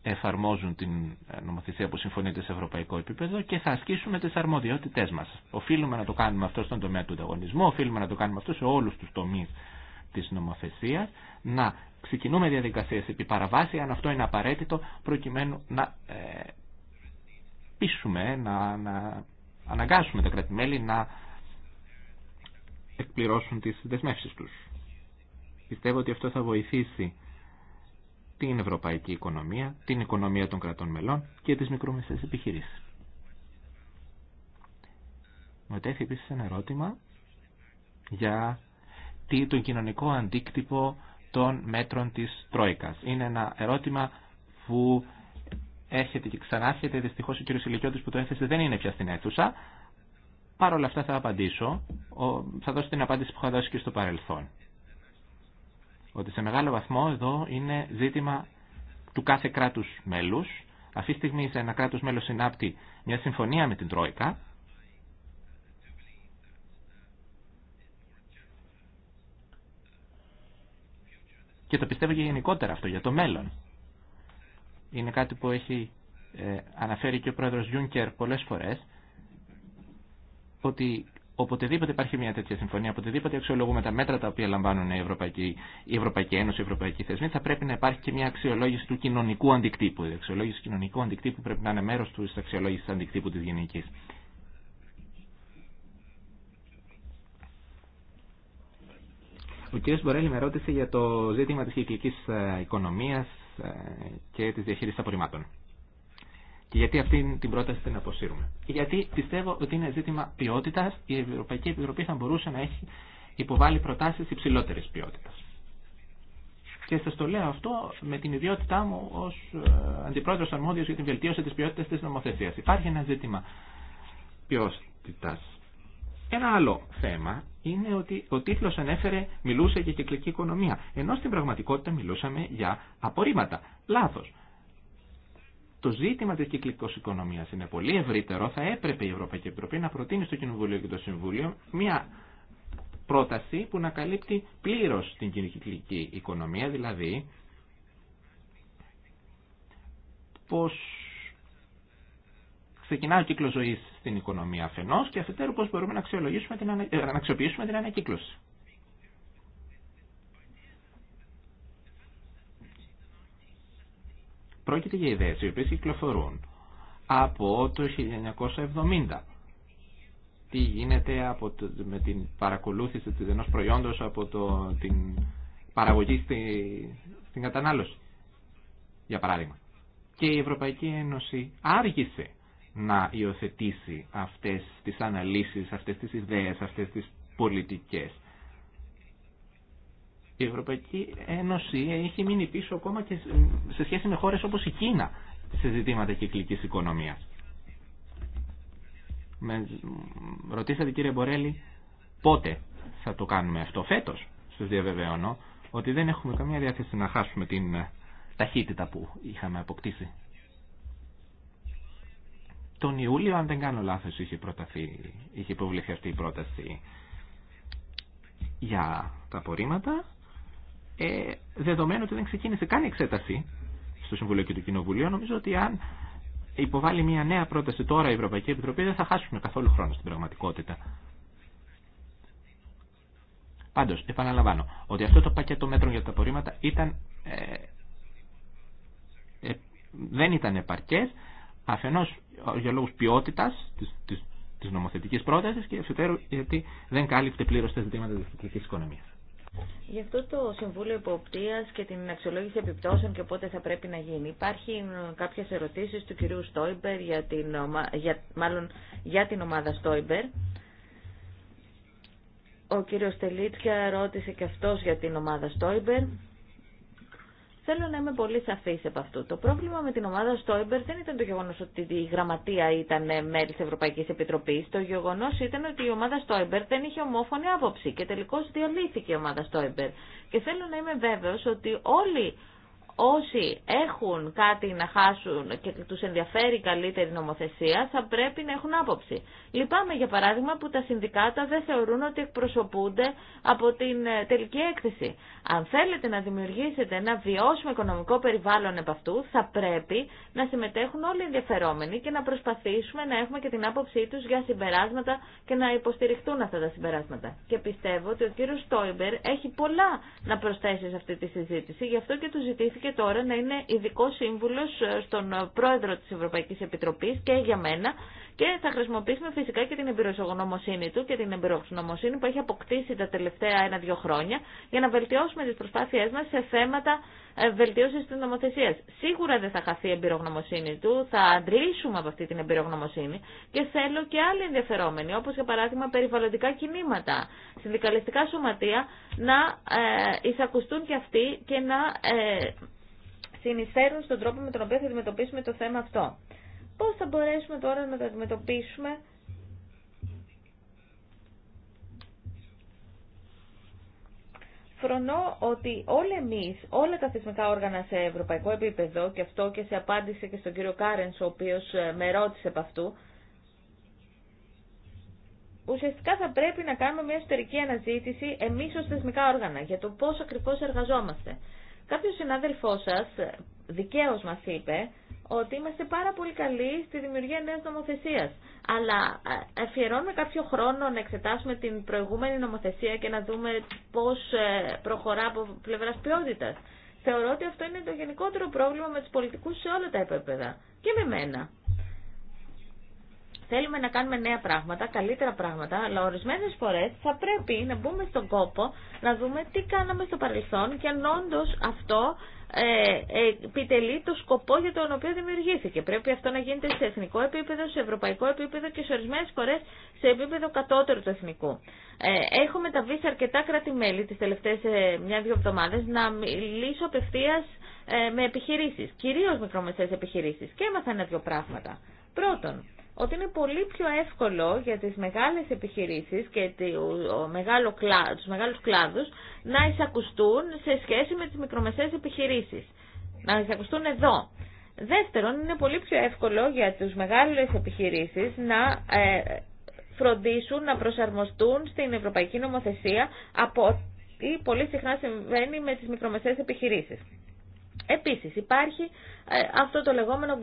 εφαρμόζουν την ε, νομοθεσία που συμφωνείται σε ευρωπαϊκό επίπεδο και θα ασκήσουμε τις αρμοδιότητές μας. Οφείλουμε να το κάνουμε αυτό στον τομέα του ανταγωνισμού, οφείλουμε να το κάνουμε αυτό σε όλους τους τομείς της νομοθεσίας, να ξεκινούμε διαδικασίες επί παραβάση, αν αυτό είναι απαραίτητο, προκειμένου να ε, πείσουμε, να, να αναγκάσουμε τα κρατη να εκπληρώσουν τις δεσμεύσεις τους. Πιστεύω ότι αυτό θα βοηθήσει την ευρωπαϊκή οικονομία, την οικονομία των κρατών μελών και τις μικρομεσαίες επιχειρήσεις. Μετέφει επίσης ένα ερώτημα για τον κοινωνικό αντίκτυπο των μέτρων της Τρόικας. Είναι ένα ερώτημα που έρχεται και ξανάρχεται. Δυστυχώς ο κ. Ηλικιώτης που το έθεσε δεν είναι πια στην αίθουσα. Παρ' όλα αυτά θα απαντήσω, θα δώσω την απάντηση που είχα δώσει και στο παρελθόν. Ότι σε μεγάλο βαθμό εδώ είναι ζήτημα του κάθε κράτους μέλους. Αυτή τη στιγμή σε ένα κράτος μέλος συνάπτει μια συμφωνία με την Τρόικα. Και το πιστεύω και γενικότερα αυτό για το μέλλον. Είναι κάτι που έχει ε, αναφέρει και ο πρόεδρος Γιούνκερ πολλές φορές ότι οποτεδήποτε υπάρχει μια τέτοια συμφωνία, οποτεδήποτε αξιολογούμε τα μέτρα τα οποία λαμβάνουν η Ευρωπαϊκή, η Ευρωπαϊκή Ένωση, οι Ευρωπαϊκοί θεσμοί, θα πρέπει να υπάρχει και μια αξιολόγηση του κοινωνικού αντικτύπου. Η αξιολόγηση του κοινωνικού αντικτύπου πρέπει να είναι μέρο τη αξιολόγηση αντικτύπου τη γενική. Ο κ. Μπορέλη με ρώτησε για το ζήτημα τη Κυκλική ε, οικονομία ε, και τη διαχείριση απορριμμάτων. Και γιατί αυτή την πρόταση την αποσύρουμε. Γιατί πιστεύω ότι είναι ζήτημα ποιότητα. Η Ευρωπαϊκή Επιτροπή θα μπορούσε να έχει υποβάλει προτάσει υψηλότερη ποιότητα. Και σα το λέω αυτό με την ιδιότητά μου ω ε, αντιπρόεδρο αρμόδιο για την βελτίωση τη ποιότητα τη νομοθεσία. Υπάρχει ένα ζήτημα ποιότητα. Ένα άλλο θέμα είναι ότι ο τίτλο ανέφερε μιλούσε για κυκλική οικονομία. Ενώ στην πραγματικότητα μιλούσαμε για απορρίμματα. Λάθο. Το ζήτημα τη κυκλικό οικονομία είναι πολύ ευρύτερο. Θα έπρεπε η Ευρωπαϊκή Επιτροπή να προτείνει στο Κοινοβούλιο και το Συμβούλιο μια πρόταση που να καλύπτει πλήρω την κυκλική οικονομία, δηλαδή πώ ξεκινά ο κύκλο ζωή στην οικονομία αφενό και αφετέρου πώ μπορούμε να, αξιολογήσουμε την ανα... Ε, να αξιοποιήσουμε την ανακύκλωση. Πρόκειται για ιδέες οι οποίες κυκλοφορούν από το 1970. Τι γίνεται από με την παρακολούθηση της ενός προϊόντος από την παραγωγή στην κατανάλωση, για παράδειγμα. Και η Ευρωπαϊκή Ένωση άργησε να υιοθετήσει αυτές τις αναλύσεις, αυτές τις ιδέες, αυτές τις πολιτικές. Η Ευρωπαϊκή Ένωση έχει μείνει πίσω ακόμα και σε σχέση με χώρες όπως η Κίνα σε ζητήματα κυκλικής οικονομίας. Με... Ρωτήσατε κύριε Μπορέλη πότε θα το κάνουμε αυτό. Φέτος σας διαβεβαιώνω ότι δεν έχουμε καμία διάθεση να χάσουμε την ε, ταχύτητα που είχαμε αποκτήσει. Τον Ιούλιο, αν δεν κάνω λάθος, είχε, προταθεί, είχε υποβληθεί αυτή η πρόταση για τα απορρίμματα ε, δεδομένου ότι δεν ξεκίνησε καν εξέταση στο Συμβουλίο και το Κοινοβουλίο, νομίζω ότι αν υποβάλει μια νέα πρόταση τώρα η Ευρωπαϊκή Επιτροπή δεν θα χάσουμε καθόλου χρόνο στην πραγματικότητα. Πάντω, επαναλαμβάνω ότι αυτό το πακέτο μέτρων για τα απορρίμματα ε, ε, δεν ήταν επαρκέ αφενό για λόγου ποιότητα τη νομοθετική πρόταση και εξωτερού γιατί δεν κάλυπτε πλήρω τα ζητήματα τη οικονομία. Γι' αυτό το Συμβούλιο Υποπτία και την αξιολόγηση επιπτώσεων και πότε θα πρέπει να γίνει. Υπάρχει κάποιε ερωτήσει του κυρίου Στόιμπερ για την, για... Μάλλον, για την ομάδα Στόιμπερ. Ο κύριος Τελίτσια ρώτησε και αυτός για την ομάδα Στόιμπερ. Θέλω να είμαι πολύ σαφή από αυτού. Το πρόβλημα με την ομάδα Στόιμπερ δεν ήταν το γεγονό ότι η γραμματεία ήταν μέλη τη Ευρωπαϊκή Επιτροπή. Το γεγονό ήταν ότι η ομάδα Στόιμπερ δεν είχε ομόφωνη άποψη και τελικώ διαλύθηκε η ομάδα Στόιμπερ. Και θέλω να είμαι βέβαιο ότι όλοι όσοι έχουν κάτι να χάσουν και του ενδιαφέρει καλύτερη νομοθεσία θα πρέπει να έχουν άποψη. Λυπάμαι για παράδειγμα που τα συνδικάτα δεν θεωρούν ότι εκπροσωπούνται από την ε, τελική έκθεση. Αν θέλετε να δημιουργήσετε ένα βιώσιμο οικονομικό περιβάλλον επ' αυτού, θα πρέπει να συμμετέχουν όλοι οι ενδιαφερόμενοι και να προσπαθήσουμε να έχουμε και την άποψή τους για συμπεράσματα και να υποστηριχτούν αυτά τα συμπεράσματα. Και πιστεύω ότι ο κύριος Στόιμπερ έχει πολλά να προσθέσει σε αυτή τη συζήτηση, γι' αυτό και του ζητήθηκε τώρα να είναι ειδικό σύμβουλο ε, στον πρόεδρο της Ευρωπαϊκής Επιτροπής και για μένα και θα χρησιμοποιήσουμε φυσικά και την εμπειρογνωμοσύνη του και την εμπειρογνωμοσύνη που έχει αποκτήσει τα τελευταία ένα-δύο χρόνια για να βελτιώσουμε με τι προσπάθειε μα σε θέματα ε, βελτίωση τη νομοθεσία. Σίγουρα δεν θα χαθεί η εμπειρογνωμοσύνη του, θα αντλήσουμε από αυτή την εμπειρογνωμοσύνη και θέλω και άλλοι ενδιαφερόμενοι, όπω για παράδειγμα περιβαλλοντικά κινήματα, συνδικαλιστικά σωματεία, να ε, εισακουστούν και αυτοί και να ε, συνεισφέρουν στον τρόπο με τον οποίο θα αντιμετωπίσουμε το θέμα αυτό. Πώς θα μπορέσουμε τώρα να το αντιμετωπίσουμε ταυτόχρονο ότι όλοι εμεί, όλα τα θεσμικά όργανα σε ευρωπαϊκό επίπεδο, και αυτό και σε απάντησε και στον κύριο Κάρενς, ο οποίο ε, με ρώτησε από αυτού, ουσιαστικά θα πρέπει να κάνουμε μια εσωτερική αναζήτηση εμεί ω θεσμικά όργανα για το πώ ακριβώ εργαζόμαστε. Κάποιο συνάδελφό σα, δικαίω μα είπε ότι είμαστε πάρα πολύ καλοί στη δημιουργία νέα νομοθεσίας. Αλλά ε, αφιερώνουμε κάποιο χρόνο να εξετάσουμε την προηγούμενη νομοθεσία και να δούμε πώς ε, προχωρά από πλευράς ποιότητα. Θεωρώ ότι αυτό είναι το γενικότερο πρόβλημα με τους πολιτικούς σε όλα τα επίπεδα. Και με μένα. Θέλουμε να κάνουμε νέα πράγματα, καλύτερα πράγματα, αλλά ορισμένε φορέ θα πρέπει να μπούμε στον κόπο να δούμε τι κάναμε στο παρελθόν και αν όντω αυτό ε, ε, επιτελεί το σκοπό για τον οποίο δημιουργήθηκε. Πρέπει αυτό να γίνεται σε εθνικό επίπεδο, σε ευρωπαϊκό επίπεδο και σε ορισμένε φορέ σε επίπεδο κατώτερο του εθνικού. Ε, έχω μεταβεί σε αρκετά κράτη-μέλη τι τελευταίε ε, μια-δύο εβδομάδε να μιλήσω απευθεία με επιχειρήσει, κυρίω μικρομεσαίε επιχειρήσει και έμαθα ένα-δύο πράγματα. Πρώτον, ότι είναι πολύ πιο εύκολο για τις μεγάλες επιχειρήσεις και μεγάλο τους μεγάλους κλάδους να εισακουστούν σε σχέση με τις μικρομεσαίες επιχειρήσεις. Να εισακουστούν εδώ. Δεύτερον, είναι πολύ πιο εύκολο για τους μεγάλες επιχειρήσεις να ε, φροντίσουν να προσαρμοστούν στην ευρωπαϊκή νομοθεσία από ό,τι πολύ συχνά συμβαίνει με τις μικρομεσαίες επιχειρήσεις. Επίσης υπάρχει ε, αυτό το λεγόμενο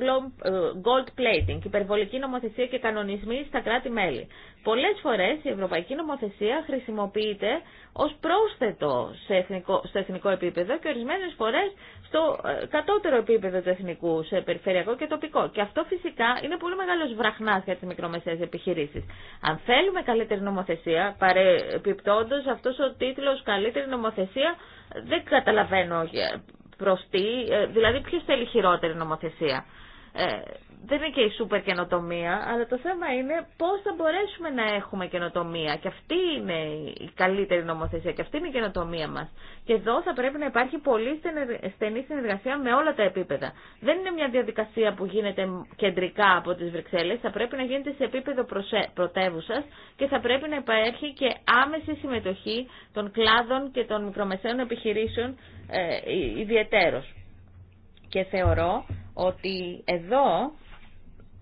ε, gold plating, υπερβολική νομοθεσία και κανονισμοί στα κράτη-μέλη. Πολλές φορές η ευρωπαϊκή νομοθεσία χρησιμοποιείται ως πρόσθετο σε εθνικό, στο εθνικό επίπεδο και ορισμένες φορές στο ε, κατώτερο επίπεδο του εθνικού, σε περιφερειακό και τοπικό. Και αυτό φυσικά είναι πολύ μεγάλος βραχνάς για τις μικρομεσαίες επιχειρήσεις. Αν θέλουμε καλύτερη νομοθεσία, παρεπιπτόντως αυτός ο τίτλος καλύτερη νομοθεσία δεν καταλαβαίνω προστή, ε, δηλαδή ποιος θέλει χειρότερη νομοθεσία. Ε, δεν είναι και η σούπερ καινοτομία, αλλά το θέμα είναι πώ θα μπορέσουμε να έχουμε καινοτομία. Και αυτή είναι η καλύτερη νομοθεσία και αυτή είναι η καινοτομία μα. Και εδώ θα πρέπει να υπάρχει πολύ στενή συνεργασία με όλα τα επίπεδα. Δεν είναι μια διαδικασία που γίνεται κεντρικά από τι Βρυξέλλες, θα πρέπει να γίνεται σε επίπεδο πρωτεύουσα και θα πρέπει να υπάρχει και άμεση συμμετοχή των κλάδων και των μικρομεσαίων επιχειρήσεων ε, Και θεωρώ ότι εδώ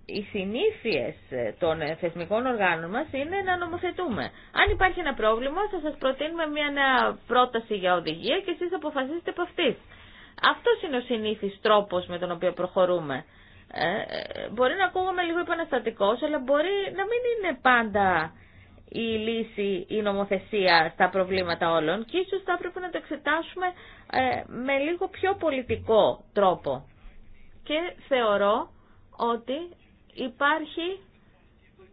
οι συνήθειες ε, των ε, θεσμικών οργάνων μας είναι να νομοθετούμε. Αν υπάρχει ένα πρόβλημα θα σας προτείνουμε μια νέα πρόταση για οδηγία και εσείς αποφασίζετε από αυτή. Αυτός είναι ο συνήθις τρόπος με τον οποίο προχωρούμε. Ε, ε μπορεί να ακούγουμε λίγο επαναστατικός, αλλά μπορεί να μην είναι πάντα η λύση, η νομοθεσία στα προβλήματα όλων και ίσως θα έπρεπε να το εξετάσουμε ε, με λίγο πιο πολιτικό τρόπο. Και θεωρώ ότι υπάρχει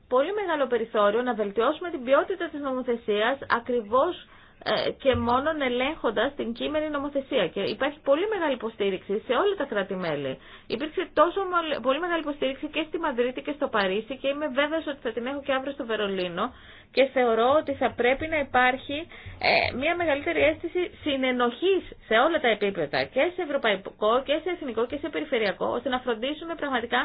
πολύ μεγάλο περιθώριο να βελτιώσουμε την ποιότητα της νομοθεσίας ακριβώς ε, και μόνον ελέγχοντας την κείμενη νομοθεσία. Και υπάρχει πολύ μεγάλη υποστήριξη σε όλα τα κράτη-μέλη. Υπήρξε τόσο πολύ μεγάλη υποστήριξη και στη Μαδρίτη και στο Παρίσι και είμαι βέβαιος ότι θα την έχω και αύριο στο Βερολίνο και θεωρώ ότι θα πρέπει να υπάρχει ε, μια μεγαλύτερη αίσθηση συνενοχής σε όλα τα επίπεδα και σε ευρωπαϊκό και σε εθνικό και σε περιφερειακό ώστε να φροντίσουμε πραγματικά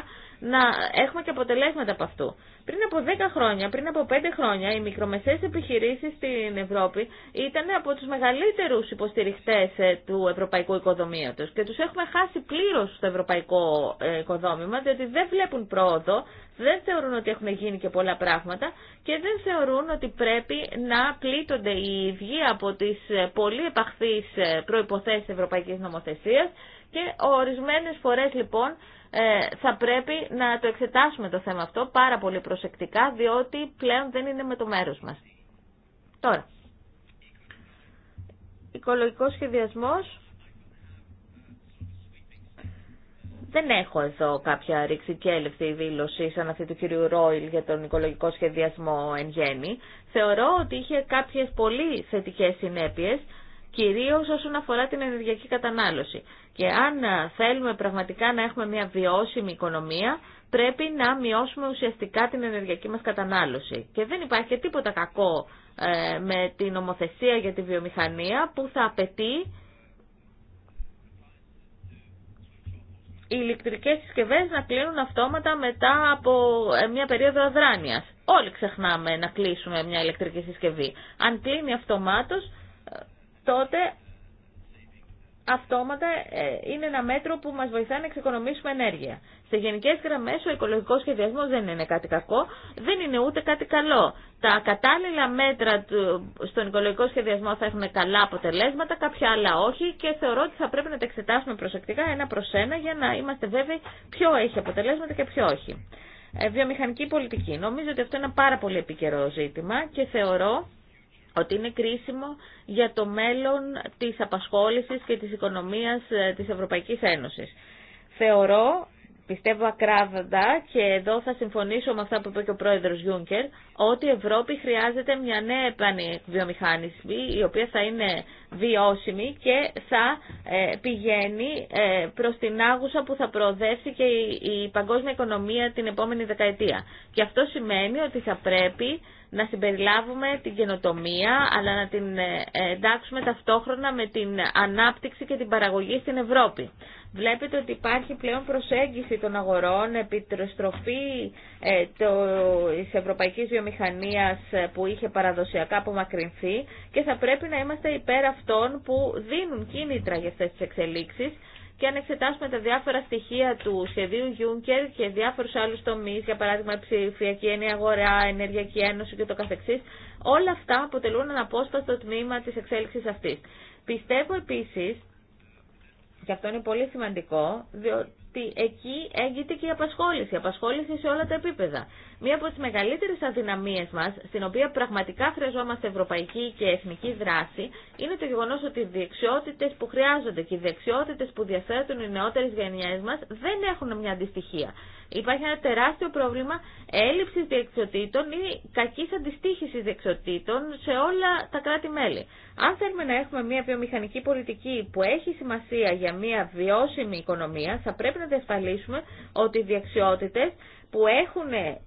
να έχουμε και αποτελέσματα από αυτού. Πριν από 10 χρόνια, πριν από 5 χρόνια οι μικρομεσαίες επιχειρήσεις στην Ευρώπη ήταν από τους μεγαλύτερους υποστηριχτές ε, του ευρωπαϊκού οικοδομήματος και τους έχουμε χάσει πλήρως στο ευρωπαϊκό ε, οικοδόμημα διότι δεν βλέπουν πρόοδο, δεν θεωρούν ότι έχουν γίνει και πολλά πράγματα και δεν θεωρούν ότι πρέπει να πλήττονται οι ίδιοι από τις ε, πολύ επαχθείς ε, προϋποθέσεις ευρωπαϊκής νομοθεσίας και ορισμένες φορές λοιπόν ε, θα πρέπει να το εξετάσουμε το θέμα αυτό πάρα πολύ προσεκτικά διότι πλέον δεν είναι με το μέρος μας. Τώρα, οικολογικός σχεδιασμός Δεν έχω εδώ κάποια ρηξικέλευτη δήλωση σαν αυτή του κυρίου Ρόιλ για τον οικολογικό σχεδιασμό εν γέννη. Θεωρώ ότι είχε κάποιες πολύ θετικές συνέπειες, κυρίως όσον αφορά την ενεργειακή κατανάλωση. Και αν ε, θέλουμε πραγματικά να έχουμε μια βιώσιμη οικονομία, πρέπει να μειώσουμε ουσιαστικά την ενεργειακή μας κατανάλωση. Και δεν υπάρχει τίποτα κακό ε, με την ομοθεσία για τη βιομηχανία που θα απαιτεί οι ηλεκτρικές συσκευές να κλείνουν αυτόματα μετά από ε, μια περίοδο αδράνειας. Όλοι ξεχνάμε να κλείσουμε μια ηλεκτρική συσκευή. Αν κλείνει αυτομάτως, ε, τότε αυτόματα ε, είναι ένα μέτρο που μας βοηθάει να εξοικονομήσουμε ενέργεια. Σε γενικές γραμμές ο οικολογικός σχεδιασμός δεν είναι κάτι κακό, δεν είναι ούτε κάτι καλό. Τα κατάλληλα μέτρα στον οικολογικό σχεδιασμό θα έχουν καλά αποτελέσματα, κάποια άλλα όχι και θεωρώ ότι θα πρέπει να τα εξετάσουμε προσεκτικά ένα προς ένα για να είμαστε βέβαιοι ποιο έχει αποτελέσματα και ποιο όχι. Ε, βιομηχανική πολιτική. Νομίζω ότι αυτό είναι ένα πάρα πολύ επικαιρό ζήτημα και θεωρώ ότι είναι κρίσιμο για το μέλλον της απασχόλησης και της οικονομίας ε, της Ευρωπαϊκής Ένωσης. Θεωρώ, πιστεύω ακράδαντα και εδώ θα συμφωνήσω με αυτά που είπε και ο πρόεδρος Γιούνκερ, ότι η Ευρώπη χρειάζεται μια νέα επανεβιομηχάνηση η οποία θα είναι βιώσιμη και θα ε, πηγαίνει ε, προς την άγουσα που θα προοδεύσει και η παγκόσμια οικονομία την επόμενη δεκαετία. Και αυτό σημαίνει ότι θα πρέπει να συμπεριλάβουμε την καινοτομία, αλλά να την ε, εντάξουμε ταυτόχρονα με την ανάπτυξη και την παραγωγή στην Ευρώπη. Βλέπετε ότι υπάρχει πλέον προσέγγιση των αγορών, επιτροπή ε, της ευρωπαϊκής βιομηχανίας ε, που είχε παραδοσιακά απομακρυνθεί και θα πρέπει να είμαστε υπέρ αυτών που δίνουν κίνητρα για αυτές τις εξελίξεις και αν εξετάσουμε τα διάφορα στοιχεία του σχεδίου Γιούνκερ και διάφορους άλλους τομείς, για παράδειγμα ψηφιακή έννοια αγορά, ενεργειακή ένωση και το καθεξής, όλα αυτά αποτελούν ένα απόσπαστο τμήμα της εξέλιξης αυτής. Πιστεύω επίσης, και αυτό είναι πολύ σημαντικό, διότι εκεί έγκυται και η απασχόληση, η απασχόληση σε όλα τα επίπεδα. Μία από τι μεγαλύτερε αδυναμίε μα στην οποία πραγματικά χρειαζόμαστε ευρωπαϊκή και εθνική δράση, είναι το γεγονό ότι οι δεξιότητε που χρειάζονται και οι δεξιότητε που διαθέτουν οι νεότερες γενιές μα δεν έχουν μια αντιστοιχία. Υπάρχει ένα τεράστιο πρόβλημα έλλειψη δεξιοτήτων ή κακή αντιστοίχησης δεξιοτήτων σε όλα τα κράτη-μέλη. Αν θέλουμε να έχουμε μια βιομηχανική πολιτική που έχει σημασία για μια βιώσιμη οικονομία, θα πρέπει να διασφαλίσουμε ότι οι δεξιότητες που έχουν ε,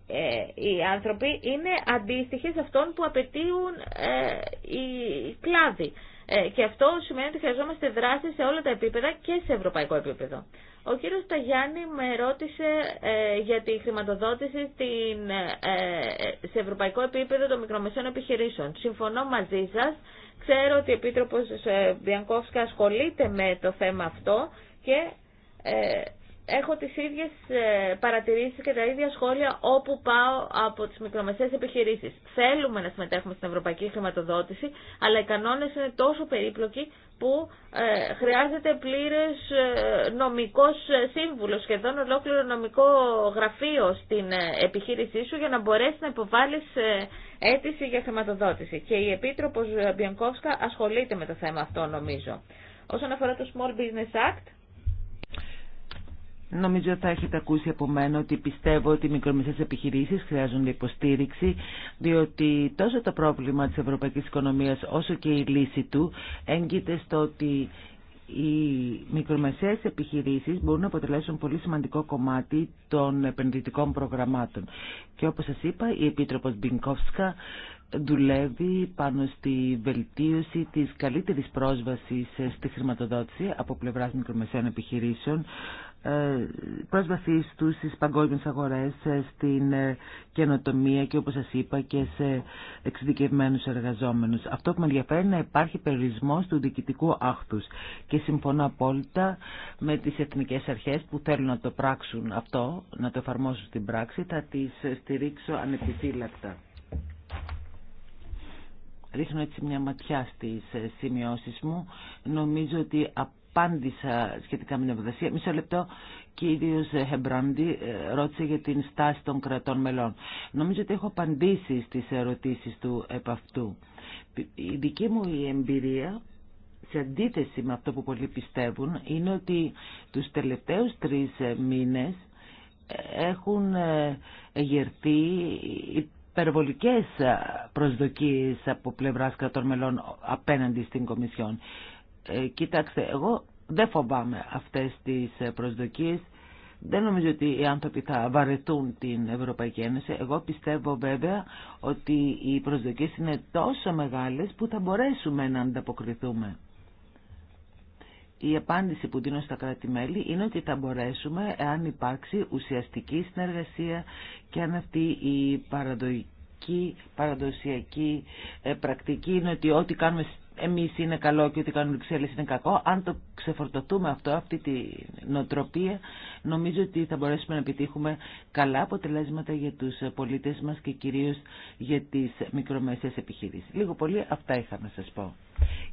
οι άνθρωποι είναι αντίστοιχες αυτών που απαιτούν ε, οι κλάδοι. Ε, και αυτό σημαίνει ότι χρειαζόμαστε δράση σε όλα τα επίπεδα και σε ευρωπαϊκό επίπεδο. Ο κύριος Ταγιάννη με ρώτησε για τη χρηματοδότηση στην, σε ευρωπαϊκό επίπεδο των μικρομεσαίων επιχειρήσεων. Συμφωνώ μαζί σας. Ξέρω ότι η Επίτροπος Μπιανκόφσκα ασχολείται με το θέμα αυτό και έχω τις ίδιες ε, παρατηρήσεις και τα ίδια σχόλια όπου πάω από τις μικρομεσαίες επιχειρήσεις. Θέλουμε να συμμετέχουμε στην ευρωπαϊκή χρηματοδότηση, αλλά οι κανόνες είναι τόσο περίπλοκοι που ε, χρειάζεται πλήρες ε, νομικός σύμβουλος, σχεδόν ολόκληρο νομικό γραφείο στην επιχείρησή σου για να μπορέσει να υποβάλεις αίτηση για χρηματοδότηση. Και η Επίτροπος Μπιανκόφσκα ασχολείται με το θέμα αυτό νομίζω. Όσον αφορά το Small Business Act, Νομίζω θα έχετε ακούσει από μένα ότι πιστεύω ότι οι μικρομεσαίες επιχειρήσεις χρειάζονται υποστήριξη διότι τόσο το πρόβλημα της ευρωπαϊκής οικονομίας όσο και η λύση του έγκυται στο ότι οι μικρομεσαίες επιχειρήσεις μπορούν να αποτελέσουν πολύ σημαντικό κομμάτι των επενδυτικών προγραμμάτων. Και όπως σας είπα, η Επίτροπος Μπινκόφσκα δουλεύει πάνω στη βελτίωση της καλύτερης πρόσβασης στη χρηματοδότηση από πλευράς μικρομεσαίων επιχειρήσεων ε, πρόσβασή του στις παγκόσμιες αγορές, ε, στην ε, καινοτομία και όπως σας είπα και σε εξειδικευμένου εργαζόμενους. Αυτό που με ενδιαφέρει είναι να υπάρχει περιορισμό του διοικητικού άχθους και συμφωνώ απόλυτα με τις εθνικές αρχές που θέλουν να το πράξουν αυτό, να το εφαρμόσουν στην πράξη, θα τι στηρίξω ανεπιφύλακτα. Ρίχνω έτσι μια ματιά στις σημειώσεις μου. Νομίζω ότι απάντησα σχετικά με την Ευρωδοσία. Μισό λεπτό, κύριος ε, Χεμπράντη ε, ρώτησε για την στάση των κρατών μελών. Νομίζω ότι έχω απαντήσει στις ερωτήσεις του επ' αυτού. Η δική μου εμπειρία σε αντίθεση με αυτό που πολλοί πιστεύουν είναι ότι τους τελευταίους τρεις ε, μήνες έχουν εγερθεί υπερβολικές προσδοκίες από πλευράς κρατών μελών απέναντι στην Κομισιόν. Ε, κοιτάξτε, εγώ δεν φοβάμαι αυτές τις ε, προσδοκίες. Δεν νομίζω ότι οι άνθρωποι θα βαρετούν την Ευρωπαϊκή Ένωση. Εγώ πιστεύω βέβαια ότι οι προσδοκίες είναι τόσο μεγάλες που θα μπορέσουμε να ανταποκριθούμε. Η απάντηση που δίνω στα κράτη-μέλη είναι ότι θα μπορέσουμε εάν υπάρξει ουσιαστική συνεργασία και αν αυτή η παραδοσιακή ε, πρακτική είναι ότι ό,τι κάνουμε εμείς είναι καλό και ότι κάνουν Βρυξέλλες είναι κακό. Αν το ξεφορτωθούμε αυτό, αυτή τη νοτροπία, νομίζω ότι θα μπορέσουμε να επιτύχουμε καλά αποτελέσματα για τους πολίτες μας και κυρίως για τις μικρομεσαίες επιχειρήσεις. Λίγο πολύ αυτά είχα να σας πω.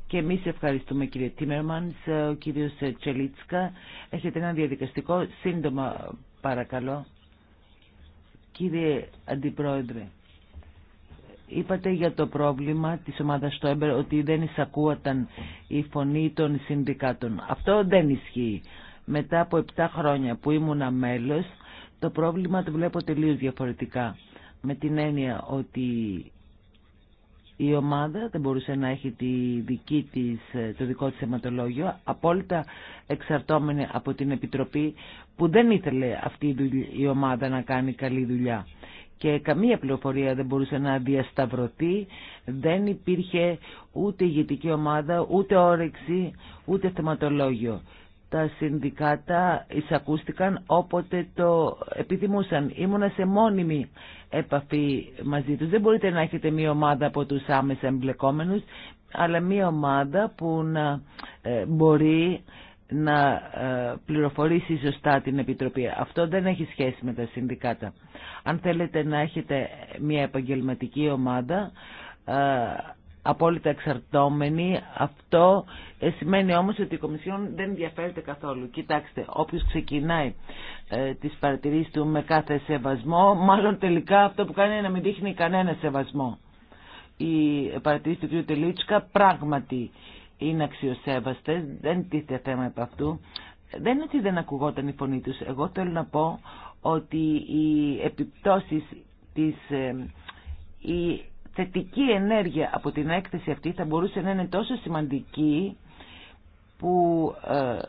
Και εμείς ευχαριστούμε κύριε Τίμερμανς, ο κύριος Τσελίτσκα. Έχετε ένα διαδικαστικό, σύντομα παρακαλώ. Κύριε Αντιπρόεδρε. Είπατε για το πρόβλημα της ομάδας Στόιμπερ ότι δεν εισακούαταν η φωνή των συνδικάτων. Αυτό δεν ισχύει. Μετά από 7 χρόνια που ήμουνα μέλος, το πρόβλημα το βλέπω τελείως διαφορετικά. Με την έννοια ότι η ομάδα δεν μπορούσε να έχει τη δική της, το δικό της αιματολόγιο, απόλυτα εξαρτώμενη από την Επιτροπή που δεν ήθελε αυτή η ομάδα να κάνει καλή δουλειά και καμία πληροφορία δεν μπορούσε να διασταυρωθεί, δεν υπήρχε ούτε ηγετική ομάδα, ούτε όρεξη, ούτε θεματολόγιο. Τα συνδικάτα εισακούστηκαν όποτε το επιθυμούσαν. Ήμουνα σε μόνιμη επαφή μαζί τους. Δεν μπορείτε να έχετε μία ομάδα από τους άμεσα εμπλεκόμενους, αλλά μία ομάδα που να ε, μπορεί να ε, πληροφορήσει σωστά την Επιτροπή. Αυτό δεν έχει σχέση με τα συνδικάτα. Αν θέλετε να έχετε μια επαγγελματική ομάδα, ε, απόλυτα εξαρτώμενη, αυτό ε, σημαίνει όμως ότι η Κομισιόν δεν ενδιαφέρεται καθόλου. Κοιτάξτε, όποιος ξεκινάει τις παρατηρήσεις του με κάθε σεβασμό, μάλλον τελικά αυτό που κάνει είναι να μην δείχνει κανένα σεβασμό. Η παρατηρήση του κ. Τελίτσκα πράγματι είναι αξιοσέβαστες, δεν τίθεται θέμα επ' αυτού. Δεν είναι ότι δεν ακουγόταν η φωνή τους. Εγώ θέλω να πω ότι οι επιπτώσεις της... Ε, η θετική ενέργεια από την έκθεση αυτή θα μπορούσε να είναι τόσο σημαντική που ε,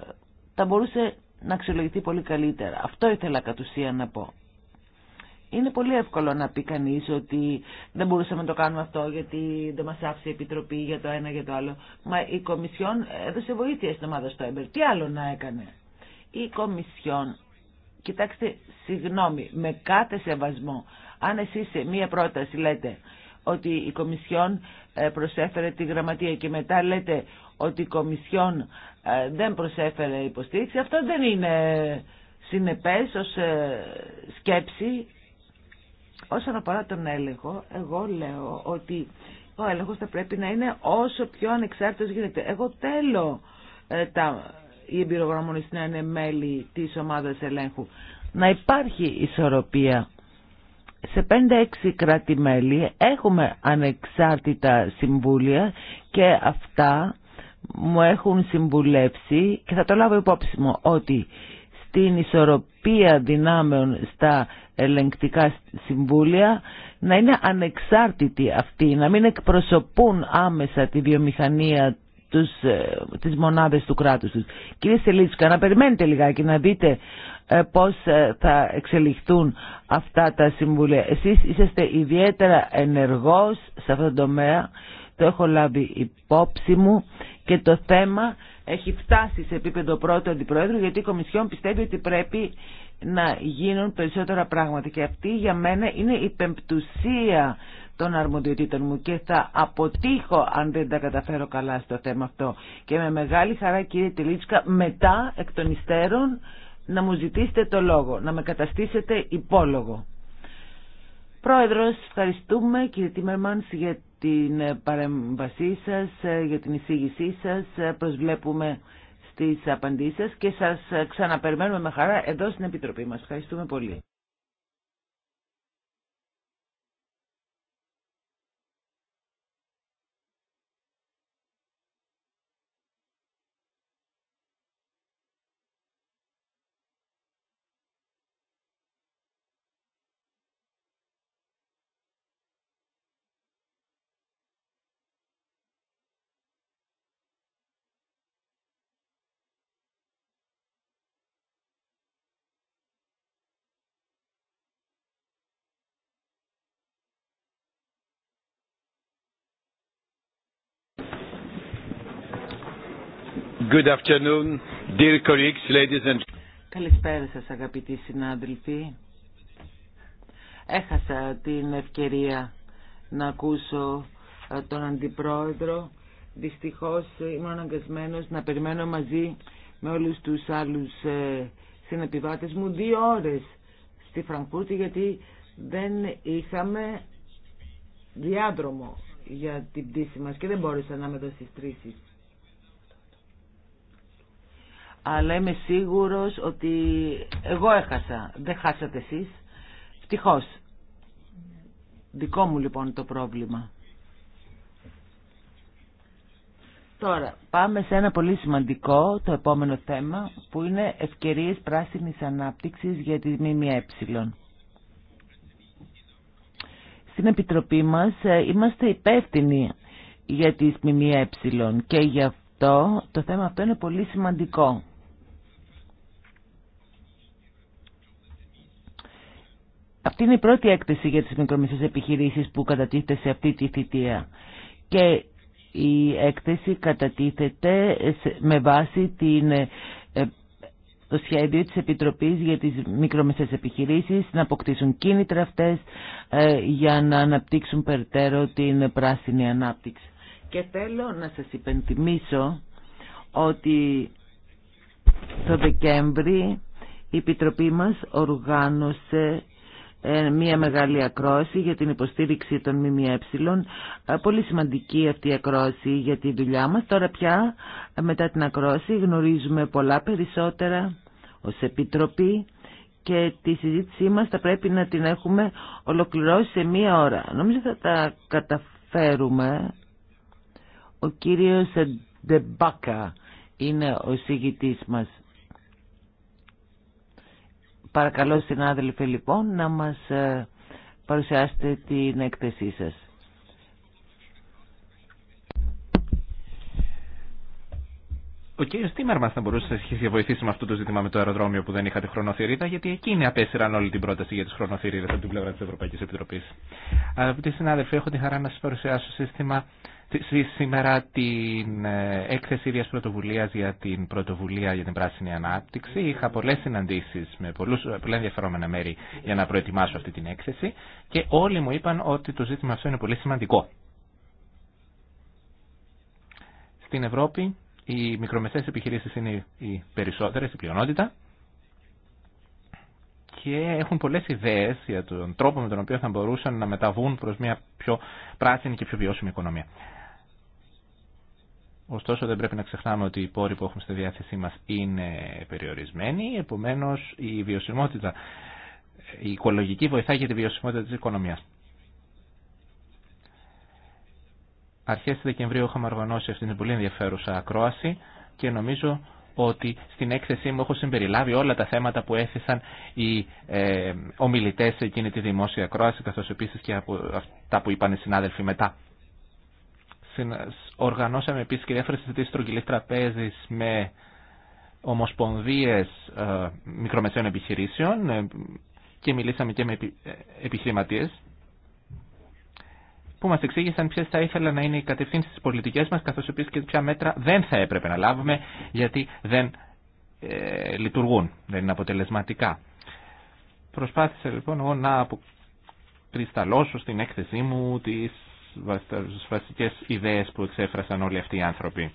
θα μπορούσε να αξιολογηθεί πολύ καλύτερα. Αυτό ήθελα κατ' ουσία να πω. Είναι πολύ εύκολο να πει κανεί ότι δεν μπορούσαμε να το κάνουμε αυτό γιατί δεν μα άφησε η Επιτροπή για το ένα για το άλλο. Μα η Κομισιόν έδωσε βοήθεια στην ομάδα στο Έμπερ. Τι άλλο να έκανε. Η Κομισιόν, κοιτάξτε, συγγνώμη, με κάθε σεβασμό, αν εσεί σε μία πρόταση λέτε ότι η Κομισιόν ε, προσέφερε τη γραμματεία και μετά λέτε ότι η Κομισιόν ε, δεν προσέφερε υποστήριξη, αυτό δεν είναι συνεπές ως ε, σκέψη Όσον αφορά τον έλεγχο, εγώ λέω ότι ο έλεγχος θα πρέπει να είναι όσο πιο ανεξάρτητος γίνεται. Εγώ θέλω ε, τα, οι εμπειρογραμμονείς να είναι μέλη της ομάδας ελέγχου. Να υπάρχει ισορροπία. Σε 5-6 κράτη-μέλη έχουμε ανεξάρτητα συμβούλια και αυτά μου έχουν συμβουλεύσει και θα το λάβω υπόψη μου ότι στην ισορροπία ισορροπία δυνάμεων στα ελεγκτικά συμβούλια, να είναι ανεξάρτητοι αυτοί, να μην εκπροσωπούν άμεσα τη βιομηχανία τους, ε, τις μονάδες του κράτους τους. Κύριε Σελίτσκα, να περιμένετε λιγάκι να δείτε ε, πώς ε, θα εξελιχθούν αυτά τα συμβούλια. Εσείς είσαστε ιδιαίτερα ενεργός σε αυτό το τομέα, το έχω λάβει υπόψη μου και το θέμα έχει φτάσει σε επίπεδο πρώτου αντιπρόεδρου γιατί η Κομισιόν πιστεύει ότι πρέπει να γίνουν περισσότερα πράγματα και αυτή για μένα είναι η πεμπτουσία των αρμοδιοτήτων μου και θα αποτύχω αν δεν τα καταφέρω καλά στο θέμα αυτό και με μεγάλη χαρά κύριε Τελίτσκα μετά εκ των υστέρων να μου ζητήσετε το λόγο, να με καταστήσετε υπόλογο. Πρόεδρος, ευχαριστούμε κύριε Τίμερμανς για την παρέμβασή σας, ε, για την εισήγησή σας. Ε, προσβλέπουμε στις απαντήσεις και σας ξαναπερμένουμε με χαρά εδώ στην Επιτροπή μας. Ευχαριστούμε πολύ. Good afternoon, dear colleagues, ladies and... Καλησπέρα σας αγαπητοί συνάδελφοι. Έχασα την ευκαιρία να ακούσω ε, τον Αντιπρόεδρο. Δυστυχώς είμαι αναγκασμένος να περιμένω μαζί με όλους τους άλλους ε, συνεπιβάτες μου δύο ώρες στη Φραγκούρτη γιατί δεν είχαμε διάδρομο για την πτήση μας και δεν μπόρεσα να είμαι εδώ στις αλλά είμαι σίγουρος ότι εγώ έχασα, δεν χάσατε εσείς. φτυχώς Δικό μου λοιπόν το πρόβλημα. Τώρα, πάμε σε ένα πολύ σημαντικό, το επόμενο θέμα, που είναι ευκαιρίες πράσινης ανάπτυξης για τη ΜΜΕ. Στην Επιτροπή μας ε, είμαστε υπεύθυνοι για τις ΜΜΕ και γι' αυτό το θέμα αυτό είναι πολύ σημαντικό. Αυτή είναι η πρώτη έκθεση για τις μικρομεσαίες επιχειρήσεις που κατατίθεται σε αυτή τη θητεία. Και η έκθεση κατατίθεται με βάση την, ε, ε, το σχέδιο της Επιτροπής για τις μικρομεσαίες επιχειρήσεις να αποκτήσουν κίνητρα αυτές ε, για να αναπτύξουν περτέρω την πράσινη ανάπτυξη. Και θέλω να σας υπενθυμίσω ότι το Δεκέμβρη η Επιτροπή μας οργάνωσε ε, μια μεγάλη ακρόση για την υποστήριξη των ΜΜΕ. Ε, πολύ σημαντική αυτή η ακρόση για τη δουλειά μας. Τώρα πια μετά την ακρόση γνωρίζουμε πολλά περισσότερα ως Επιτροπή και τη συζήτησή μας θα πρέπει να την έχουμε ολοκληρώσει σε μία ώρα. Νομίζω θα τα καταφέρουμε. Ο κύριος Ντεμπάκα είναι ο συγητής μας. Παρακαλώ συνάδελφε λοιπόν να μας ε, παρουσιάσετε την έκθεσή σας. Ο κ. Τίμερμαν θα μπορούσε να έχει βοηθήσει με αυτό το ζήτημα με το αεροδρόμιο που δεν είχατε χρονοθυρίδα, γιατί εκείνοι απέσυραν όλη την πρόταση για τι χρονοθυρίδε από την πλευρά τη Ευρωπαϊκή Επιτροπή. Αγαπητοί συνάδελφοι, έχω τη χαρά να σα παρουσιάσω σύστημα σήμερα την ε, έκθεση ίδιας πρωτοβουλίας για την πρωτοβουλία για την πράσινη ανάπτυξη. Είχα πολλές συναντήσεις με πολλούς, πολλά ενδιαφερόμενα μέρη για να προετοιμάσω αυτή την έκθεση και όλοι μου είπαν ότι το ζήτημα αυτό είναι πολύ σημαντικό. Στην Ευρώπη οι μικρομεσαίες επιχειρήσεις είναι οι περισσότερες, η πλειονότητα και έχουν πολλές ιδέες για τον τρόπο με τον οποίο θα μπορούσαν να μεταβούν προς μια πιο πράσινη και πιο βιώσιμη οικονομία. Ωστόσο δεν πρέπει να ξεχνάμε ότι οι πόροι που έχουμε στη διάθεσή μας είναι περιορισμένοι, επομένως η βιωσιμότητα, η οικολογική βοηθά για τη βιωσιμότητα της οικονομίας. Αρχές του Δεκεμβρίου είχαμε οργανώσει αυτήν την πολύ ενδιαφέρουσα ακρόαση και νομίζω ότι στην έκθεσή μου έχω συμπεριλάβει όλα τα θέματα που έθεσαν οι ε, ομιλητές εκείνη τη δημόσια ακρόαση καθώς επίσης και από αυτά που είπαν οι συνάδελφοι μετά οργανώσαμε επίσης και διάφορες συζητήσεις τρογγυλής τραπέζης με ομοσπονδίες ε, μικρομεσαίων επιχειρήσεων ε, και μιλήσαμε και με ε, επιχειρηματίες που μας εξήγησαν ποιες θα ήθελα να είναι οι κατευθύνσεις της πολιτικής μας καθώς επίσης και ποια μέτρα δεν θα έπρεπε να λάβουμε γιατί δεν λειτουργούν, δεν είναι αποτελεσματικά. Προσπάθησα λοιπόν εγώ να αποκρισταλώσω στην έκθεσή μου τις βασικές ιδέες που εξέφρασαν όλοι αυτοί οι άνθρωποι.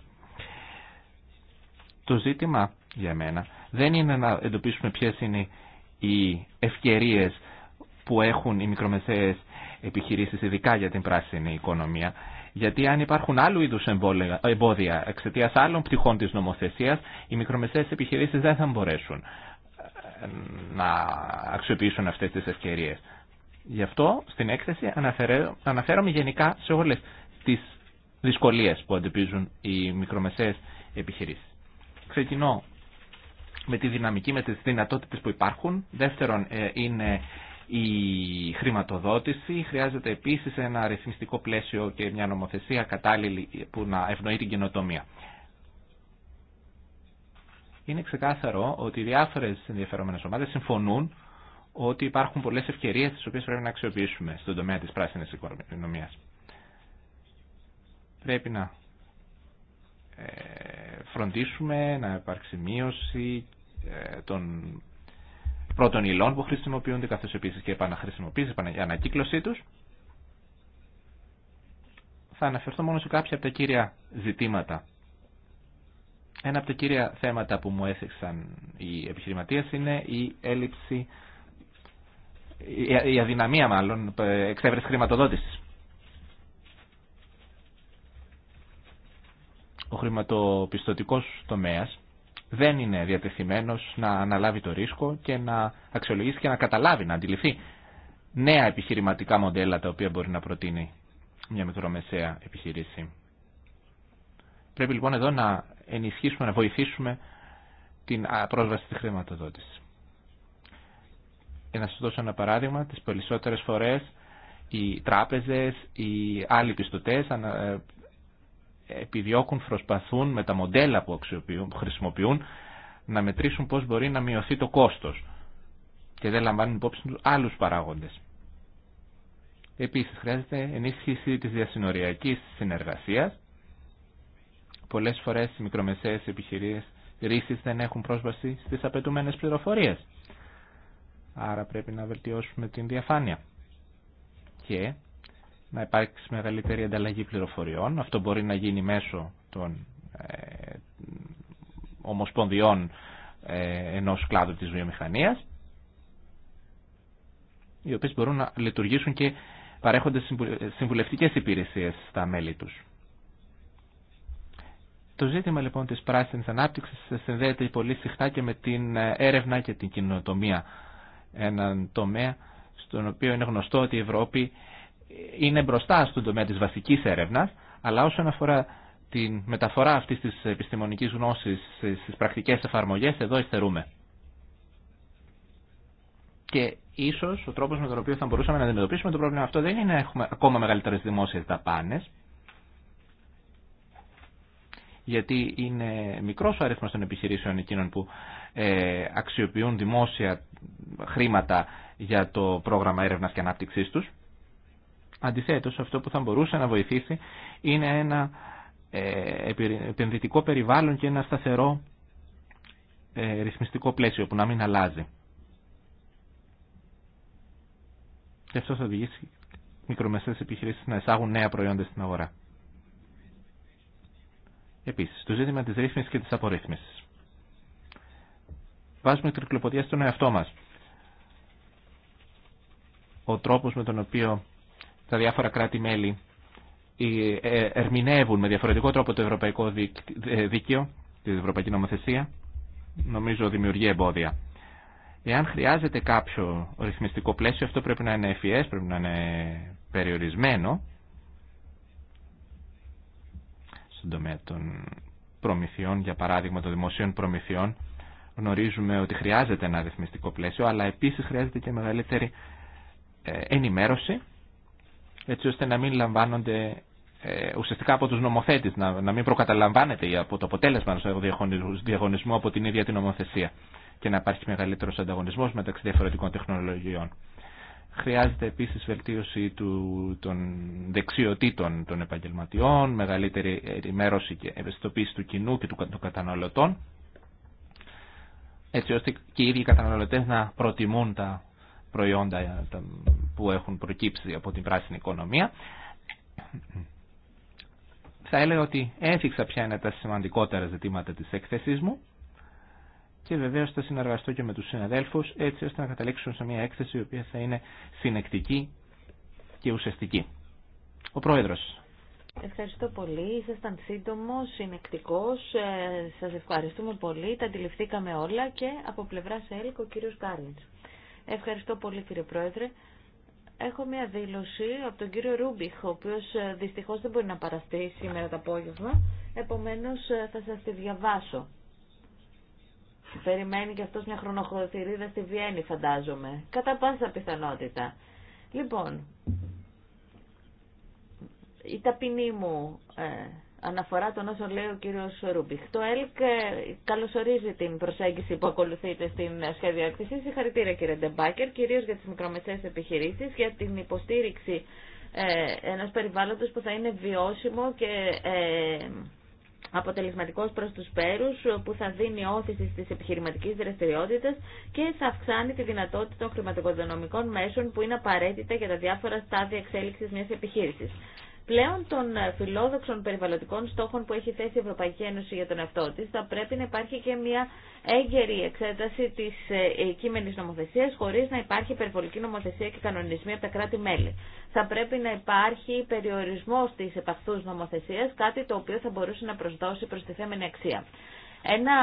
Το ζήτημα για μένα δεν είναι να εντοπίσουμε ποιες είναι οι ευκαιρίες που έχουν οι μικρομεσαίες επιχειρήσεις, ειδικά για την πράσινη οικονομία, γιατί αν υπάρχουν άλλου είδους εμπόδια εξαιτία άλλων πτυχών της νομοθεσίας οι μικρομεσαίες επιχειρήσεις δεν θα μπορέσουν να αξιοποιήσουν αυτές τις ευκαιρίες Γι' αυτό στην έκθεση αναφέρομαι γενικά σε όλες τις δυσκολίες που αντιπίζουν οι μικρομεσαίες επιχειρήσεις. Ξεκινώ με τη δυναμική, με τις δυνατότητες που υπάρχουν. Δεύτερον ε, είναι η χρηματοδότηση. Χρειάζεται επίσης ένα ρυθμιστικό πλαίσιο και μια νομοθεσία κατάλληλη που να ευνοεί την καινοτομία. Είναι ξεκάθαρο ότι διάφορες ενδιαφερόμενες ομάδες συμφωνούν ότι υπάρχουν πολλέ ευκαιρίε τι οποίες πρέπει να αξιοποιήσουμε στον τομέα της πράσινης οικονομία. Πρέπει να ε, φροντίσουμε να υπάρξει μείωση ε, των πρώτων υλών που χρησιμοποιούνται καθώς επίση και επαναχρησιμοποίηση, ανακύκλωσή του, Θα αναφερθώ μόνο σε κάποια από τα κύρια ζητήματα. Ένα από τα κύρια θέματα που μου έθεξαν οι επιχειρηματίε είναι η έλλειψη η αδυναμία μάλλον ε, εξέβρεση χρηματοδότησης. Ο χρηματοπιστωτικός τομέας δεν είναι διατεθειμένος να αναλάβει το ρίσκο και να αξιολογήσει και να καταλάβει, να αντιληφθεί νέα επιχειρηματικά μοντέλα τα οποία μπορεί να προτείνει μια μικρομεσαία επιχειρήση. Πρέπει λοιπόν εδώ να ενισχύσουμε, να βοηθήσουμε την πρόσβαση στη χρηματοδότηση. Για να σα δώσω ένα παράδειγμα, τι περισσότερε φορέ οι τράπεζες, οι άλλοι πιστωτέ ε, επιδιώκουν, προσπαθούν με τα μοντέλα που, χρησιμοποιούν να μετρήσουν πώ μπορεί να μειωθεί το κόστος και δεν λαμβάνουν υπόψη του άλλου παράγοντε. Επίση, χρειάζεται ενίσχυση της διασυνοριακή συνεργασίας. Πολλέ φορέ οι μικρομεσαίες επιχειρήσεις δεν έχουν πρόσβαση στις απαιτούμενες πληροφορίες Άρα πρέπει να βελτιώσουμε την διαφάνεια και να υπάρξει μεγαλύτερη ανταλλαγή πληροφοριών. Αυτό μπορεί να γίνει μέσω των ε, ομοσπονδιών ε, ενός κλάδου της βιομηχανίας οι οποίες μπορούν να λειτουργήσουν και παρέχονται ε, συμβουλευτικές υπηρεσίες στα μέλη τους. Το ζήτημα λοιπόν της πράσινης ανάπτυξης συνδέεται πολύ συχνά και με την ε, έρευνα και την κοινοτομία έναν τομέα στον οποίο είναι γνωστό ότι η Ευρώπη είναι μπροστά στον τομέα της βασικής έρευνας, αλλά όσον αφορά τη μεταφορά αυτής της επιστημονικής γνώσης στις πρακτικές εφαρμογές, εδώ υστερούμε. Και ίσως ο τρόπος με τον οποίο θα μπορούσαμε να αντιμετωπίσουμε το πρόβλημα αυτό δεν είναι να έχουμε ακόμα μεγαλύτερες δημόσιες δαπάνες, γιατί είναι μικρός ο αριθμός των επιχειρήσεων εκείνων που ε, αξιοποιούν δημόσια χρήματα για το πρόγραμμα έρευνας και ανάπτυξής τους. Αντιθέτως, αυτό που θα μπορούσε να βοηθήσει είναι ένα ε, επενδυτικό περιβάλλον και ένα σταθερό ε, ρυθμιστικό πλαίσιο που να μην αλλάζει. Και αυτό θα οδηγήσει μικρομεσαίες επιχειρήσεις να εισάγουν νέα προϊόντα στην αγορά. Επίση, το ζήτημα τη ρύθμιση και της απορρίθμιση. Βάζουμε τρικλοποδία στον εαυτό μας. Ο τρόπος με τον οποίο τα διάφορα κράτη-μέλη ε, ε, ερμηνεύουν με διαφορετικό τρόπο το ευρωπαϊκό ε, δίκαιο, την ευρωπαϊκή νομοθεσία, νομίζω δημιουργεί εμπόδια. Εάν χρειάζεται κάποιο ρυθμιστικό πλαίσιο, αυτό πρέπει να είναι ευφυέ, πρέπει να είναι περιορισμένο στον τομέα των προμηθειών, για παράδειγμα των δημοσίων προμηθειών. Γνωρίζουμε ότι χρειάζεται ένα ρυθμιστικό πλαίσιο, αλλά επίσης χρειάζεται και μεγαλύτερη ε, ενημέρωση, έτσι ώστε να μην λαμβάνονται ε, ουσιαστικά από τους νομοθέτες, να, μην προκαταλαμβάνεται από το αποτέλεσμα του διαγωνισμού από την ίδια την νομοθεσία και να υπάρχει μεγαλύτερος ανταγωνισμός μεταξύ διαφορετικών τεχνολογιών. Χρειάζεται επίσης βελτίωση του, των δεξιοτήτων των επαγγελματιών, μεγαλύτερη ενημέρωση και ευαισθητοποίηση του κοινού και των καταναλωτών, έτσι ώστε και οι ίδιοι καταναλωτές να προτιμούν τα προϊόντα που έχουν προκύψει από την πράσινη οικονομία. Θα έλεγα ότι έφυξα ποια είναι τα σημαντικότερα ζητήματα της έκθεσής μου και βεβαίως θα συνεργαστώ και με τους συναδέλφους έτσι ώστε να καταλήξουν σε μια έκθεση η οποία θα είναι συνεκτική και ουσιαστική. Ο Πρόεδρος. Ευχαριστώ πολύ. Ήσασταν σύντομο, συνεκτικό. Ε, Σα ευχαριστούμε πολύ. Τα αντιληφθήκαμε όλα και από πλευρά σε ΕΛΚ ο κύριο Κάριν. Ευχαριστώ πολύ κύριε Πρόεδρε. Έχω μια δήλωση από τον κύριο Ρούμπιχ, ο οποίο ε, δυστυχώ δεν μπορεί να παραστεί σήμερα το απόγευμα. Επομένω ε, θα σα τη διαβάσω. Περιμένει και αυτός μια χρονοχωρηθυρίδα στη Βιέννη, φαντάζομαι. Κατά πάσα πιθανότητα. Λοιπόν, η ταπεινή μου ε, αναφορά τον όσων λέει ο κύριος Ρούμπιχ. Το ΕΛΚ ε, καλωσορίζει την προσέγγιση που ακολουθείται στην σχέδιο έκθεση. Συγχαρητήρια κύριε Ντεμπάκερ, κυρίως για τις μικρομεσαίες επιχειρήσεις, για την υποστήριξη ε, ενός περιβάλλοντος που θα είναι βιώσιμο και... Ε, αποτελεσματικός προς τους πέρου, που θα δίνει όθηση στις επιχειρηματικές δραστηριότητες και θα αυξάνει τη δυνατότητα των χρηματοοικονομικών μέσων που είναι απαραίτητα για τα διάφορα στάδια εξέλιξης μιας επιχείρησης. Πλέον των ε, φιλόδοξων περιβαλλοντικών στόχων που έχει θέσει η Ευρωπαϊκή Ένωση για τον εαυτό τη, θα πρέπει να υπάρχει και μια έγκαιρη εξέταση τη ε, ε, κείμενη νομοθεσία, χωρί να υπάρχει υπερβολική νομοθεσία και κανονισμοί από τα κράτη-μέλη. Θα πρέπει να υπάρχει περιορισμό τη επαχθού νομοθεσία, κάτι το οποίο θα μπορούσε να προσδώσει προστιθέμενη αξία. Ένα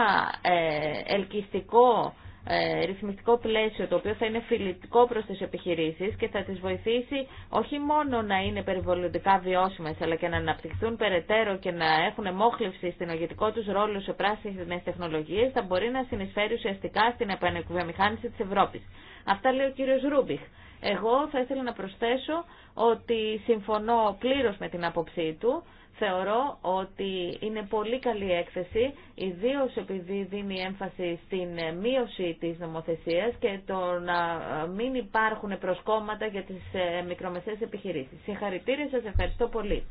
ελκυστικό ε, ρυθμιστικό πλαίσιο το οποίο θα είναι φιλικό προ τι επιχειρήσει και θα τι βοηθήσει όχι μόνο να είναι περιβαλλοντικά βιώσιμε, αλλά και να αναπτυχθούν περαιτέρω και να έχουν μόχλευση στην ογετικό του ρόλο σε πράσινες τεχνολογίε, θα μπορεί να συνεισφέρει ουσιαστικά στην επανεκβιομηχάνηση τη Ευρώπη. Αυτά λέει ο κύριο Ρούμπιχ. Εγώ θα ήθελα να προσθέσω ότι συμφωνώ πλήρω με την άποψή του Θεωρώ ότι είναι πολύ καλή έκθεση, ιδίω επειδή δίνει έμφαση στην μείωση της νομοθεσίας και το να μην υπάρχουν προσκόμματα για τις ε, μικρομεσαίες επιχειρήσεις. Συγχαρητήρια σας, ευχαριστώ πολύ.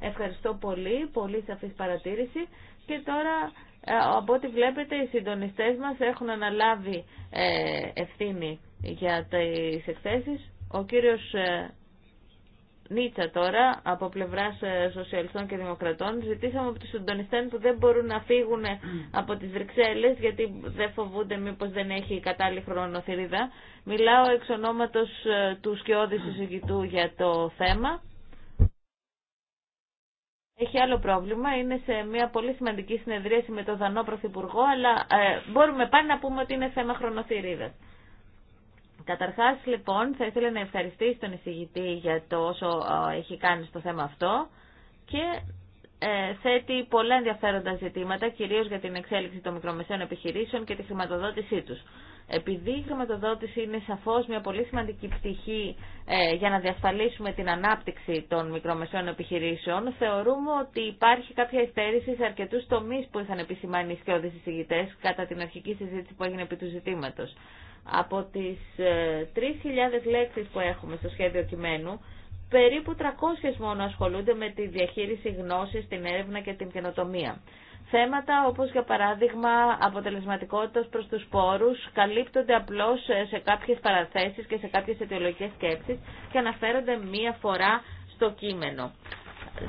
Ευχαριστώ πολύ, πολύ σαφής παρατήρηση και τώρα ε, από ό,τι βλέπετε οι συντονιστές μας έχουν αναλάβει ε, ευθύνη για τις εκθέσεις. Ο κύριος Νίτσα τώρα, από πλευρά ε, σοσιαλιστών και δημοκρατών, ζητήσαμε από του συντονιστέ που δεν μπορούν να φύγουν ε, από τι Βρυξέλλε, γιατί δεν φοβούνται μήπω δεν έχει κατάλληλη χρονοθυρίδα. Μιλάω εξ ονόματο ε, του σκιώδη συζητητού για το θέμα. Έχει άλλο πρόβλημα, είναι σε μια πολύ σημαντική συνεδρίαση με τον Δανό Πρωθυπουργό, αλλά μπορούμε πάλι να πούμε ότι είναι θέμα χρονοθυρίδας. Καταρχάς, λοιπόν, θα ήθελα να ευχαριστήσω τον εισηγητή για το όσο ε, έχει κάνει στο θέμα αυτό και ε, θέτει πολλά ενδιαφέροντα ζητήματα, κυρίως για την εξέλιξη των μικρομεσαίων επιχειρήσεων και τη χρηματοδότησή τους. Επειδή η χρηματοδότηση είναι σαφώς μια πολύ σημαντική πτυχή ε, για να διασφαλίσουμε την ανάπτυξη των μικρομεσαίων επιχειρήσεων, θεωρούμε ότι υπάρχει κάποια υστέρηση σε αρκετούς τομείς που είχαν επισημάνει οι σκιώδεις εισηγητές κατά την αρχική συζήτηση που έγινε επί του ζητήματος. Από τις 3.000 ε, λέξεις που έχουμε στο σχέδιο κειμένου, περίπου 300 μόνο ασχολούνται με τη διαχείριση γνώσης, την έρευνα και την καινοτομία. Θέματα όπως για παράδειγμα αποτελεσματικότητας προς τους πόρους καλύπτονται απλώς σε κάποιες παραθέσεις και σε κάποιες αιτιολογικές σκέψεις και αναφέρονται μία φορά στο κείμενο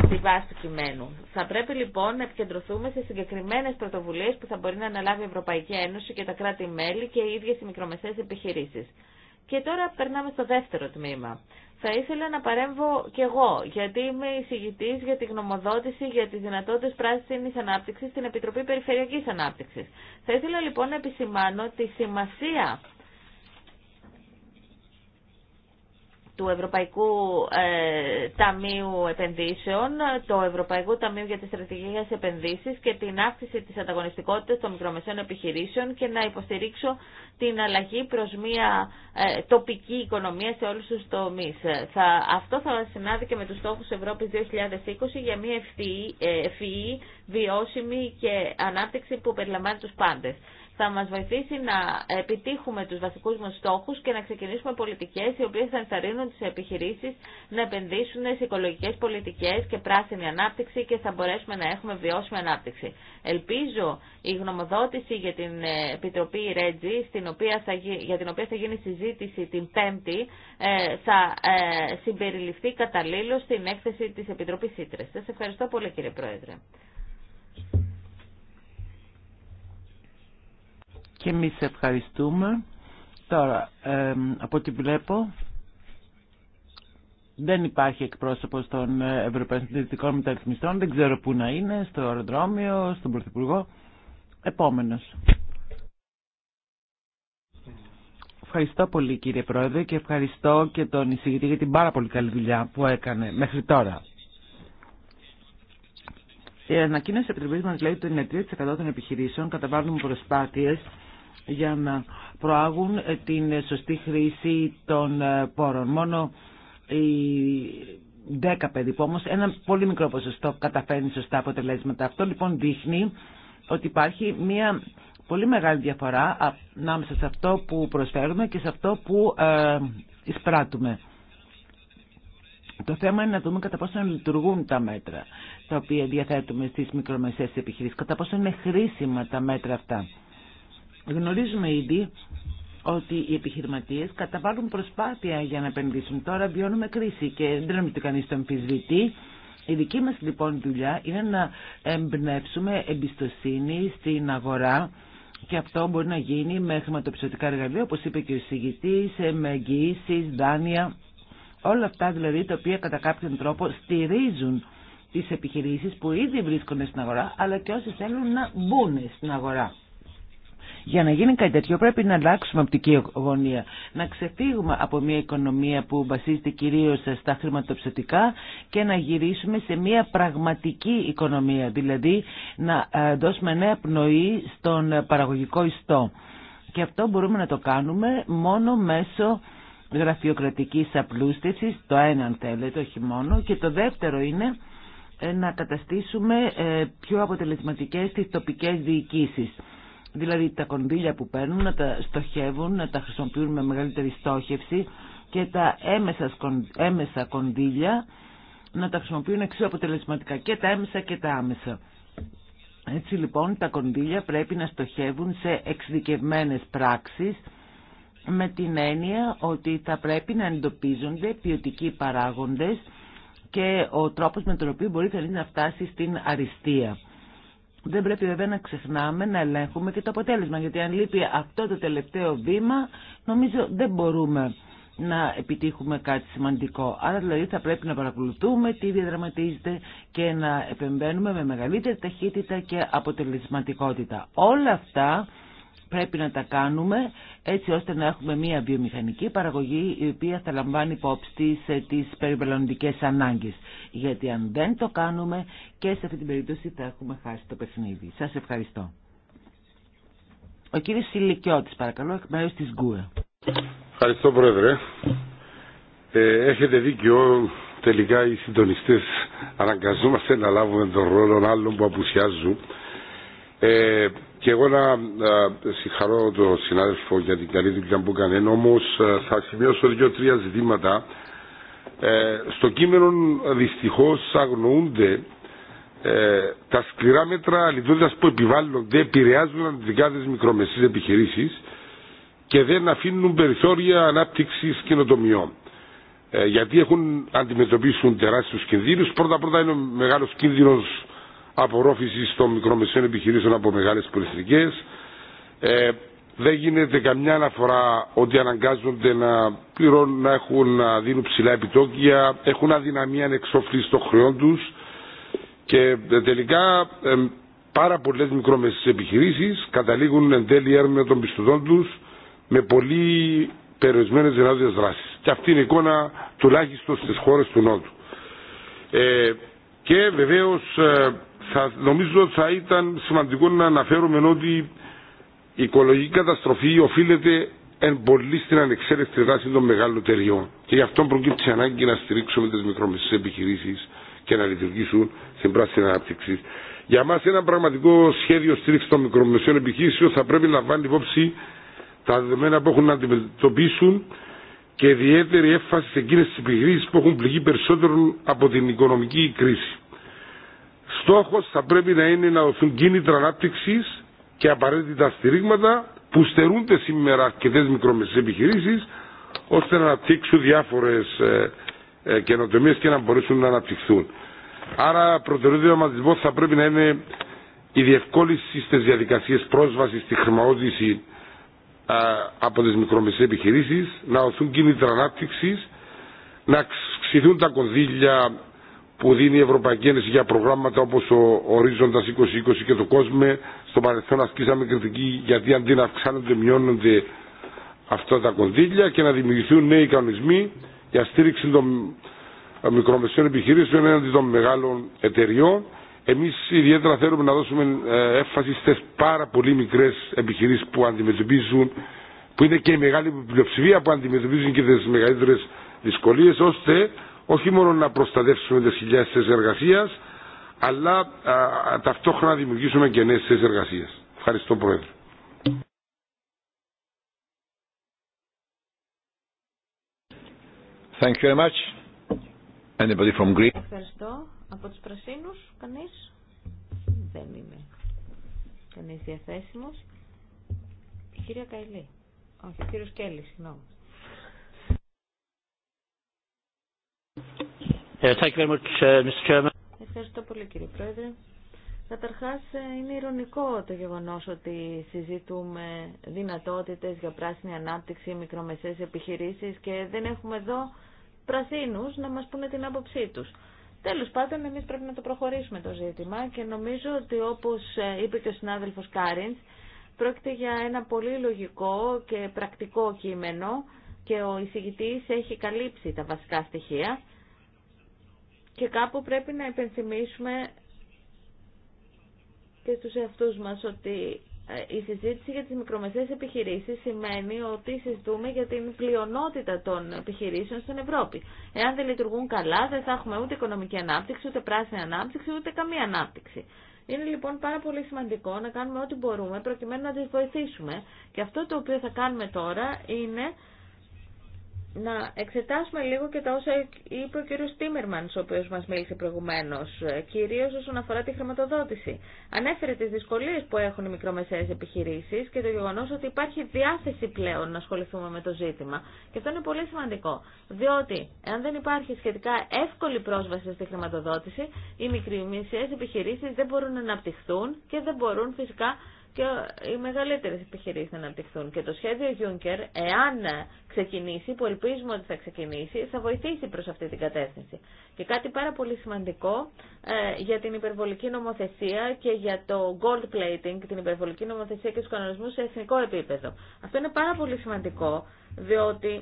στη βάση του κειμένου. Θα πρέπει λοιπόν να επικεντρωθούμε σε συγκεκριμένες πρωτοβουλίε που θα μπορεί να αναλάβει η Ευρωπαϊκή Ένωση και τα κράτη-μέλη και οι ίδιες οι μικρομεσαίες επιχειρήσει. Και τώρα περνάμε στο δεύτερο τμήμα. Θα ήθελα να παρέμβω κι εγώ, γιατί είμαι εισηγητή για τη γνωμοδότηση για τι δυνατότητε πράσινη ανάπτυξη στην Επιτροπή Περιφερειακή Ανάπτυξη. Θα ήθελα λοιπόν να επισημάνω τη σημασία του Ευρωπαϊκού ε, Ταμείου Επενδύσεων, το Ευρωπαϊκό Ταμείο για τις Στρατηγικές Επενδύσεις και την αύξηση της ανταγωνιστικότητας των μικρομεσαίων επιχειρήσεων και να υποστηρίξω την αλλαγή προς μια ε, τοπική οικονομία σε όλους τους τομείς. Θα, αυτό θα συνάδει και με τους στόχους Ευρώπης 2020 για μια ε, ευφυή, βιώσιμη και ανάπτυξη που περιλαμβάνει τους πάντες θα μας βοηθήσει να επιτύχουμε τους βασικούς μας στόχους και να ξεκινήσουμε πολιτικές οι οποίες θα ενθαρρύνουν τις επιχειρήσεις να επενδύσουν σε οικολογικές πολιτικές και πράσινη ανάπτυξη και θα μπορέσουμε να έχουμε βιώσιμη ανάπτυξη. Ελπίζω η γνωμοδότηση για την ε, Επιτροπή Ρέτζη, στην οποία για την οποία θα γίνει συζήτηση την Πέμπτη, ε, θα ε, συμπεριληφθεί καταλήλως στην έκθεση της Επιτροπής Ήτρες. Σας ευχαριστώ πολύ κύριε Πρόεδρε. Και εμεί ευχαριστούμε. Τώρα, από ό,τι βλέπω, δεν υπάρχει εκπρόσωπος των ε, Ευρωπαϊκών Συντηρητικών Μεταρρυθμιστών. Δεν ξέρω πού να είναι, στο αεροδρόμιο, στον Πρωθυπουργό. Επόμενος. Ευχαριστώ πολύ κύριε Πρόεδρε και ευχαριστώ και τον εισηγητή για την πάρα πολύ καλή δουλειά που έκανε μέχρι τώρα. Η ανακοίνωση επιτροπή μα λέει ότι το 3% των επιχειρήσεων καταβάλουν προσπάθειε για να προάγουν ε, την ε, σωστή χρήση των ε, πόρων. Μόνο οι 10 περίπου όμως, ένα πολύ μικρό ποσοστό καταφέρνει σωστά αποτελέσματα. Αυτό λοιπόν δείχνει ότι υπάρχει μια πολύ μεγάλη διαφορά ανάμεσα σε αυτό που προσφέρουμε και σε αυτό που εισπράττουμε. Το θέμα είναι να δούμε κατά πόσο λειτουργούν τα μέτρα τα οποία διαθέτουμε στις μικρομεσαίες επιχειρήσεις, κατά πόσο είναι χρήσιμα τα μέτρα αυτά. Γνωρίζουμε ήδη ότι οι επιχειρηματίε καταβάλουν προσπάθεια για να επενδύσουν. Τώρα βιώνουμε κρίση και δεν νομίζω ότι κανεί το αμφισβητεί. Η δική μα λοιπόν δουλειά είναι να εμπνεύσουμε εμπιστοσύνη στην αγορά και αυτό μπορεί να γίνει με χρηματοπιστωτικά εργαλεία, όπω είπε και ο συγητή, με εγγυήσει, δάνεια, όλα αυτά δηλαδή τα οποία κατά κάποιον τρόπο στηρίζουν τις επιχειρήσεις που ήδη βρίσκονται στην αγορά, αλλά και όσοι θέλουν να μπουν στην αγορά. Για να γίνει κάτι τέτοιο πρέπει να αλλάξουμε οπτική γωνία. Να ξεφύγουμε από μια οικονομία που βασίζεται κυρίως στα χρηματοψηφικά και να γυρίσουμε σε μια πραγματική οικονομία. Δηλαδή να ε, δώσουμε νέα πνοή στον παραγωγικό ιστό. Και αυτό μπορούμε να το κάνουμε μόνο μέσω γραφειοκρατικής απλούστευσης, το ένα αν θέλετε, όχι μόνο, και το δεύτερο είναι ε, να καταστήσουμε ε, πιο αποτελεσματικές τις τοπικές διοικήσεις. Δηλαδή τα κονδύλια που παίρνουν να τα στοχεύουν, να τα χρησιμοποιούν με μεγαλύτερη στόχευση και τα έμεσα κονδύλια να τα χρησιμοποιούν εξίσου αποτελεσματικά και τα έμεσα και τα άμεσα. Έτσι λοιπόν τα κονδύλια πρέπει να στοχεύουν σε εξειδικευμένες πράξεις με την έννοια ότι θα πρέπει να εντοπίζονται ποιοτικοί παράγοντες και ο τρόπος με τον οποίο μπορεί να φτάσει στην αριστεία δεν πρέπει βέβαια να ξεχνάμε να ελέγχουμε και το αποτέλεσμα, γιατί αν λείπει αυτό το τελευταίο βήμα, νομίζω δεν μπορούμε να επιτύχουμε κάτι σημαντικό. Άρα δηλαδή θα πρέπει να παρακολουθούμε τι διαδραματίζεται και να επεμβαίνουμε με μεγαλύτερη ταχύτητα και αποτελεσματικότητα. Όλα αυτά πρέπει να τα κάνουμε έτσι ώστε να έχουμε μια βιομηχανική παραγωγή η οποία θα λαμβάνει υπόψη τις, ε, τις περιβαλλοντικές ανάγκες. Γιατί αν δεν το κάνουμε και σε αυτή την περίπτωση θα έχουμε χάσει το παιχνίδι. Σας ευχαριστώ. Ο κύριος Σιλικιώτης παρακαλώ εκ μέρους της ΓΚΟΕ. Ευχαριστώ Πρόεδρε. Ε, έχετε δίκιο τελικά οι συντονιστές αναγκαζόμαστε να λάβουμε τον ρόλο άλλων που απουσιάζουν. Ε, και εγώ να συγχαρώ τον συνάδελφο για την καλή δουλειά που έκανε. Όμω ε, θα σημειώσω δύο-τρία ζητήματα. Ε, στο κείμενο δυστυχώ αγνοούνται ε, τα σκληρά μέτρα λειτουργία που επιβάλλονται, επηρεάζουν αντικά τι μικρομεσαίε επιχειρήσει και δεν αφήνουν περιθώρια ανάπτυξη καινοτομιών. γιατί έχουν αντιμετωπίσουν τεράστιου κινδύνου. Πρώτα-πρώτα είναι ο μεγάλο κίνδυνο απορρόφηση των μικρομεσαίων επιχειρήσεων από μεγάλε πολυεθνικές. Ε, δεν γίνεται καμιά αναφορά ότι αναγκάζονται να πληρώνουν, να έχουν να δίνουν ψηλά επιτόκια, έχουν αδυναμία ανεξόφληση των χρεών του. και ε, τελικά ε, πάρα πολλέ μικρομεσαίες επιχειρήσει καταλήγουν εν τέλει έρμενα των πιστωτών του με πολύ περιορισμένε δυνατότητες δράση. Και αυτή είναι η εικόνα τουλάχιστον στι χώρε του Νότου. Ε, και βεβαίως ε, θα, νομίζω ότι θα ήταν σημαντικό να αναφέρουμε ότι η οικολογική καταστροφή οφείλεται εν πολύ στην ανεξέλεκτη δράση των μεγάλων εταιριών. Και γι' αυτό προκύπτει ανάγκη να στηρίξουμε τι μικρομεσαίε επιχειρήσει και να λειτουργήσουν στην πράσινη ανάπτυξη. Για μα, ένα πραγματικό σχέδιο στήριξη των μικρομεσαίων επιχειρήσεων θα πρέπει να λαμβάνει υπόψη τα δεδομένα που έχουν να αντιμετωπίσουν και ιδιαίτερη έμφαση σε εκείνε τι επιχειρήσει που έχουν πληγεί περισσότερο από την οικονομική κρίση. Στόχος θα πρέπει να είναι να δοθούν κίνητρα ανάπτυξη και απαραίτητα στηρίγματα που στερούνται σήμερα αρκετέ μικρομεσαίες επιχειρήσεις ώστε να αναπτύξουν διάφορες ε, ε, καινοτομίε και να μπορέσουν να αναπτυχθούν. Άρα προτεραιότητα μας λοιπόν θα πρέπει να είναι η διευκόλυνση στις διαδικασίες πρόσβασης στη χρημαότηση από τις μικρομεσαίες επιχειρήσεις, να οθούν κίνητρα ανάπτυξη, να αυξηθούν τα κονδύλια που δίνει η Ευρωπαϊκή Ένωση για προγράμματα όπως ο Ορίζοντας 2020 και το Κόσμο Στο παρελθόν ασκήσαμε κριτική γιατί αντί να αυξάνονται μειώνονται αυτά τα κονδύλια και να δημιουργηθούν νέοι κανονισμοί για στήριξη των ε, μικρομεσαίων επιχειρήσεων έναντι των μεγάλων εταιριών. Εμεί ιδιαίτερα θέλουμε να δώσουμε ε, έμφαση στι πάρα πολύ μικρέ επιχειρήσει που αντιμετωπίζουν, που είναι και η μεγάλη πλειοψηφία που αντιμετωπίζουν και τι μεγαλύτερε δυσκολίε, ώστε όχι μόνο να προστατεύσουμε τις χιλιάδες θέσεις εργασίας, αλλά α, ταυτόχρονα να δημιουργήσουμε και νέες θέσεις εργασίας. Ευχαριστώ Πρόεδρε. Thank you very much. Anybody from Greece? Ευχαριστώ. Από τους Πρασίνους, κανείς? Δεν είμαι κανείς διαθέσιμος. Η κυρία Καηλή. Όχι, ο κύριος Κέλλη, συγγνώμη. Uh, Ευχαριστώ πολύ κύριε Πρόεδρε. Καταρχά ε, είναι ηρωνικό το γεγονό ότι συζητούμε δυνατότητε για πράσινη ανάπτυξη, μικρομεσαίες επιχειρήσει και δεν έχουμε εδώ πρασίνους να μα πούνε την άποψή του. Τέλο πάντων εμεί πρέπει να το προχωρήσουμε το ζήτημα και νομίζω ότι όπω ε, είπε και ο συνάδελφο Κάριν, πρόκειται για ένα πολύ λογικό και πρακτικό κείμενο και ο εισηγητή έχει καλύψει τα βασικά στοιχεία. Και κάπου πρέπει να υπενθυμίσουμε και στους εαυτούς μας ότι ε, η συζήτηση για τις μικρομεσαίες επιχειρήσεις σημαίνει ότι συζητούμε για την πλειονότητα των επιχειρήσεων στην Ευρώπη. Εάν δεν λειτουργούν καλά δεν θα έχουμε ούτε οικονομική ανάπτυξη, ούτε πράσινη ανάπτυξη, ούτε καμία ανάπτυξη. Είναι λοιπόν πάρα πολύ σημαντικό να κάνουμε ό,τι μπορούμε προκειμένου να τις βοηθήσουμε. Και αυτό το οποίο θα κάνουμε τώρα είναι να εξετάσουμε λίγο και τα όσα είπε ο κύριος Τίμερμαν, ο οποίο μα μίλησε προηγουμένω. κυρίω όσον αφορά τη χρηματοδότηση. Ανέφερε τι δυσκολίε που έχουν οι μικρομεσαίες επιχειρήσει και το γεγονό ότι υπάρχει διάθεση πλέον να ασχοληθούμε με το ζήτημα. Και αυτό είναι πολύ σημαντικό, διότι αν δεν υπάρχει σχετικά εύκολη πρόσβαση στη χρηματοδότηση, οι μικρομεσαίε επιχειρήσει δεν μπορούν να αναπτυχθούν και δεν μπορούν φυσικά και οι μεγαλύτερες επιχειρήσεις να αναπτυχθούν. Και το σχέδιο Juncker, εάν ξεκινήσει, που ελπίζουμε ότι θα ξεκινήσει, θα βοηθήσει προς αυτή την κατεύθυνση. Και κάτι πάρα πολύ σημαντικό ε, για την υπερβολική νομοθεσία και για το gold plating, την υπερβολική νομοθεσία και τους κανονισμούς σε εθνικό επίπεδο. Αυτό είναι πάρα πολύ σημαντικό, διότι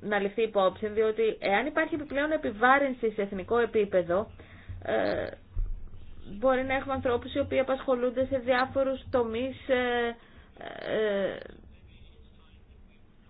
να ληφθεί υπόψη, διότι εάν υπάρχει επιπλέον επιβάρυνση σε εθνικό επίπεδο, ε, μπορεί να έχουμε ανθρώπους οι οποίοι απασχολούνται σε διάφορους τομείς ε, ε,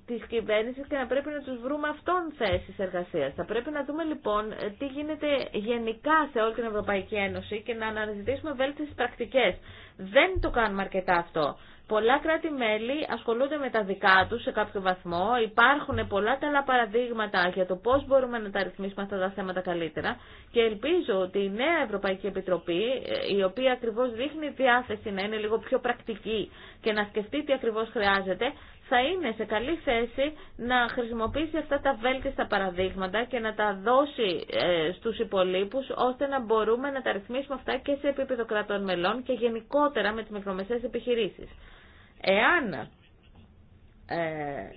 της κυβέρνησης και να πρέπει να τους βρούμε αυτών θέσεις εργασίας. Θα πρέπει να δούμε λοιπόν τι γίνεται γενικά σε όλη την Ευρωπαϊκή Ένωση και να αναζητήσουμε βέλτιστες πρακτικές. Δεν το κάνουμε αρκετά αυτό. Πολλά κράτη-μέλη ασχολούνται με τα δικά τους σε κάποιο βαθμό. Υπάρχουν πολλά καλά παραδείγματα για το πώς μπορούμε να τα ρυθμίσουμε αυτά τα θέματα καλύτερα και ελπίζω ότι η νέα Ευρωπαϊκή Επιτροπή, η οποία ακριβώς δείχνει διάθεση να είναι λίγο πιο πρακτική και να σκεφτεί τι ακριβώς χρειάζεται, θα είναι σε καλή θέση να χρησιμοποιήσει αυτά τα βέλτιστα παραδείγματα και να τα δώσει ε, στους υπολείπους ώστε να μπορούμε να τα ρυθμίσουμε αυτά και σε επίπεδο κρατών μελών και γενικότερα με τις μικρομεσαίες επιχειρήσεις. Εάν ε,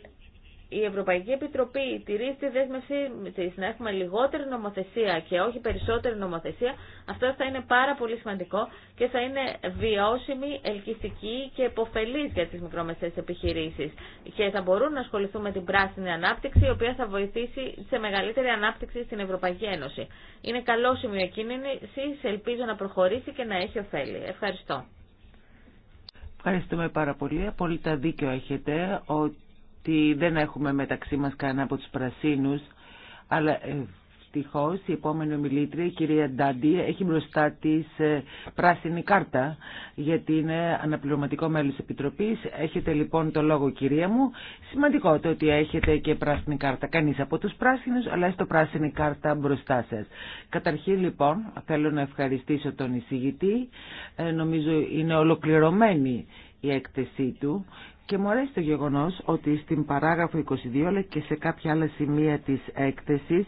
η Ευρωπαϊκή Επιτροπή τηρεί στη δέσμευση τη να έχουμε λιγότερη νομοθεσία και όχι περισσότερη νομοθεσία, αυτό θα είναι πάρα πολύ σημαντικό και θα είναι βιώσιμη, ελκυστική και υποφελής για τι μικρομεσαίες επιχειρήσει. Και θα μπορούν να ασχοληθούν με την πράσινη ανάπτυξη, η οποία θα βοηθήσει σε μεγαλύτερη ανάπτυξη στην Ευρωπαϊκή Ένωση. Είναι καλό σημείο κίνηση, ελπίζω να προχωρήσει και να έχει ωφέλη. Ευχαριστώ. Ευχαριστούμε πάρα πολύ. Απόλυτα δίκιο έχετε ότι δεν έχουμε μεταξύ μας κανένα από τους πρασίνους, αλλά Ευτυχώς, η επόμενη ομιλήτρια, η κυρία Ντάντι, έχει μπροστά τη ε, πράσινη κάρτα, γιατί είναι αναπληρωματικό μέλος Επιτροπής. Επιτροπή. Έχετε λοιπόν το λόγο, κυρία μου. Σημαντικό το ότι έχετε και πράσινη κάρτα. κανείς από τους πράσινους, αλλά έχει το πράσινη κάρτα μπροστά σας. Καταρχήν λοιπόν, θέλω να ευχαριστήσω τον εισηγητή. Ε, νομίζω είναι ολοκληρωμένη η έκθεσή του και μου αρέσει το γεγονός ότι στην παράγραφο 22 αλλά και σε κάποια άλλα σημεία της έκθεσης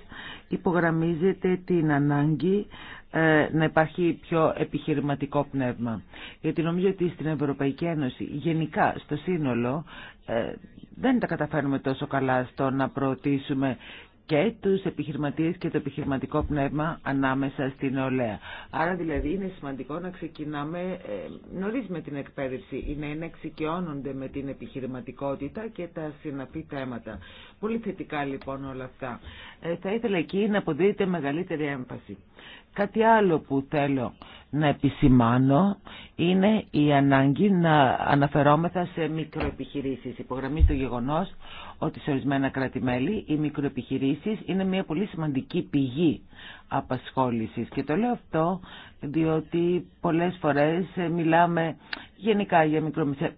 υπογραμμίζεται την ανάγκη ε, να υπάρχει πιο επιχειρηματικό πνεύμα. Γιατί νομίζω ότι στην Ευρωπαϊκή Ένωση γενικά στο σύνολο ε, δεν τα καταφέρνουμε τόσο καλά στο να προωτήσουμε και τους επιχειρηματίες και το επιχειρηματικό πνεύμα ανάμεσα στην νεολαία. Άρα δηλαδή είναι σημαντικό να ξεκινάμε ε, νωρίς με την εκπαίδευση ή να εξοικειώνονται με την επιχειρηματικότητα και τα συναφή θέματα. Πολύ θετικά λοιπόν όλα αυτά. Ε, θα ήθελα εκεί να αποδίδεται μεγαλύτερη έμφαση. Κάτι άλλο που θέλω να επισημάνω είναι η ανάγκη να αναφερόμεθα σε μικροεπιχειρήσεις. Υπογραμμίζει το γεγονός ότι σε ορισμένα κράτη-μέλη οι μικροεπιχειρήσεις είναι μια πολύ σημαντική πηγή απασχόλησης. Και το λέω αυτό διότι πολλές φορές ε, μιλάμε γενικά για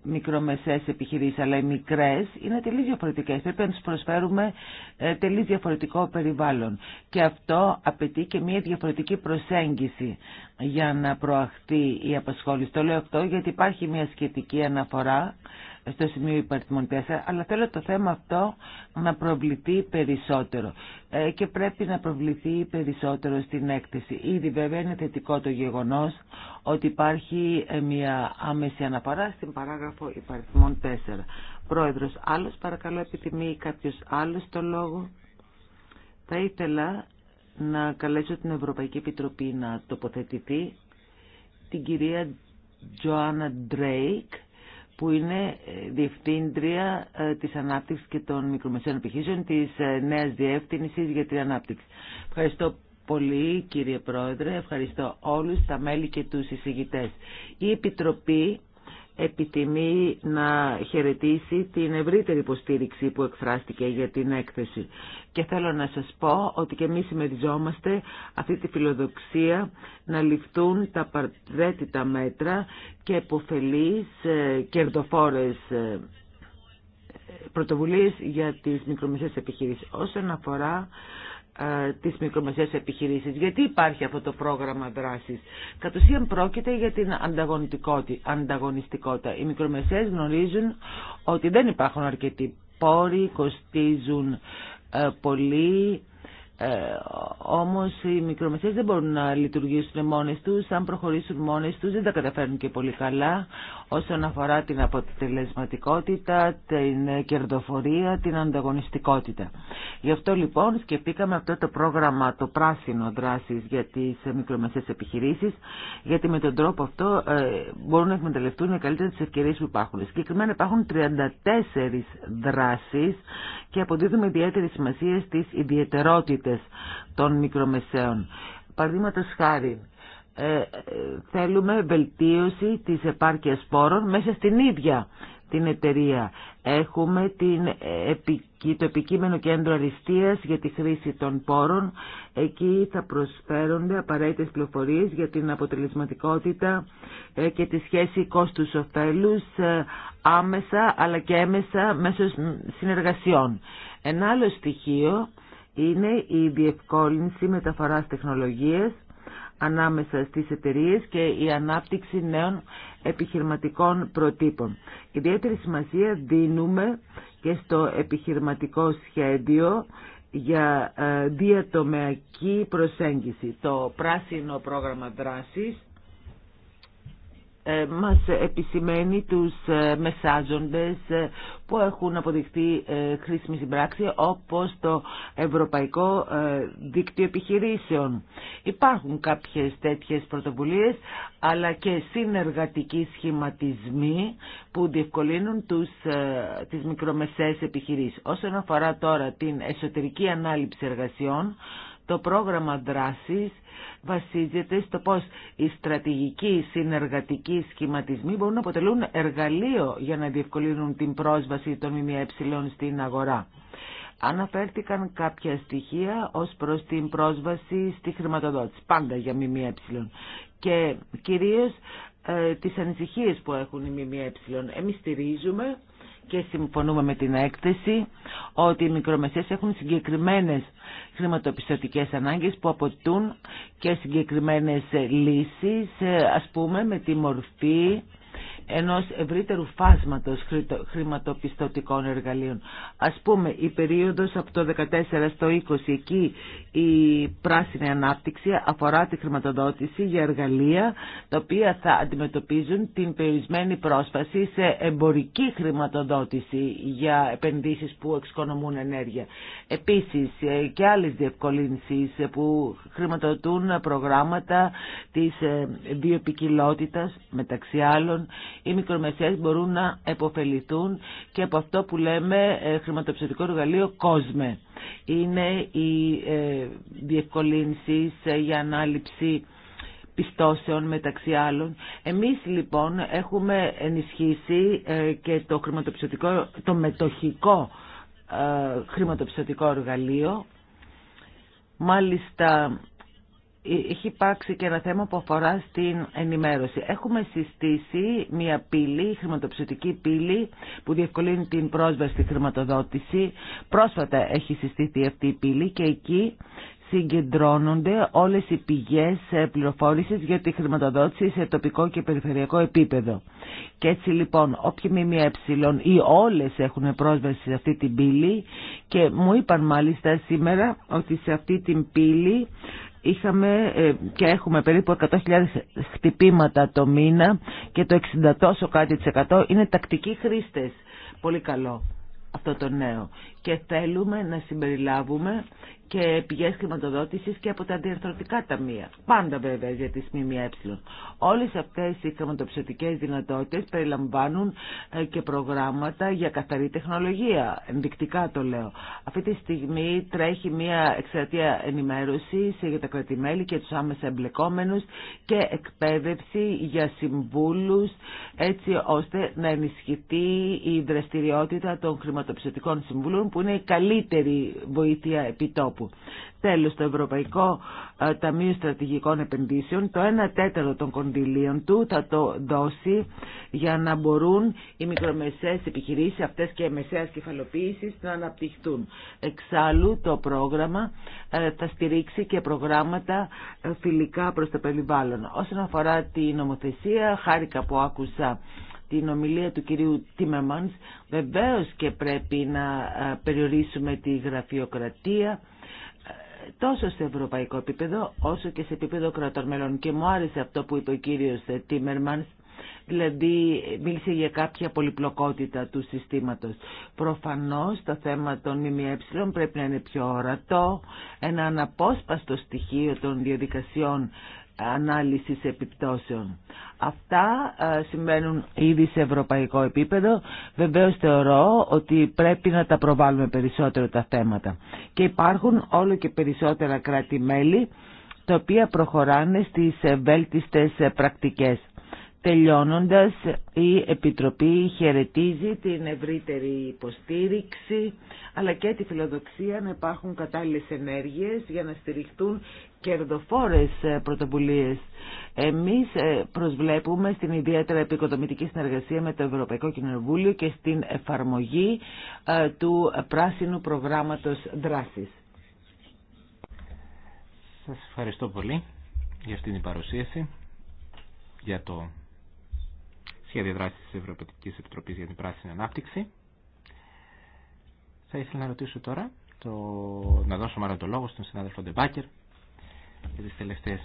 μικρομεσαίες επιχειρήσεις, αλλά οι μικρές είναι τελείως διαφορετικές. Πρέπει να τους προσφέρουμε ε, τελείως διαφορετικό περιβάλλον. Και αυτό απαιτεί και μια διαφορετική προσέγγιση για να προαχθεί η απασχόληση. Το λέω αυτό γιατί υπάρχει μια σχετική αναφορά στο σημείο υπαριθμών 4, αλλά θέλω το θέμα αυτό να προβληθεί περισσότερο ε, και πρέπει να προβληθεί περισσότερο στην έκθεση. Ήδη βέβαια είναι θετικό το γεγονός ότι υπάρχει ε, μια άμεση αναφορά στην παράγραφο υπαριθμών 4. Πρόεδρος, άλλος παρακαλώ επιθυμεί κάποιος άλλος το λόγο. Θα ήθελα να καλέσω την Ευρωπαϊκή Επιτροπή να τοποθετηθεί την κυρία Τζοάννα Ντρέικ που είναι ε, Διευθύντρια ε, της Ανάπτυξης και των Μικρομεσαίων Επιχείρησεων της ε, Νέας Διεύθυνσης για την Ανάπτυξη. Ευχαριστώ πολύ κύριε Πρόεδρε, ευχαριστώ όλους τα μέλη και τους εισηγητές. Η Επιτροπή επιτιμεί να χαιρετήσει την ευρύτερη υποστήριξη που εκφράστηκε για την έκθεση. Και θέλω να σας πω ότι και εμείς συμμεριζόμαστε αυτή τη φιλοδοξία να ληφθούν τα τα μέτρα και εποφελείς ε, κερδοφόρες ε, πρωτοβουλίες για τις μικρομεσαίες επιχειρήσεις. Όσον αφορά ε, τις μικρομεσαίες επιχειρήσεις. Γιατί υπάρχει αυτό το πρόγραμμα δράσης. Κατ' ουσίαν πρόκειται για την ανταγωνιστικότητα. Οι μικρομεσαίες γνωρίζουν ότι δεν υπάρχουν αρκετοί πόροι, κοστίζουν ε, πολύ ε, όμως οι μικρομεσαίες δεν μπορούν να λειτουργήσουν μόνες τους, αν προχωρήσουν μόνες τους δεν τα καταφέρνουν και πολύ καλά όσον αφορά την αποτελεσματικότητα, την κερδοφορία, την ανταγωνιστικότητα. Γι' αυτό λοιπόν σκεφτήκαμε αυτό το πρόγραμμα, το πράσινο δράσης για τις μικρομεσαίες επιχειρήσεις, γιατί με τον τρόπο αυτό ε, μπορούν να εκμεταλλευτούν καλύτερα τι ευκαιρίες που υπάρχουν. Συγκεκριμένα υπάρχουν 34 δράσεις και αποδίδουμε ιδιαίτερη σημασία στις ιδιαιτερότητες των μικρομεσαίων. Παραδείγματο χάρη, ε, ε, θέλουμε βελτίωση της επάρκειας πόρων μέσα στην ίδια την εταιρεία. Έχουμε την, ε, το επικείμενο κέντρο αριστείας για τη χρήση των πόρων. Εκεί θα προσφέρονται απαραίτητες πληροφορίες για την αποτελεσματικότητα ε, και τη σχέση κόστους ε, άμεσα αλλά και έμεσα μέσω συνεργασιών. Ένα άλλο στοιχείο είναι η διευκόλυνση μεταφοράς τεχνολογίες ανάμεσα στις εταιρείες και η ανάπτυξη νέων επιχειρηματικών προτύπων. Ιδιαίτερη σημασία δίνουμε και στο επιχειρηματικό σχέδιο για ε, διατομεακή προσέγγιση. Το πράσινο πρόγραμμα δράσης ε, μας επισημαίνει τους ε, μεσάζοντες ε, που έχουν αποδειχθεί χρήσιμη στην πράξη όπως το Ευρωπαϊκό Δίκτυο Επιχειρήσεων. Υπάρχουν κάποιες τέτοιες πρωτοβουλίες αλλά και συνεργατικοί σχηματισμοί που διευκολύνουν τους, τις μικρομεσαίες επιχειρήσεις. Όσον αφορά τώρα την εσωτερική ανάληψη εργασιών το πρόγραμμα δράσης βασίζεται στο πώς οι στρατηγικοί συνεργατικοί σχηματισμοί μπορούν να αποτελούν εργαλείο για να διευκολύνουν την πρόσβαση των ΜΜΕ στην αγορά. Αναφέρθηκαν κάποια στοιχεία ως προς την πρόσβαση στη χρηματοδότηση, πάντα για ΜΜΕ και κυρίως ε, τις ανησυχίες που έχουν οι ΜΜΕ. Εμείς στηρίζουμε και συμφωνούμε με την έκθεση ότι οι μικρομεσαίες έχουν συγκεκριμένες χρηματοπιστωτικές ανάγκες που αποτούν και συγκεκριμένες λύσεις ας πούμε με τη μορφή ενός ευρύτερου φάσματος χρηματοπιστωτικών εργαλείων. Ας πούμε η περίοδος από το 14 στο 20 εκεί η πράσινη ανάπτυξη αφορά τη χρηματοδότηση για εργαλεία τα οποία θα αντιμετωπίζουν την περιορισμένη πρόσβαση σε εμπορική χρηματοδότηση για επενδύσεις που εξοικονομούν ενέργεια. Επίσης ε, και άλλες διευκολύνσεις που χρηματοδοτούν προγράμματα της ε, βιοπικιλότητας μεταξύ άλλων οι μικρομεσαίες μπορούν να επωφεληθούν και από αυτό που λέμε ε, χρηματοψηφικό εργαλείο COSME. Είναι οι ε, διευκολύνσεις για ανάληψη πιστώσεων μεταξύ άλλων. Εμείς λοιπόν έχουμε ενισχύσει ε, και το, χρηματοψηφικό, το μετοχικό χρηματοψηφικό εργαλείο. Μάλιστα έχει υπάρξει και ένα θέμα που αφορά στην ενημέρωση. Έχουμε συστήσει μια πύλη, χρηματοψητική πύλη, που διευκολύνει την πρόσβαση στη χρηματοδότηση. Πρόσφατα έχει συστήθει αυτή η πύλη και εκεί συγκεντρώνονται όλες οι πηγές ε, πληροφόρησης για τη χρηματοδότηση σε τοπικό και περιφερειακό επίπεδο. Και έτσι λοιπόν όποιοι ΜΜΕ ή όλες έχουν πρόσβαση σε αυτή την πύλη και μου είπαν μάλιστα σήμερα ότι σε αυτή την πύλη είχαμε ε, και έχουμε περίπου 100.000 χτυπήματα το μήνα και το 60 κάτι είναι τακτικοί χρήστες. Πολύ καλό αυτό το νέο και θέλουμε να συμπεριλάβουμε και πηγές χρηματοδότησης και από τα αντιερθρωτικά ταμεία. Πάντα βέβαια για τις ΜΜΕ. Όλες αυτές οι χρηματοψηφιακές δυνατότητες περιλαμβάνουν ε, και προγράμματα για καθαρή τεχνολογία. Ενδεικτικά το λέω. Αυτή τη στιγμή τρέχει μια εξαρτία ενημέρωση για τα κρατημέλη και τους άμεσα εμπλεκόμενους και εκπαίδευση για συμβούλους έτσι ώστε να ενισχυθεί η δραστηριότητα των χρηματοψηφιακών συμβούλων που είναι η καλύτερη βοήθεια επιτόπου. Τέλος, το Ευρωπαϊκό ε, Ταμείο Στρατηγικών Επενδύσεων, το 1 τέταρτο των κονδυλίων του θα το δώσει για να μπορούν οι μικρομεσαίες επιχειρήσεις, αυτές και οι μεσαίες κεφαλοποίησης, να αναπτυχθούν. Εξάλλου, το πρόγραμμα ε, θα στηρίξει και προγράμματα ε, φιλικά προς το περιβάλλον. Όσον αφορά τη νομοθεσία, χάρηκα που άκουσα την ομιλία του κυρίου Τίμερμανς, βεβαίως και πρέπει να ε, περιορίσουμε τη γραφειοκρατία ε, τόσο σε ευρωπαϊκό επίπεδο όσο και σε επίπεδο κρατών μελών. Και μου άρεσε αυτό που είπε ο κύριος ε, Τίμερμανς, δηλαδή μίλησε για κάποια πολυπλοκότητα του συστήματος. Προφανώς το θέμα των ΜΜΕ πρέπει να είναι πιο ορατό, ένα αναπόσπαστο στοιχείο των διαδικασιών ανάλυσης επιπτώσεων. Αυτά ε, σημαίνουν ήδη σε ευρωπαϊκό επίπεδο. Βεβαίως θεωρώ ότι πρέπει να τα προβάλλουμε περισσότερο τα θέματα. Και υπάρχουν όλο και περισσότερα κράτη-μέλη τα οποία προχωράνε στις βέλτιστες πρακτικές. Τελειώνοντας, η Επιτροπή χαιρετίζει την ευρύτερη υποστήριξη αλλά και τη φιλοδοξία να υπάρχουν κατάλληλες ενέργειες για να στηριχτούν κερδοφόρες πρωτοβουλίες. Εμείς ε, προσβλέπουμε στην ιδιαίτερα επικοδομητική συνεργασία με το Ευρωπαϊκό Κοινοβούλιο και στην εφαρμογή ε, του πράσινου προγράμματος δράσης. Σας ευχαριστώ πολύ για αυτήν την παρουσίαση για το σχέδια διαδράσης της Ευρωπαϊκής Επιτροπής για την Πράσινη Ανάπτυξη. Θα ήθελα να ρωτήσω τώρα, το... να δώσω μάλλον το λόγο στον συνάδελφο Ντεμπάκερ για τις τελευταίες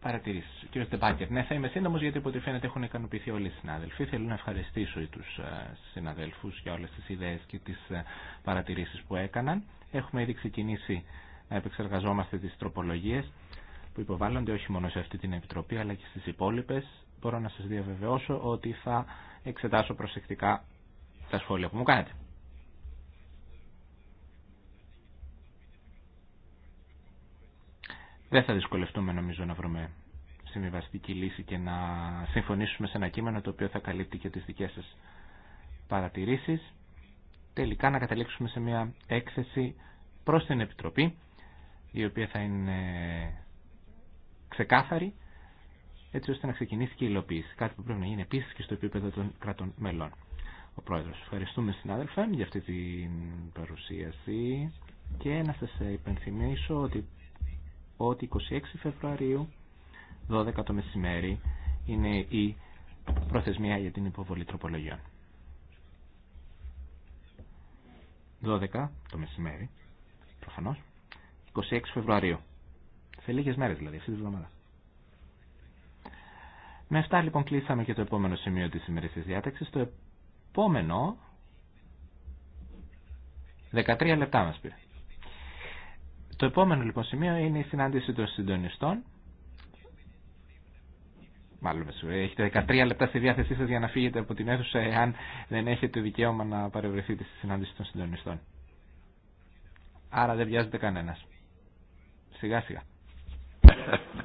παρατηρήσεις. Κύριε Ντεμπάκερ, ναι, θα είμαι σύντομος γιατί από φαίνεται έχουν ικανοποιηθεί όλοι οι συνάδελφοι. Θέλω να ευχαριστήσω τους ε, συναδέλφους για όλες τις ιδέες και τις ε, παρατηρήσεις που έκαναν. Έχουμε ήδη ξεκινήσει να επεξεργαζόμαστε τι τροπολογίε που υποβάλλονται όχι μόνο σε αυτή την Επιτροπή αλλά και στις υπόλοιπες μπορώ να σας διαβεβαιώσω ότι θα εξετάσω προσεκτικά τα σχόλια που μου κάνετε. Δεν θα δυσκολευτούμε νομίζω να βρούμε συμβιβαστική λύση και να συμφωνήσουμε σε ένα κείμενο το οποίο θα καλύπτει και τις δικές σας παρατηρήσεις. Τελικά να καταλήξουμε σε μια έκθεση προς την Επιτροπή η οποία θα είναι ξεκάθαρη έτσι ώστε να ξεκινήσει και η υλοποίηση. Κάτι που πρέπει να γίνει επίση και στο επίπεδο των κρατών μελών. Ο Πρόεδρος, ευχαριστούμε συνάδελφα για αυτή την παρουσίαση και να σας υπενθυμίσω ότι, ότι 26 Φεβρουαρίου 12 το μεσημέρι είναι η προθεσμία για την υποβολή τροπολογιών. 12 το μεσημέρι, προφανώς, 26 Φεβρουαρίου. Σε λίγες μέρες δηλαδή, αυτή τη βδομάδα. Με αυτά λοιπόν κλείσαμε και το επόμενο σημείο της σημερινής διάταξης. Το επόμενο 13 λεπτά μας πήρε. Το επόμενο λοιπόν σημείο είναι η συνάντηση των συντονιστών. Μάλλον έχετε 13 λεπτά στη διάθεσή σας για να φύγετε από την αίθουσα εάν δεν έχετε δικαίωμα να παρευρεθείτε στη συνάντηση των συντονιστών. Άρα δεν βιάζεται κανένας. Σιγά σιγά.